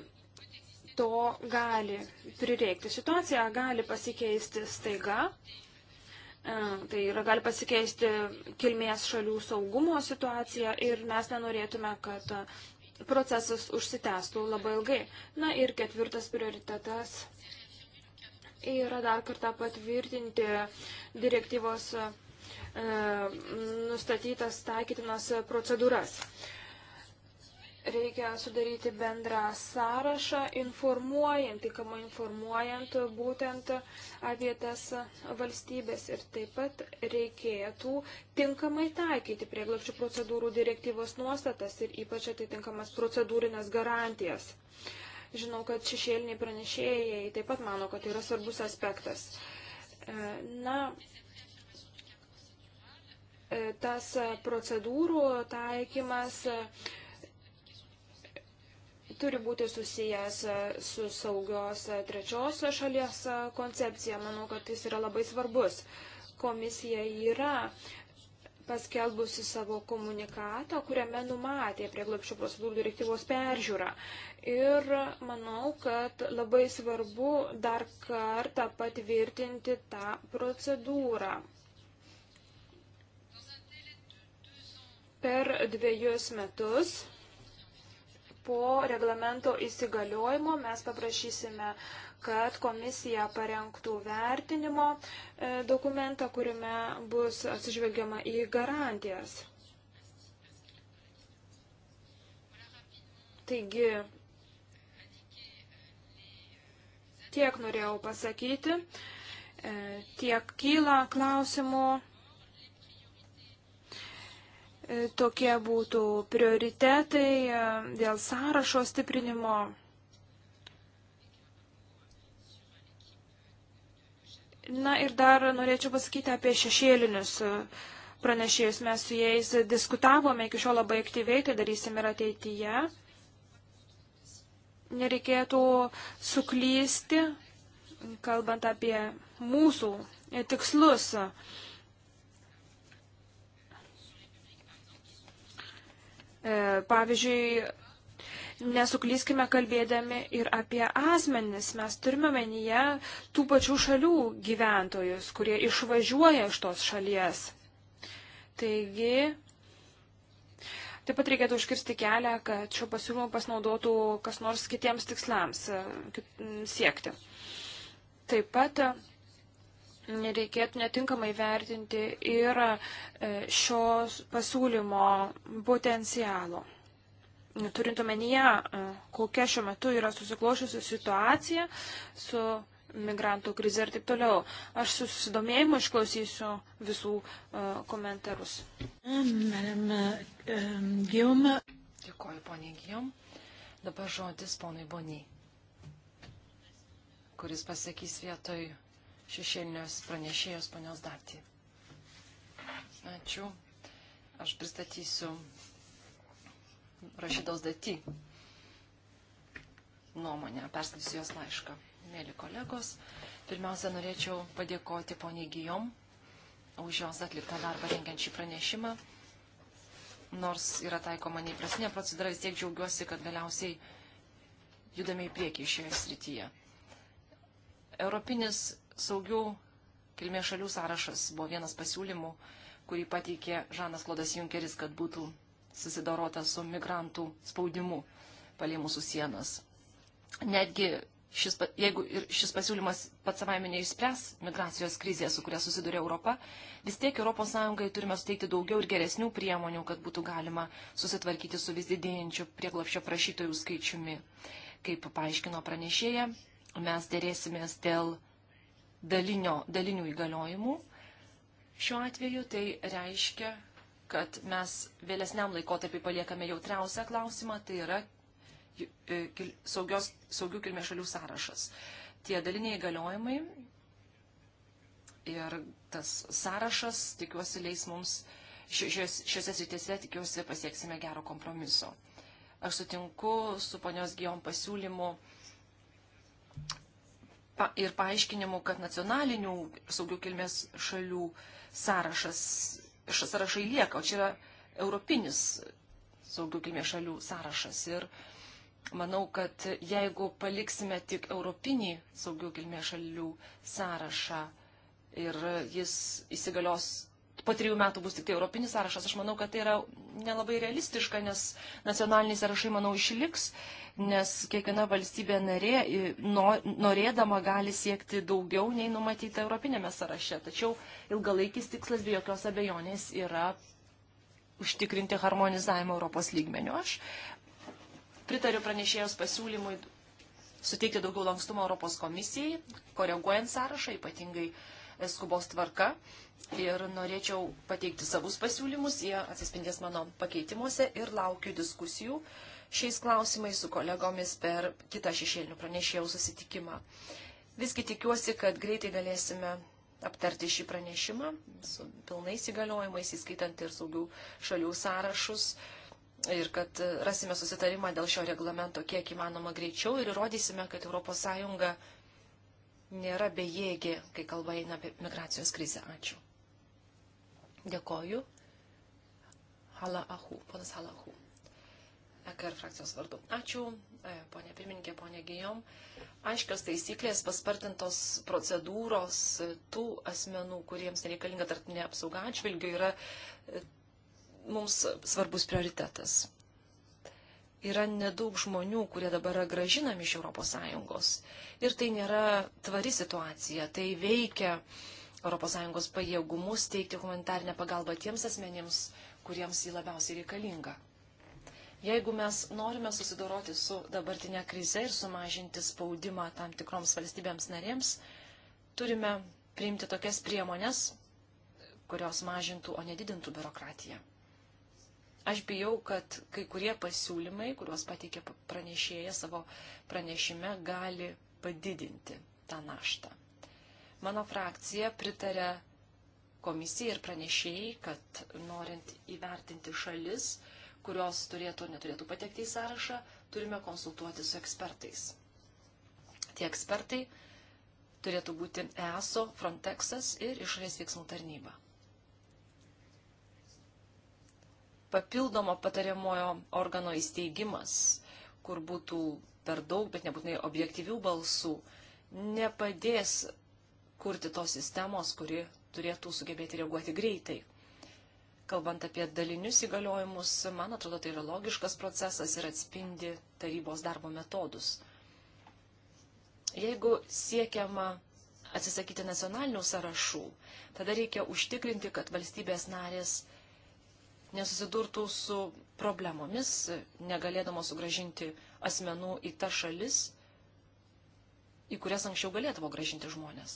B: to gali prireikti. Situacija gali pasikeisti staiga, e, tai yra gali pasikeisti kilmės šalių saugumo situacija ir mes nenorėtume, kad e, procesas užsitęstų labai ilgai. Na ir ketvirtas prioritetas yra dar kartą patvirtinti direktyvos e, nustatytas taikytinas procedūras. E, reikia sudaryti bendrą sąrašą, informuojant, tikamai informuojant būtent apie tas valstybės ir taip pat reikėtų tinkamai taikyti prieglapščių procedūrų direktyvos nuostatas ir ypač atitinkamas procedūrinės garantijas. Žinau, kad šešėliniai pranešėjai taip pat mano, kad tai yra svarbus aspektas. E, na, e, tas procedūrų taikymas turi būti susijęs e, su saugios e, trečios šalies e, koncepcija. Manau, kad jis yra labai svarbus. Komisija yra paskelbusi savo komunikatą, kuriame numatė prieglapščių procedūrų direktyvos peržiūrą. Ir manau, kad labai svarbu dar kartą patvirtinti tą procedūrą. Per dviejus metus po reglamento įsigaliojimo mes paprašysime, kad komisija parengtų vertinimo e, dokumentą, kuriame bus atsižvelgiama į garantijas. Taigi, tiek norėjau pasakyti, e, tiek kyla klausimų E, tokie būtų prioritetai e, dėl sąrašo stiprinimo. Na ir dar norėčiau pasakyti apie šešėlinius e, pranešėjus. Mes su jais diskutavome iki šiol labai aktyviai, tai darysim ir ateityje. Nereikėtų suklysti, kalbant apie mūsų tikslus. E, pavyzdžiui, nesuklyskime kalbėdami ir apie asmenis. Mes turime menyje tų pačių šalių gyventojus, kurie išvažiuoja iš tos šalies. Taigi, taip pat reikėtų užkirsti kelią, kad šio pasiūlymo pasinaudotų kas nors kitiems tikslams e, siekti. Taip pat reikėtų netinkamai vertinti ir e, šios pasiūlymo potencialo. Turint omenyje, e, kokia šiuo metu yra susiklošusi situacija su migrantų krize ir taip toliau. Aš su susidomėjimu išklausysiu visų uh, komentarus.
C: Dėkoju, poniai Gijom. Dabar žodis ponui Boniai, kuris pasakys vietoj šešėlinės pranešėjos ponios Dartį. Ačiū. Aš pristatysiu Rašydos Dati nuomonę, perskaitysiu jos laišką. Mėly kolegos, pirmiausia, norėčiau padėkoti poniai Gijom už jos atliktą darbą rengiant šį pranešimą. Nors yra taikoma neįprastinė procedūra, vis tiek džiaugiuosi, kad galiausiai judame į priekį šioje srityje. Europinis saugių kilmės šalių sąrašas buvo vienas pasiūlymų, kurį pateikė Žanas Klodas Junkeris, kad būtų susidorota su migrantų spaudimu palie mūsų sienas. Netgi šis, jeigu ir šis pasiūlymas pats savaime neišspręs migracijos krizės, su kuria susiduria Europa, vis tiek ES turime suteikti daugiau ir geresnių priemonių, kad būtų galima susitvarkyti su vis didėjančiu prieglopščio prašytojų skaičiumi. Kaip paaiškino pranešėja, mes dėrėsimės dėl dalinio, dalinių įgaliojimų. Šiuo atveju tai reiškia, kad mes vėlesniam laikotarpiu paliekame jautriausią klausimą, tai yra e, saugios, saugių kilmės šalių sąrašas. Tie daliniai įgaliojimai ir tas sąrašas, tikiuosi, leis mums šiuose srityse, tikiuosi, pasieksime gero kompromiso. Aš sutinku su ponios Gijom pasiūlymu ir paaiškinimų, kad nacionalinių saugių kilmės šalių sąrašas, sąrašai lieka, o čia yra europinis saugių kilmės šalių sąrašas. Ir manau, kad jeigu paliksime tik europinį saugių kilmės šalių sąrašą ir jis įsigalios po trijų metų bus tik tai europinis sąrašas. Aš manau, kad tai yra nelabai realistiška, nes nacionaliniai sąrašai, manau, išliks, nes kiekviena valstybė narė, norėdama, gali siekti daugiau nei numatyta europinėme sąraše. Tačiau ilgalaikis tikslas be jokios abejonės yra užtikrinti harmonizavimą Europos lygmenių. Aš pritariu pranešėjos pasiūlymui suteikti daugiau lankstumo Europos komisijai, koreguojant sąrašą, ypatingai uh, skubos tvarka ir norėčiau pateikti savus pasiūlymus, jie atsispindės mano pakeitimuose ir laukiu diskusijų šiais klausimais su kolegomis per kitą šešėlinių pranešėjų susitikimą. Visgi tikiuosi, kad greitai galėsime aptarti šį pranešimą su pilnais įgaliojimais, įskaitant ir saugių šalių sąrašus. Ir kad rasime susitarimą dėl šio reglamento kiek įmanoma greičiau ir įrodysime, kad ES nėra bejėgi, kai kalba eina apie migracijos krizę. Ačiū. Dėkoju. Hala Ahu, ponas Hala Ahu. EKR frakcijos vardu. Ačiū, e, ponė pirmininkė, ponė Gijom. Aiškios taisyklės, paspartintos procedūros e, tų asmenų, kuriems nereikalinga tarptinė apsauga atžvilgių, yra e, mums svarbus prioritetas yra nedaug žmonių, kurie dabar yra gražinami iš ES. Ir tai nėra tvari situacija, tai veikia ES pajėgumus teikti humanitarinę pagalbą tiems asmenims, kuriems jį labiausiai reikalinga. Jeigu mes norime susidoroti su dabartinė krize ir sumažinti spaudimą tam tikroms valstybėms narėms, turime priimti tokias priemonės, kurios mažintų, o nedidintų biurokratiją. Aš bijau, kad kai kurie pasiūlymai, kuriuos pateikė pranešėja savo pranešime, gali padidinti tą naštą. Mano frakcija pritarė komisijai ir pranešėjai, kad norint įvertinti šalis, kurios turėtų ar neturėtų patekti į sąrašą, turime konsultuoti su ekspertais. Tie ekspertai turėtų būti ESO, Frontexas ir išorės veiksmų tarnyba. papildomo patariamojo organo įsteigimas, kur būtų per daug, bet nebūtinai objektyvių balsų, nepadės kurti tos sistemos, kuri turėtų sugebėti reaguoti greitai. Kalbant apie dalinius įgaliojimus, man atrodo, tai yra logiškas procesas ir atspindi tarybos darbo metodus. Jeigu siekiama atsisakyti nacionalinių sąrašų, tada reikia užtikrinti, kad valstybės narės nesusidurtų su problemomis, negalėdamos sugražinti asmenų į tą šalis, į kurias anksčiau galėdavo gražinti žmonės.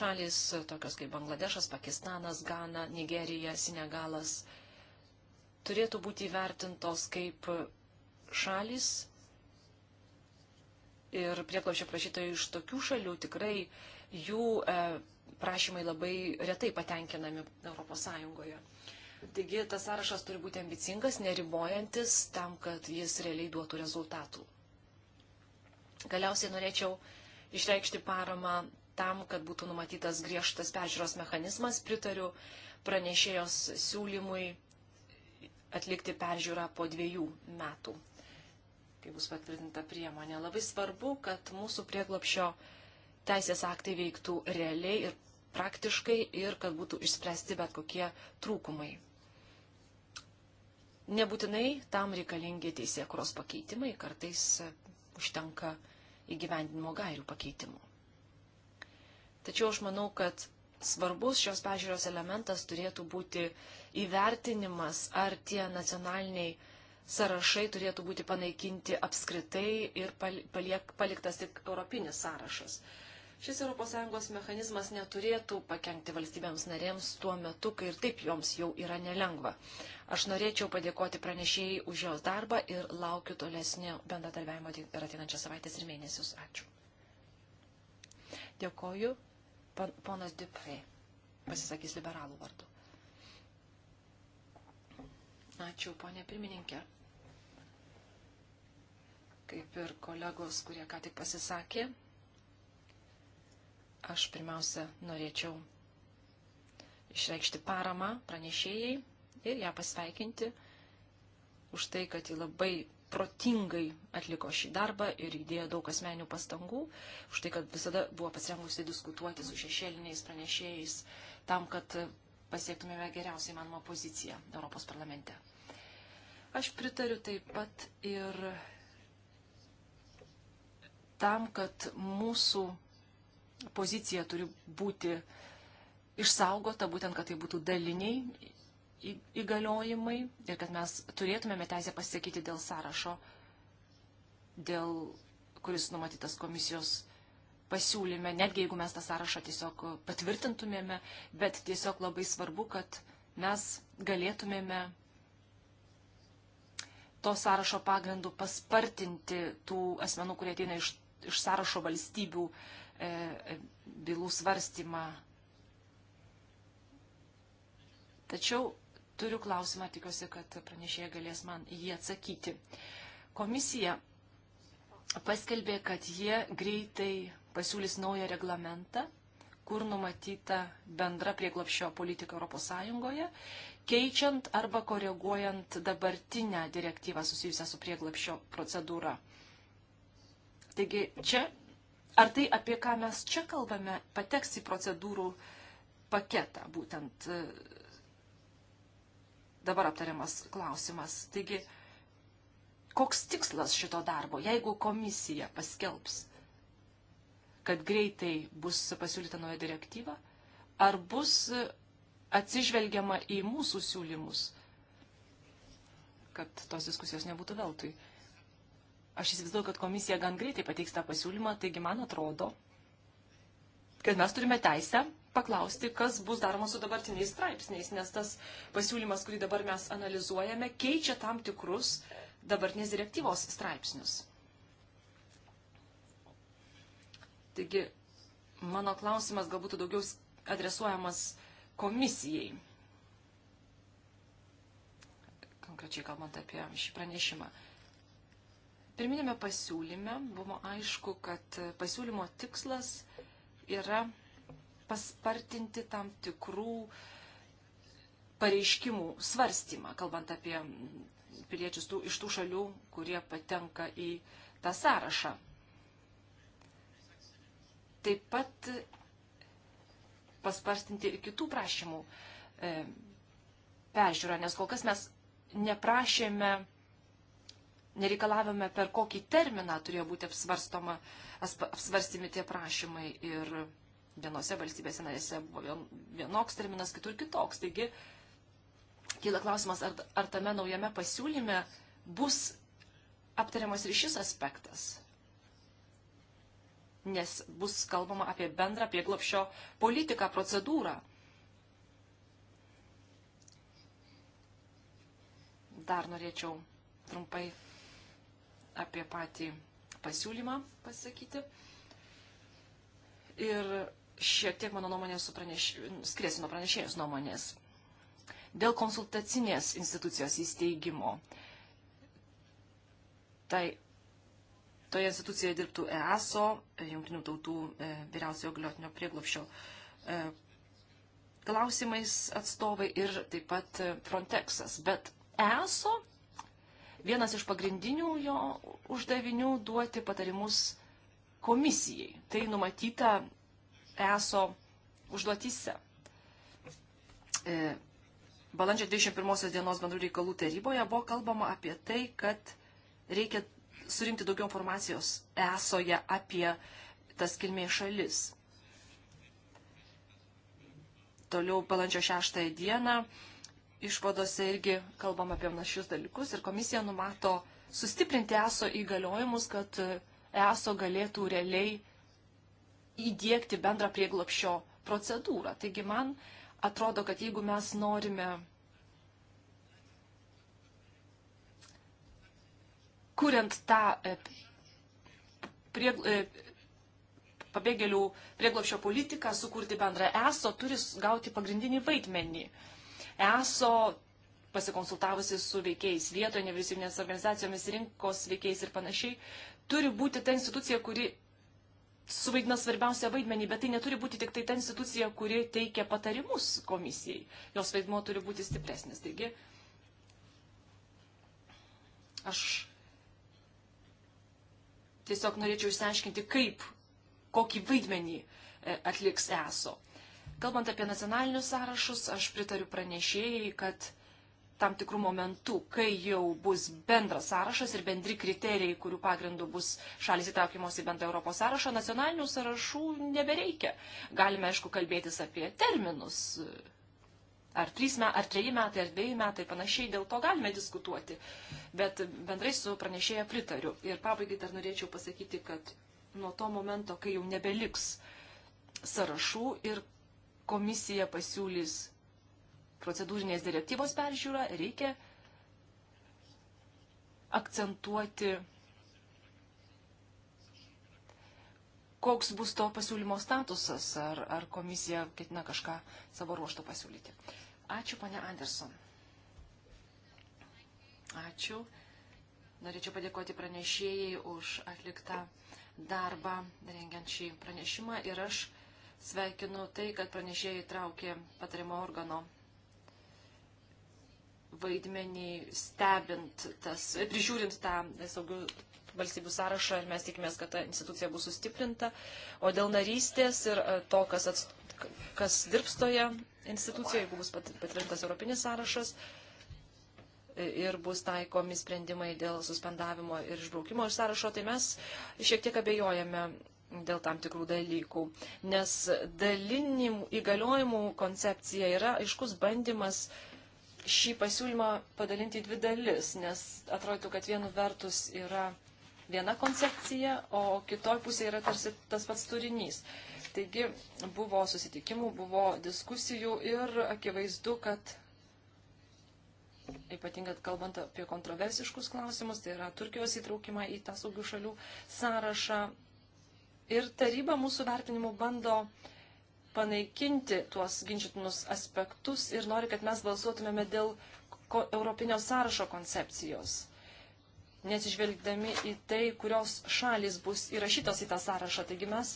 C: Šalis tokios kaip Bangladešas, Pakistanas, Gana, Nigerija, Senegalas turėtų būti įvertintos kaip šalis ir prieklaušio prašytojai iš tokių šalių tikrai jų e, prašymai labai retai patenkinami ES. Taigi tas sąrašas turi būti ambicingas, neribojantis tam, kad jis realiai duotų rezultatų. Galiausiai norėčiau išreikšti paramą tam, kad būtų numatytas griežtas peržiūros mechanizmas. Pritariu pranešėjos siūlymui atlikti peržiūrą po dviejų metų, kai bus patvirtinta priemonė. Labai svarbu, kad mūsų prieglopšio teisės aktai veiktų realiai ir praktiškai ir kad būtų išspręsti bet kokie trūkumai. Nebūtinai tam reikalingi teisėkuros pakeitimai, kartais e, užtenka įgyvendinimo gairių pakeitimų. Tačiau aš manau, kad svarbus šios pažiūros elementas turėtų būti įvertinimas, ar tie nacionaliniai sąrašai turėtų būti panaikinti apskritai ir paliek, paliktas tik europinis sąrašas. Šis ES mechanizmas neturėtų pakengti valstybėms narėms tuo metu, kai ir taip joms jau yra nelengva. Aš norėčiau padėkoti pranešėjai už jos darbą ir laukiu tolesnio bendradarbiavimo per ateinančias savaitės ir mėnesius. Ačiū. Dėkoju. Ponas Dupré pasisakys liberalų vardu. Ačiū, ponė pirmininkė. Kaip ir kolegos, kurie ką tik pasisakė, Aš pirmiausia norėčiau išreikšti paramą pranešėjai ir ją pasveikinti už tai, kad ji labai protingai atliko šį darbą ir įdėjo daug asmenių pastangų, už tai, kad visada buvo pasirengusi diskutuoti su šešėliniais pranešėjais tam, kad pasiektumėme geriausiai manomą poziciją Europos parlamente. Aš pritariu taip pat ir tam, kad mūsų pozicija turi būti išsaugota, būtent, kad tai būtų daliniai įgaliojimai ir kad mes turėtumėme teisę pasisakyti dėl sąrašo, dėl, kuris numatytas komisijos pasiūlyme, netgi jeigu mes tą sąrašą tiesiog patvirtintumėme, bet tiesiog labai svarbu, kad mes galėtumėme to sąrašo pagrindų paspartinti tų asmenų, kurie ateina iš, iš sąrašo valstybių uh, E, e, bylų svarstymą. Tačiau turiu klausimą, tikiuosi, kad pranešėja galės man jį atsakyti. Komisija paskelbė, kad jie greitai pasiūlys naują reglamentą, kur numatyta bendra prieglapščio politika ES, keičiant arba koreguojant dabartinę direktyvą susijusią su prieglapščio procedūra. Taigi čia ar tai, apie ką mes čia kalbame, pateks į procedūrų paketą, būtent e, dabar aptariamas klausimas. Taigi, koks tikslas šito darbo, jeigu komisija paskelbs, kad greitai bus pasiūlyta nauja direktyva, ar bus atsižvelgiama į mūsų siūlymus, kad tos diskusijos nebūtų veltui. Aš įsivaizduoju, kad komisija gan greitai pateiks tą pasiūlymą, taigi man atrodo, kad mes turime teisę paklausti, kas bus daroma su dabartiniais straipsniais, nes tas pasiūlymas, kurį dabar mes analizuojame, keičia tam tikrus dabartinės direktyvos straipsnius. Taigi, mano klausimas galbūt daugiau adresuojamas komisijai. Konkrečiai kalbant apie šį pranešimą. Pirminėme pasiūlyme buvo aišku, kad pasiūlymo tikslas yra paspartinti tam tikrų pareiškimų svarstymą, kalbant apie piliečius tų, iš tų šalių, kurie patenka į tą sąrašą. Taip pat pasparstinti ir kitų prašymų e, peržiūrą, nes kol kas mes neprašėme nereikalavome, per kokį terminą turėjo būti apsvarstoma, apsvarstimi tie prašymai ir vienose valstybėse narėse buvo vienoks terminas, kitur kitoks. Taigi, kyla klausimas, ar, ar tame naujame pasiūlyme bus aptariamas ir šis aspektas. Nes bus kalbama apie bendrą prieglopšio politiką, procedūrą. Dar norėčiau trumpai apie patį pasiūlymą pasakyti. Ir šiek tiek mano nuomonė praneš... skiriasi nuo pranešėjos nuomonės. Dėl konsultacinės institucijos įsteigimo. Tai toje institucijoje dirbtų EASO, Junktinių tautų e, vyriausiojo galiotinio prieglopščio e, klausimais atstovai ir taip pat e, Frontexas. Bet EASO vienas iš pagrindinių jo uždavinių duoti patarimus komisijai. Tai numatyta ESO užduotyse. E, balandžio 21 dienos bendrų reikalų taryboje buvo kalbama apie tai, kad reikia surinkti daugiau informacijos esoje apie tas kilmės šalis. Toliau balandžio 6 dieną išvadose irgi kalbam apie panašius dalykus ir komisija numato sustiprinti ESO įgaliojimus, kad e, ESO galėtų realiai įdėkti bendrą prieglopšio procedūrą. Taigi man atrodo, kad jeigu mes norime kuriant tą e, prie, e, pabėgėlių prieglopšio politiką, sukurti bendrą ESO, turi gauti pagrindinį vaidmenį. ESO pasikonsultavusi su veikėjais vietoje, nevyriausybinės organizacijomis, rinkos veikėjais ir panašiai, turi būti ta institucija, kuri suvaidina svarbiausią vaidmenį, bet tai neturi būti tik tai ta institucija, kuri teikia patarimus komisijai. Jos vaidmo turi būti stipresnis. Taigi, aš tiesiog norėčiau išsiaiškinti, kaip, kokį vaidmenį e, atliks ESO. Kalbant apie nacionalinius sąrašus, aš pritariu pranešėjai, kad tam tikrų momentų, kai jau bus bendras sąrašas ir bendri kriterijai, kurių pagrindų bus šalis įtraukiamos į bendrą Europos sąrašą, nacionalinių sąrašų nebereikia. Galime, aišku, kalbėtis apie terminus. Ar trys metai, ar treji metai, ar dviejai metai, panašiai, dėl to galime diskutuoti. Bet bendrai su pranešėja pritariu. Ir pabaigai dar norėčiau pasakyti, kad nuo to momento, kai jau nebeliks sąrašų ir komisija pasiūlys procedūrinės direktyvos peržiūrą, reikia akcentuoti, koks bus to pasiūlymo statusas, ar, ar komisija ketina kažką savo ruoštų pasiūlyti. Ačiū, pane Anderson. Ačiū. Norėčiau padėkoti pranešėjai už atliktą darbą rengiant šį pranešimą ir aš Sveikinu tai, kad pranešėjai traukė patarimo organo vaidmenį stebint tas, prižiūrint tą saugių valstybių sąrašą ir mes tikimės, kad ta institucija bus sustiprinta. O dėl narystės ir e, to, kas, atst, kas dirbs toje institucijoje, jeigu bus patvirtintas Europinis sąrašas ir bus taikomi sprendimai dėl suspendavimo ir išbraukimo iš sąrašo, tai mes šiek tiek abejojame dėl tam tikrų dalykų. Nes dalinimų įgaliojimų koncepcija yra aiškus bandymas šį pasiūlymą padalinti į dvi dalis, nes atrodytų, kad vienu vertus yra viena koncepcija, o kitoj pusėje yra tarsi tas pats turinys. Taigi buvo susitikimų, buvo diskusijų ir akivaizdu, kad ypatingai kalbant apie kontroversiškus klausimus, tai yra Turkijos įtraukimą į tą saugių šalių sąrašą, Ir taryba mūsų vertinimu bando panaikinti tuos ginčytinus aspektus ir nori, kad mes balsuotumėme dėl Europinio sąrašo koncepcijos. Nesižvelgdami į tai, kurios šalis bus įrašytos į tą sąrašą. Taigi mes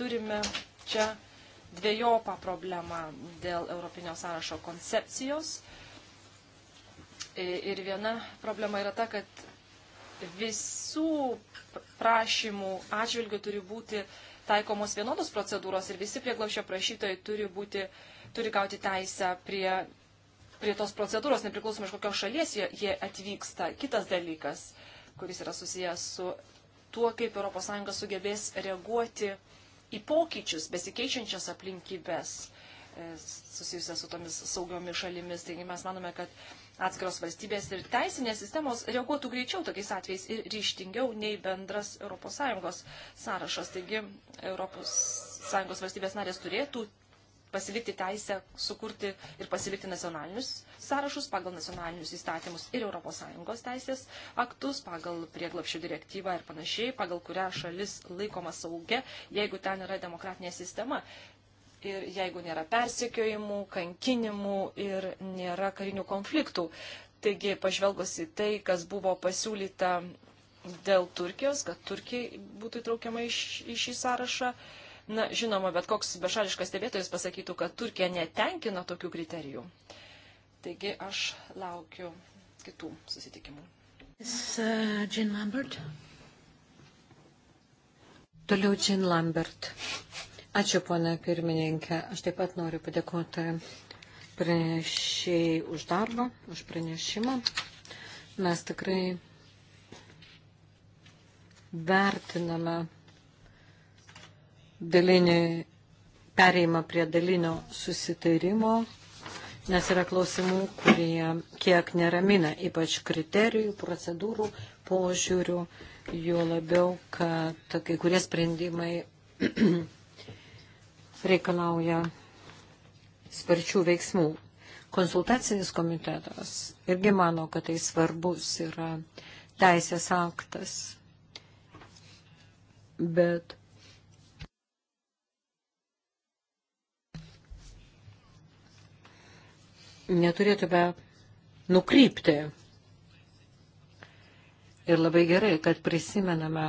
C: turime čia dviejopą problemą dėl Europinio sąrašo koncepcijos. Ir viena problema yra ta, kad visų prašymų atžvilgių turi būti taikomos vienodos procedūros ir visi prieglaušio prašytojai turi, būti, turi gauti teisę prie, prie tos procedūros, nepriklausomai iš kokios šalies jie atvyksta. Kitas dalykas, kuris yra susijęs su tuo, kaip ES sugebės reaguoti į pokyčius, besikeičiančias aplinkybės e, susijusias su tomis saugiomis šalimis. Taigi mes manome, kad atskiros valstybės ir teisinės sistemos reaguotų greičiau tokiais atvejais ir ryštingiau nei bendras ES sąrašas. Taigi ES valstybės narės turėtų pasilikti teisę sukurti ir pasilikti nacionalinius sąrašus pagal nacionalinius įstatymus ir ES teisės aktus, pagal prieglapšio direktyvą ir panašiai, pagal kurią šalis laikoma saugia, jeigu ten yra demokratinė sistema ir jeigu nėra persekiojimų, kankinimų ir nėra karinių konfliktų. Taigi, pažvelgus į tai, kas buvo pasiūlyta dėl Turkijos, kad Turkija būtų įtraukiama į šį sąrašą, na, žinoma, bet koks bešališkas stebėtojas pasakytų, kad Turkija netenkina tokių kriterijų. Taigi, aš laukiu kitų susitikimų.
A: Uh, Toliau Jean Lambert. Ačiū, ponė pirmininkė. Aš taip pat noriu padėkoti pranešėjai už darbą, už pranešimą. Mes tikrai vertiname dalinį pereimą prie dalinio susitarimo, nes yra klausimų, kurie kiek neramina, ypač kriterijų, procedūrų, požiūrių, jo labiau, kad kai kurie sprendimai reikalauja sparčių veiksmų. Konsultacinis komitetas irgi mano, kad tai svarbus yra teisės aktas, bet neturėtume nukrypti. Ir labai gerai, kad prisimename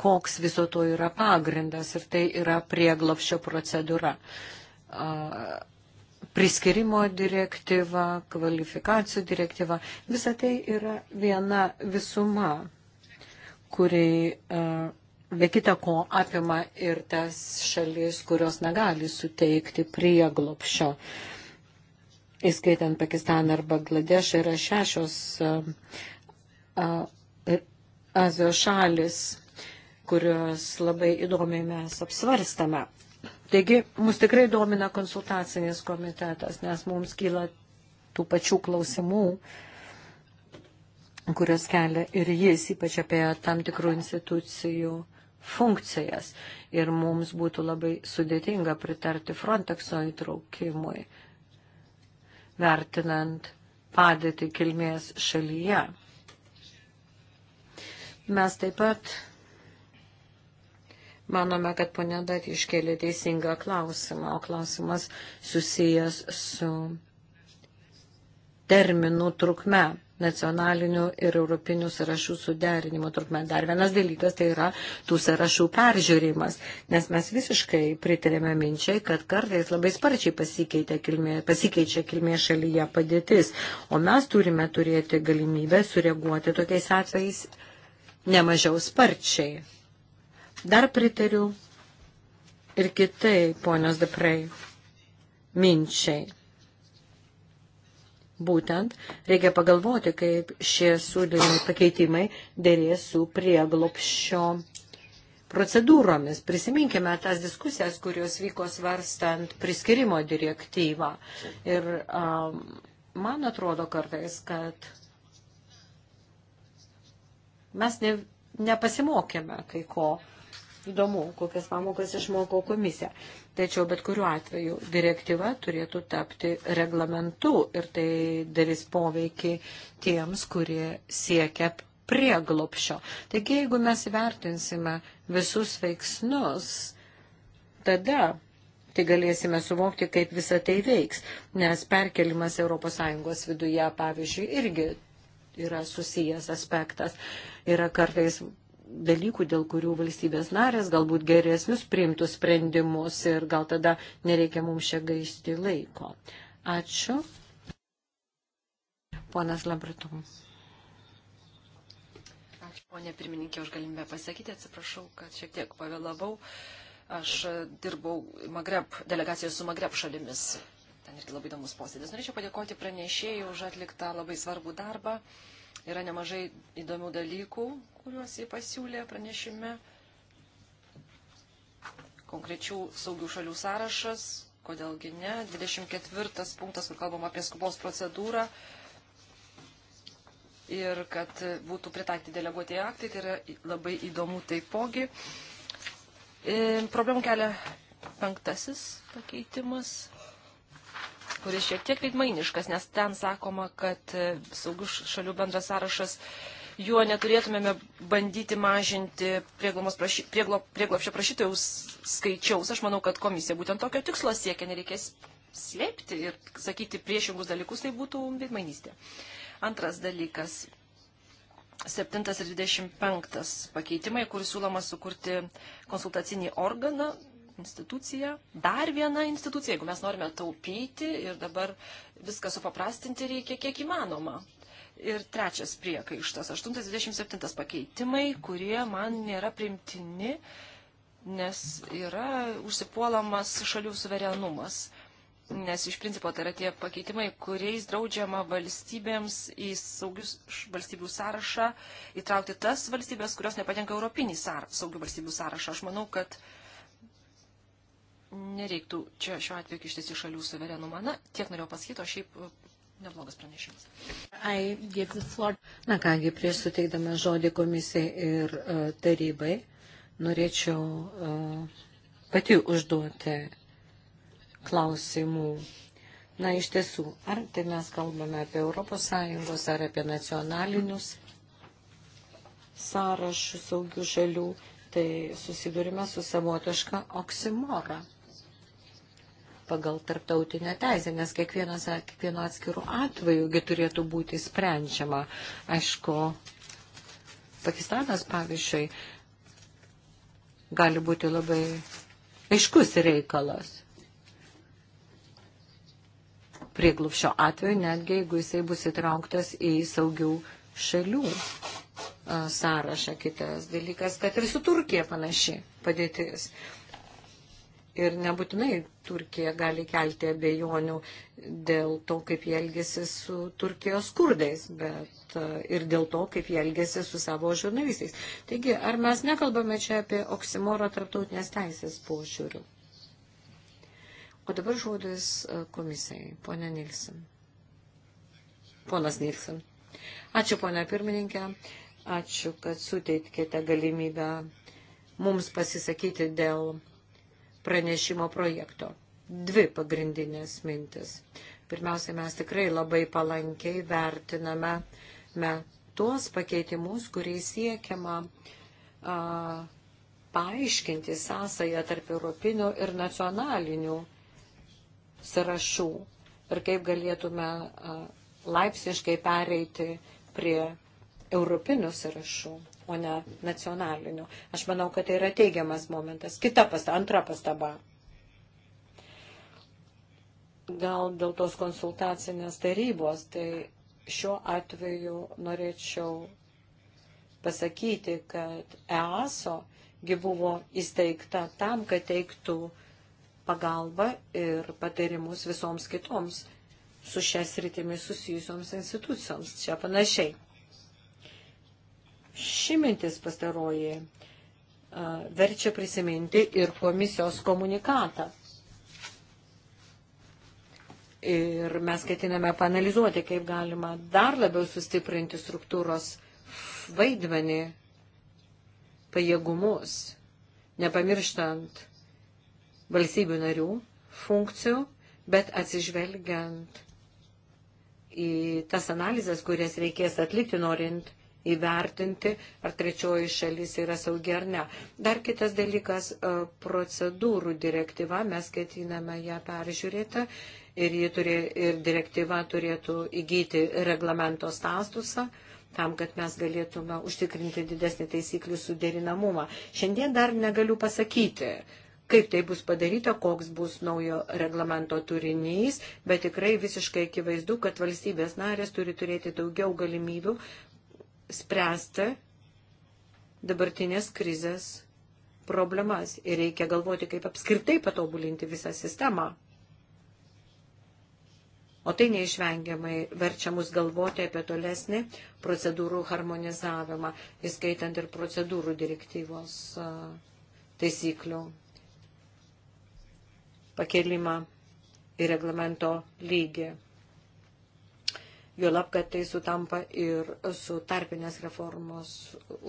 A: koks viso to yra pagrindas ir tai yra prieglopščio procedūra. Priskirimo direktyva, kvalifikacijų direktyva, visa tai yra viena visuma, kuri be kita ko apima ir tas šalis, kurios negali suteikti prieglopščio įskaitant Pakistaną ar Bangladešą, yra šešios Azijos šalis, kuriuos labai įdomiai mes apsvarstame. Taigi, mus tikrai domina konsultacinis komitetas, nes mums kyla tų pačių klausimų, kurios kelia ir jis, ypač apie tam tikrų institucijų funkcijas. Ir mums būtų labai sudėtinga pritarti Frontexo įtraukimui, vertinant padėti kilmės šalyje. Mes taip pat Manome, kad ponė dar iškėlė teisingą klausimą, o klausimas susijęs su terminų trukme nacionalinių ir europinių sąrašų suderinimo trukme. Dar vienas dalykas tai yra tų sąrašų peržiūrimas, nes mes visiškai pritarėme minčiai, kad kartais labai sparčiai kilmė, pasikeičia kilmė šalyje padėtis, o mes turime turėti galimybę sureaguoti tokiais atvejais nemažiau sparčiai. Dar pritariu ir kitai ponios Deprei minčiai. Būtent reikia pagalvoti, kaip šie sūdiniai pakeitimai dėrės su prieglopščio procedūromis. Prisiminkime tas diskusijas, kurios vyko svarstant priskirimo direktyvą. Ir um, man atrodo kartais, kad mes ne, nepasimokėme kai ko įdomu, kokias pamokas išmoko komisija. Tačiau bet kuriuo atveju direktyva turėtų tapti reglamentu ir tai darys poveikį tiems, kurie siekia prieglopšio. Taigi, jeigu mes įvertinsime visus veiksnus, tada tai galėsime suvokti, kaip visa tai veiks, nes perkelimas ES viduje, pavyzdžiui, irgi yra susijęs aspektas. Yra kartais dalykų, dėl kurių valstybės narės galbūt geresnius priimtų sprendimus ir gal tada nereikia mums čia gaišti laiko. Ačiū. Ponas Labratomas.
C: Ačiū, ponė pirmininkė, už galimybę pasakyti. Atsiprašau, kad šiek tiek pavėlavau. Aš dirbau Magreb, delegacijoje su Magreb šalimis. Ten irgi labai įdomus posėdis. Norėčiau padėkoti pranešėjai už atliktą labai svarbų darbą. Yra nemažai įdomių dalykų, kuriuos jie pasiūlė pranešime. Konkrečių saugių šalių sąrašas, kodėlgi ne. 24 punktas, kur kalbam apie skubos procedūrą ir kad būtų pritaikyti deleguotieji aktai, tai yra labai įdomu taipogi. E, problemų kelia penktasis pakeitimas, kuris šiek tiek veidmainiškas, nes ten sakoma, kad saugių šalių bendras sąrašas juo neturėtumėme bandyti mažinti prašy, prieglo, prieglopščio prašytojų skaičiaus. Aš manau, kad komisija būtent tokio tikslo siekia, nereikės slėpti ir sakyti priešingus dalykus, tai būtų veidmainystė. Antras dalykas. 7 ir 25 pakeitimai, kur siūloma sukurti konsultacinį organą, instituciją, dar vieną instituciją, jeigu mes norime taupyti ir dabar viską supaprastinti reikia kiek įmanoma. Ir trečias priekaištas, 827 pakeitimai, kurie man nėra primtini, nes yra užsipuolamas šalių suverenumas nes iš principo tai yra tie pakeitimai, kuriais draudžiama valstybėms į saugius valstybių sąrašą įtraukti tas valstybės, kurios nepatenka Europinį sąra, saugių valstybių sąrašą. Aš manau, kad nereiktų čia šiuo atveju kištis į šalių suverenumą. Na, tiek norėjau pasakyti, o šiaip neblogas pranešimas.
A: Na kągi, prieš suteikdama žodį komisijai ir uh, tarybai, norėčiau uh, pati užduoti klausimų. Na iš tiesų, ar tai mes kalbame apie ES ar apie nacionalinius sąrašus saugių šalių, tai susidurime su savotiška oksimora pagal tarptautinę teisę, nes kiekvienas, kiekvieno atskirų atvejugi turėtų būti sprendžiama. Aišku, Pakistanas, pavyzdžiui, gali būti labai aiškus reikalas. Prieglupšio atveju, netgi jeigu jisai bus įtrauktas į saugių šalių sąrašą. Kitas dalykas, kad ir su Turkija panaši padėtis ir nebūtinai Turkija gali kelti abejonių dėl to, kaip jie elgėsi su Turkijos kurdais, bet e, ir dėl to, kaip jie elgėsi su savo žurnalistais. Taigi, ar mes nekalbame čia apie oksimorą tarptautinės teisės požiūrių? O dabar žodis e, komisijai, ponė Nilsen. Ponas Nilsen. Ačiū, ponė pirmininkė. Ačiū, kad suteikėte galimybę mums pasisakyti dėl pranešimo projekto. Dvi pagrindinės mintis. Pirmiausia, mes tikrai labai palankiai vertiname me, tuos pakeitimus, kuriais siekiama a, paaiškinti sąsąją tarp europinių ir nacionalinių sąrašų ir kaip galėtume a, laipsniškai pereiti prie europinių sąrašų o ne nacionaliniu. Aš manau, kad tai yra teigiamas momentas. Kita pasta, antra pastaba. Gal dėl tos konsultacinės tarybos, tai šiuo atveju norėčiau pasakyti, kad EASO gi buvo įsteigta tam, kad teiktų pagalbą ir patarimus visoms kitoms su šias rytimis susijusioms institucijoms. Čia panašiai. Šimintis pastaroji verčia prisiminti ir komisijos komunikatą. Ir mes ketiname panalizuoti, kaip galima dar labiau sustiprinti struktūros vaidmenį, pajėgumus, nepamirštant valstybių narių funkcijų, bet atsižvelgiant į tas analizas, kurias reikės atlikti, norint įvertinti, ar trečioji šalis yra saugi ar ne. Dar kitas dalykas e, - procedūrų direktyva. Mes ketiname ją peržiūrėti ir, turė, ir direktyva turėtų įgyti reglamento statusą tam, kad mes galėtume užtikrinti didesnį taisyklių suderinamumą. Šiandien dar negaliu pasakyti, kaip tai bus padaryta, koks bus naujo reglamento turinys, bet tikrai visiškai akivaizdu, kad valstybės narės turi turėti daugiau galimybių spręsti dabartinės krizės problemas ir reikia galvoti, kaip apskritai patobulinti visą sistemą. O tai neišvengiamai verčia mus galvoti apie tolesnį procedūrų harmonizavimą, įskaitant ir procedūrų direktyvos taisyklių pakelimą į reglamento lygį. Juolab, kad tai sutampa ir su tarpinės reformos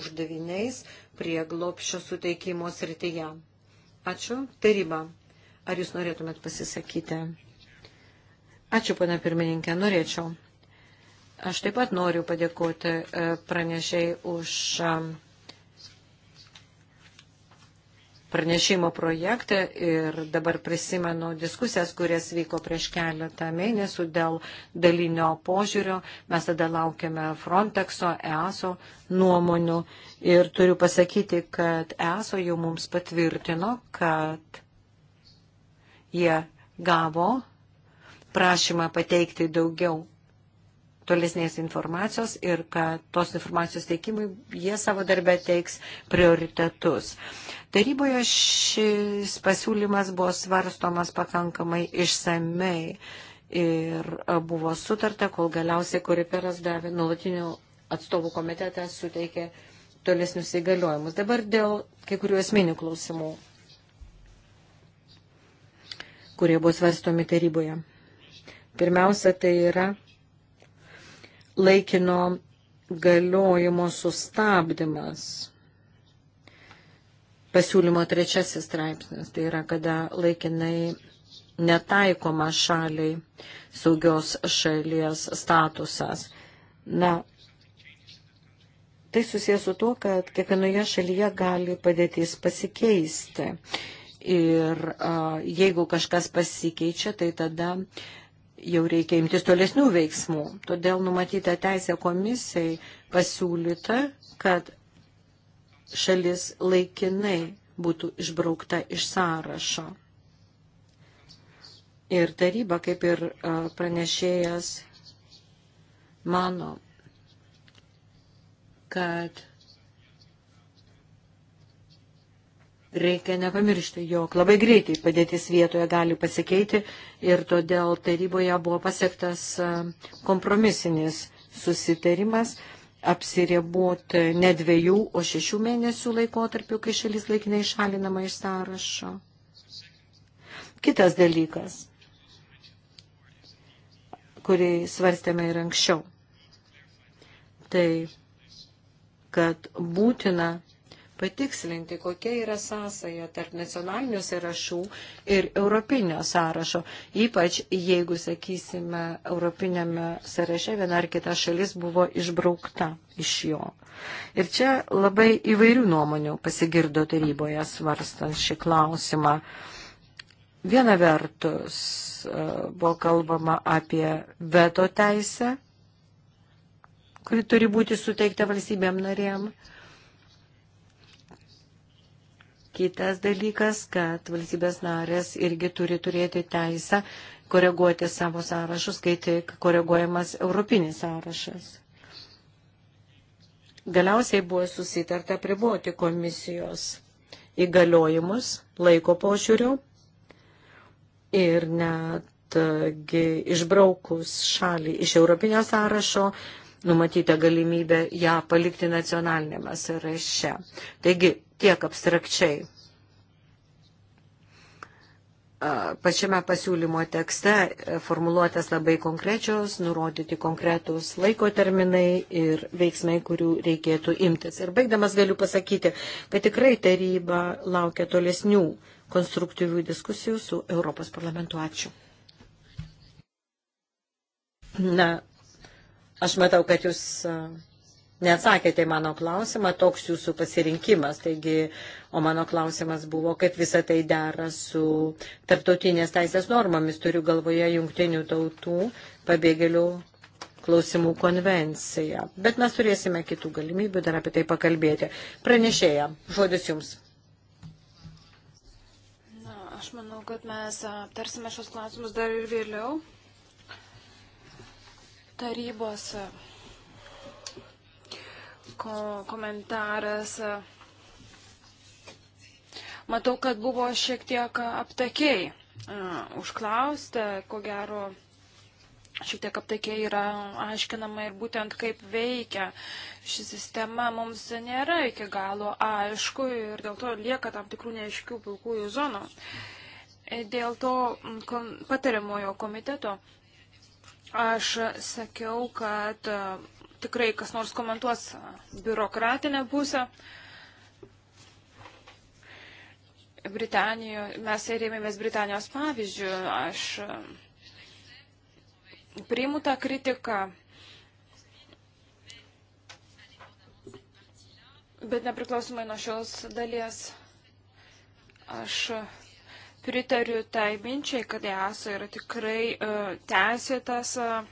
A: uždaviniais prie glopščio suteikimo srityje. Ačiū. Taryba, ar jūs norėtumėt pasisakyti? Ačiū, pana pirmininkė, norėčiau. Aš taip pat noriu padėkoti e, pranešiai už pranešimo projektą ir dabar prisimenu diskusijas, kurias vyko prieš keletą mėnesių dėl dalinio požiūrio. Mes tada laukiame Frontexo, ESO nuomonių ir turiu pasakyti, kad ESO jau mums patvirtino, kad jie gavo prašymą pateikti daugiau tolesnės informacijos ir kad tos informacijos teikimui jie savo darbę teiks prioritetus. Taryboje šis pasiūlymas buvo svarstomas pakankamai išsamei ir buvo sutarta, kol galiausiai Koriperas davė nulatinių atstovų komitetą suteikė tolesnius įgaliojimus. Dabar dėl kai kurių esminių klausimų, kurie bus varstomi taryboje. Pirmiausia, tai yra laikino galiojimo sustabdymas. Pasiūlymo trečiasis straipsnis, tai yra, kada laikinai netaikoma šaliai saugios šalies statusas. Na, tai susijęs su tuo, kad kiekvienoje šalyje gali padėtis pasikeisti. Ir a, jeigu kažkas pasikeičia, tai tada jau reikia imtis tolesnių veiksmų. Todėl numatyta teisė komisijai pasiūlyta, kad šalis laikinai būtų išbraukta iš sąrašo. Ir taryba, kaip ir pranešėjas, mano, kad Reikia nepamiršti, jog labai greitai padėtis vietoje gali pasikeiti ir todėl taryboje buvo pasiektas e, kompromisinis susitarimas apsiribuoti ne dviejų, o šešių mėnesių laikotarpių, kai šalis laikinai šalinama iš sąrašo. Kitas dalykas, kurį svarstėme ir anksčiau, tai kad būtina patikslinti, kokia yra sąsaja tarp nacionalinių sąrašų ir europinio sąrašo. Ypač jeigu, sakysime, europinėme sąraše viena ar kita šalis buvo išbraukta iš jo. Ir čia labai įvairių nuomonių pasigirdo taryboje svarstant šį klausimą. Viena vertus e, buvo kalbama apie veto teisę, kuri turi būti suteikta valstybėm narėm. Kitas dalykas, kad valstybės narės irgi turi turėti teisę koreguoti savo sąrašus, kai tik koreguojamas europinis sąrašas. Galiausiai buvo susitarta priboti komisijos įgaliojimus laiko požiūriu ir netgi e, išbraukus šalį iš Europinio sąrašo numatyta galimybė ją palikti nacionalinėme sąraše. Taigi tiek abstrakčiai. Pačiame pasiūlymo tekste e, formuluotės labai konkrečios, nurodyti konkretus laiko terminai ir veiksmai, kurių reikėtų imtis. Ir baigdamas galiu pasakyti, kad tikrai taryba laukia tolesnių konstruktyvių diskusijų su Europos parlamentu. Ačiū. Na, Aš matau, kad jūs neatsakėte mano klausimą, toks jūsų pasirinkimas. Taigi, o mano klausimas buvo, kaip visa tai dera su tarptautinės teisės normomis, turiu galvoje jungtinių tautų pabėgėlių klausimų konvenciją. Bet mes turėsime kitų galimybių dar apie tai pakalbėti. Pranešėja, žodis jums.
B: Na, aš manau, kad mes aptarsime šios klausimus dar ir vėliau tarybos e, ko komentaras. E, matau, kad buvo šiek tiek aptakiai e, užklausta, ko gero šiek tiek aptakiai yra aiškinama ir būtent kaip veikia ši sistema mums nėra iki galo aišku ir dėl to lieka tam tikrų neaiškių pilkųjų zonų. Dėl to patariamojo komiteto Aš sakiau, kad e, tikrai kas nors komentuos biurokratinę pusę. Britanijoje, mes rėmėmės Britanijos pavyzdžių, aš e, priimu tą kritiką, bet nepriklausomai nuo šios dalies, aš Pritariu tai minčiai, kad ESA yra tikrai uh, teisėtas uh,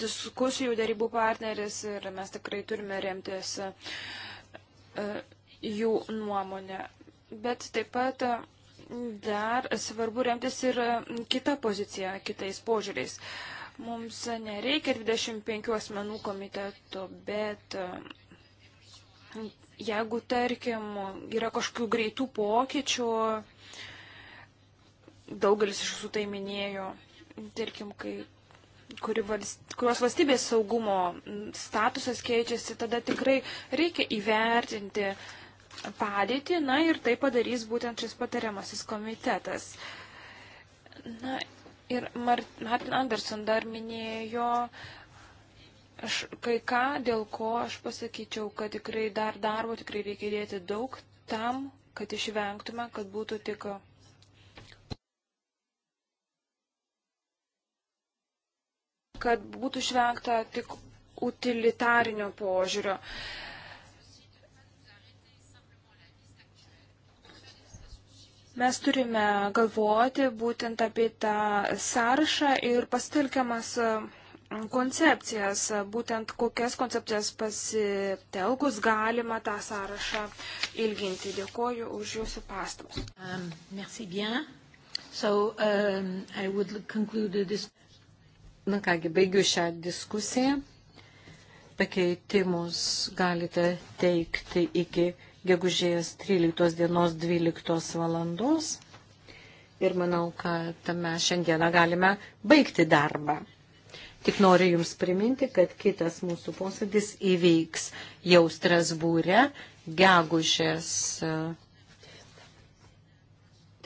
B: diskusijų darybų partneris ir mes tikrai turime remtis uh, jų nuomonę. Bet taip pat uh, dar svarbu remtis ir uh, kitą poziciją, kitais požiūriais. Mums nereikia 25 asmenų komiteto, bet uh, jeigu, tarkim, yra kažkokių greitų pokyčių, Daugelis iš jūsų tai minėjo, tarkim, kai kuri valst, kurios valstybės saugumo statusas keičiasi, tada tikrai reikia įvertinti padėtį, na ir tai padarys būtent šis patariamasis komitetas. Na ir Martin Anderson dar minėjo, aš kai ką, dėl ko aš pasakyčiau, kad tikrai dar darbo tikrai reikia dėti daug tam, kad išvengtume, kad būtų tik kad būtų išvengta tik utilitarinio požiūrio. Mes turime galvoti būtent apie tą sąrašą ir pasitelkiamas koncepcijas, būtent kokias koncepcijas pasitelkus galima tą sąrašą ilginti. Dėkoju už jūsų pastabas. Um, so,
A: um, this... Na kągi, baigiu šią diskusiją. Pakeitimus galite teikti iki gegužės 13 dienos 12 valandos. Ir manau, kad mes šiandieną galime baigti darbą. Tik noriu Jums priminti, kad kitas mūsų posėdis įvyks jau Strasbūrė, gegužės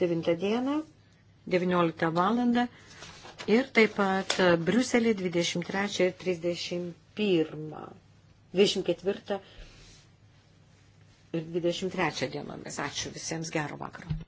A: 9 e, dieną, 19 valandą. Ir taip pat Briuselį 23 ir 31. 24 ir 23 dienomis. Ačiū visiems gero vakaro.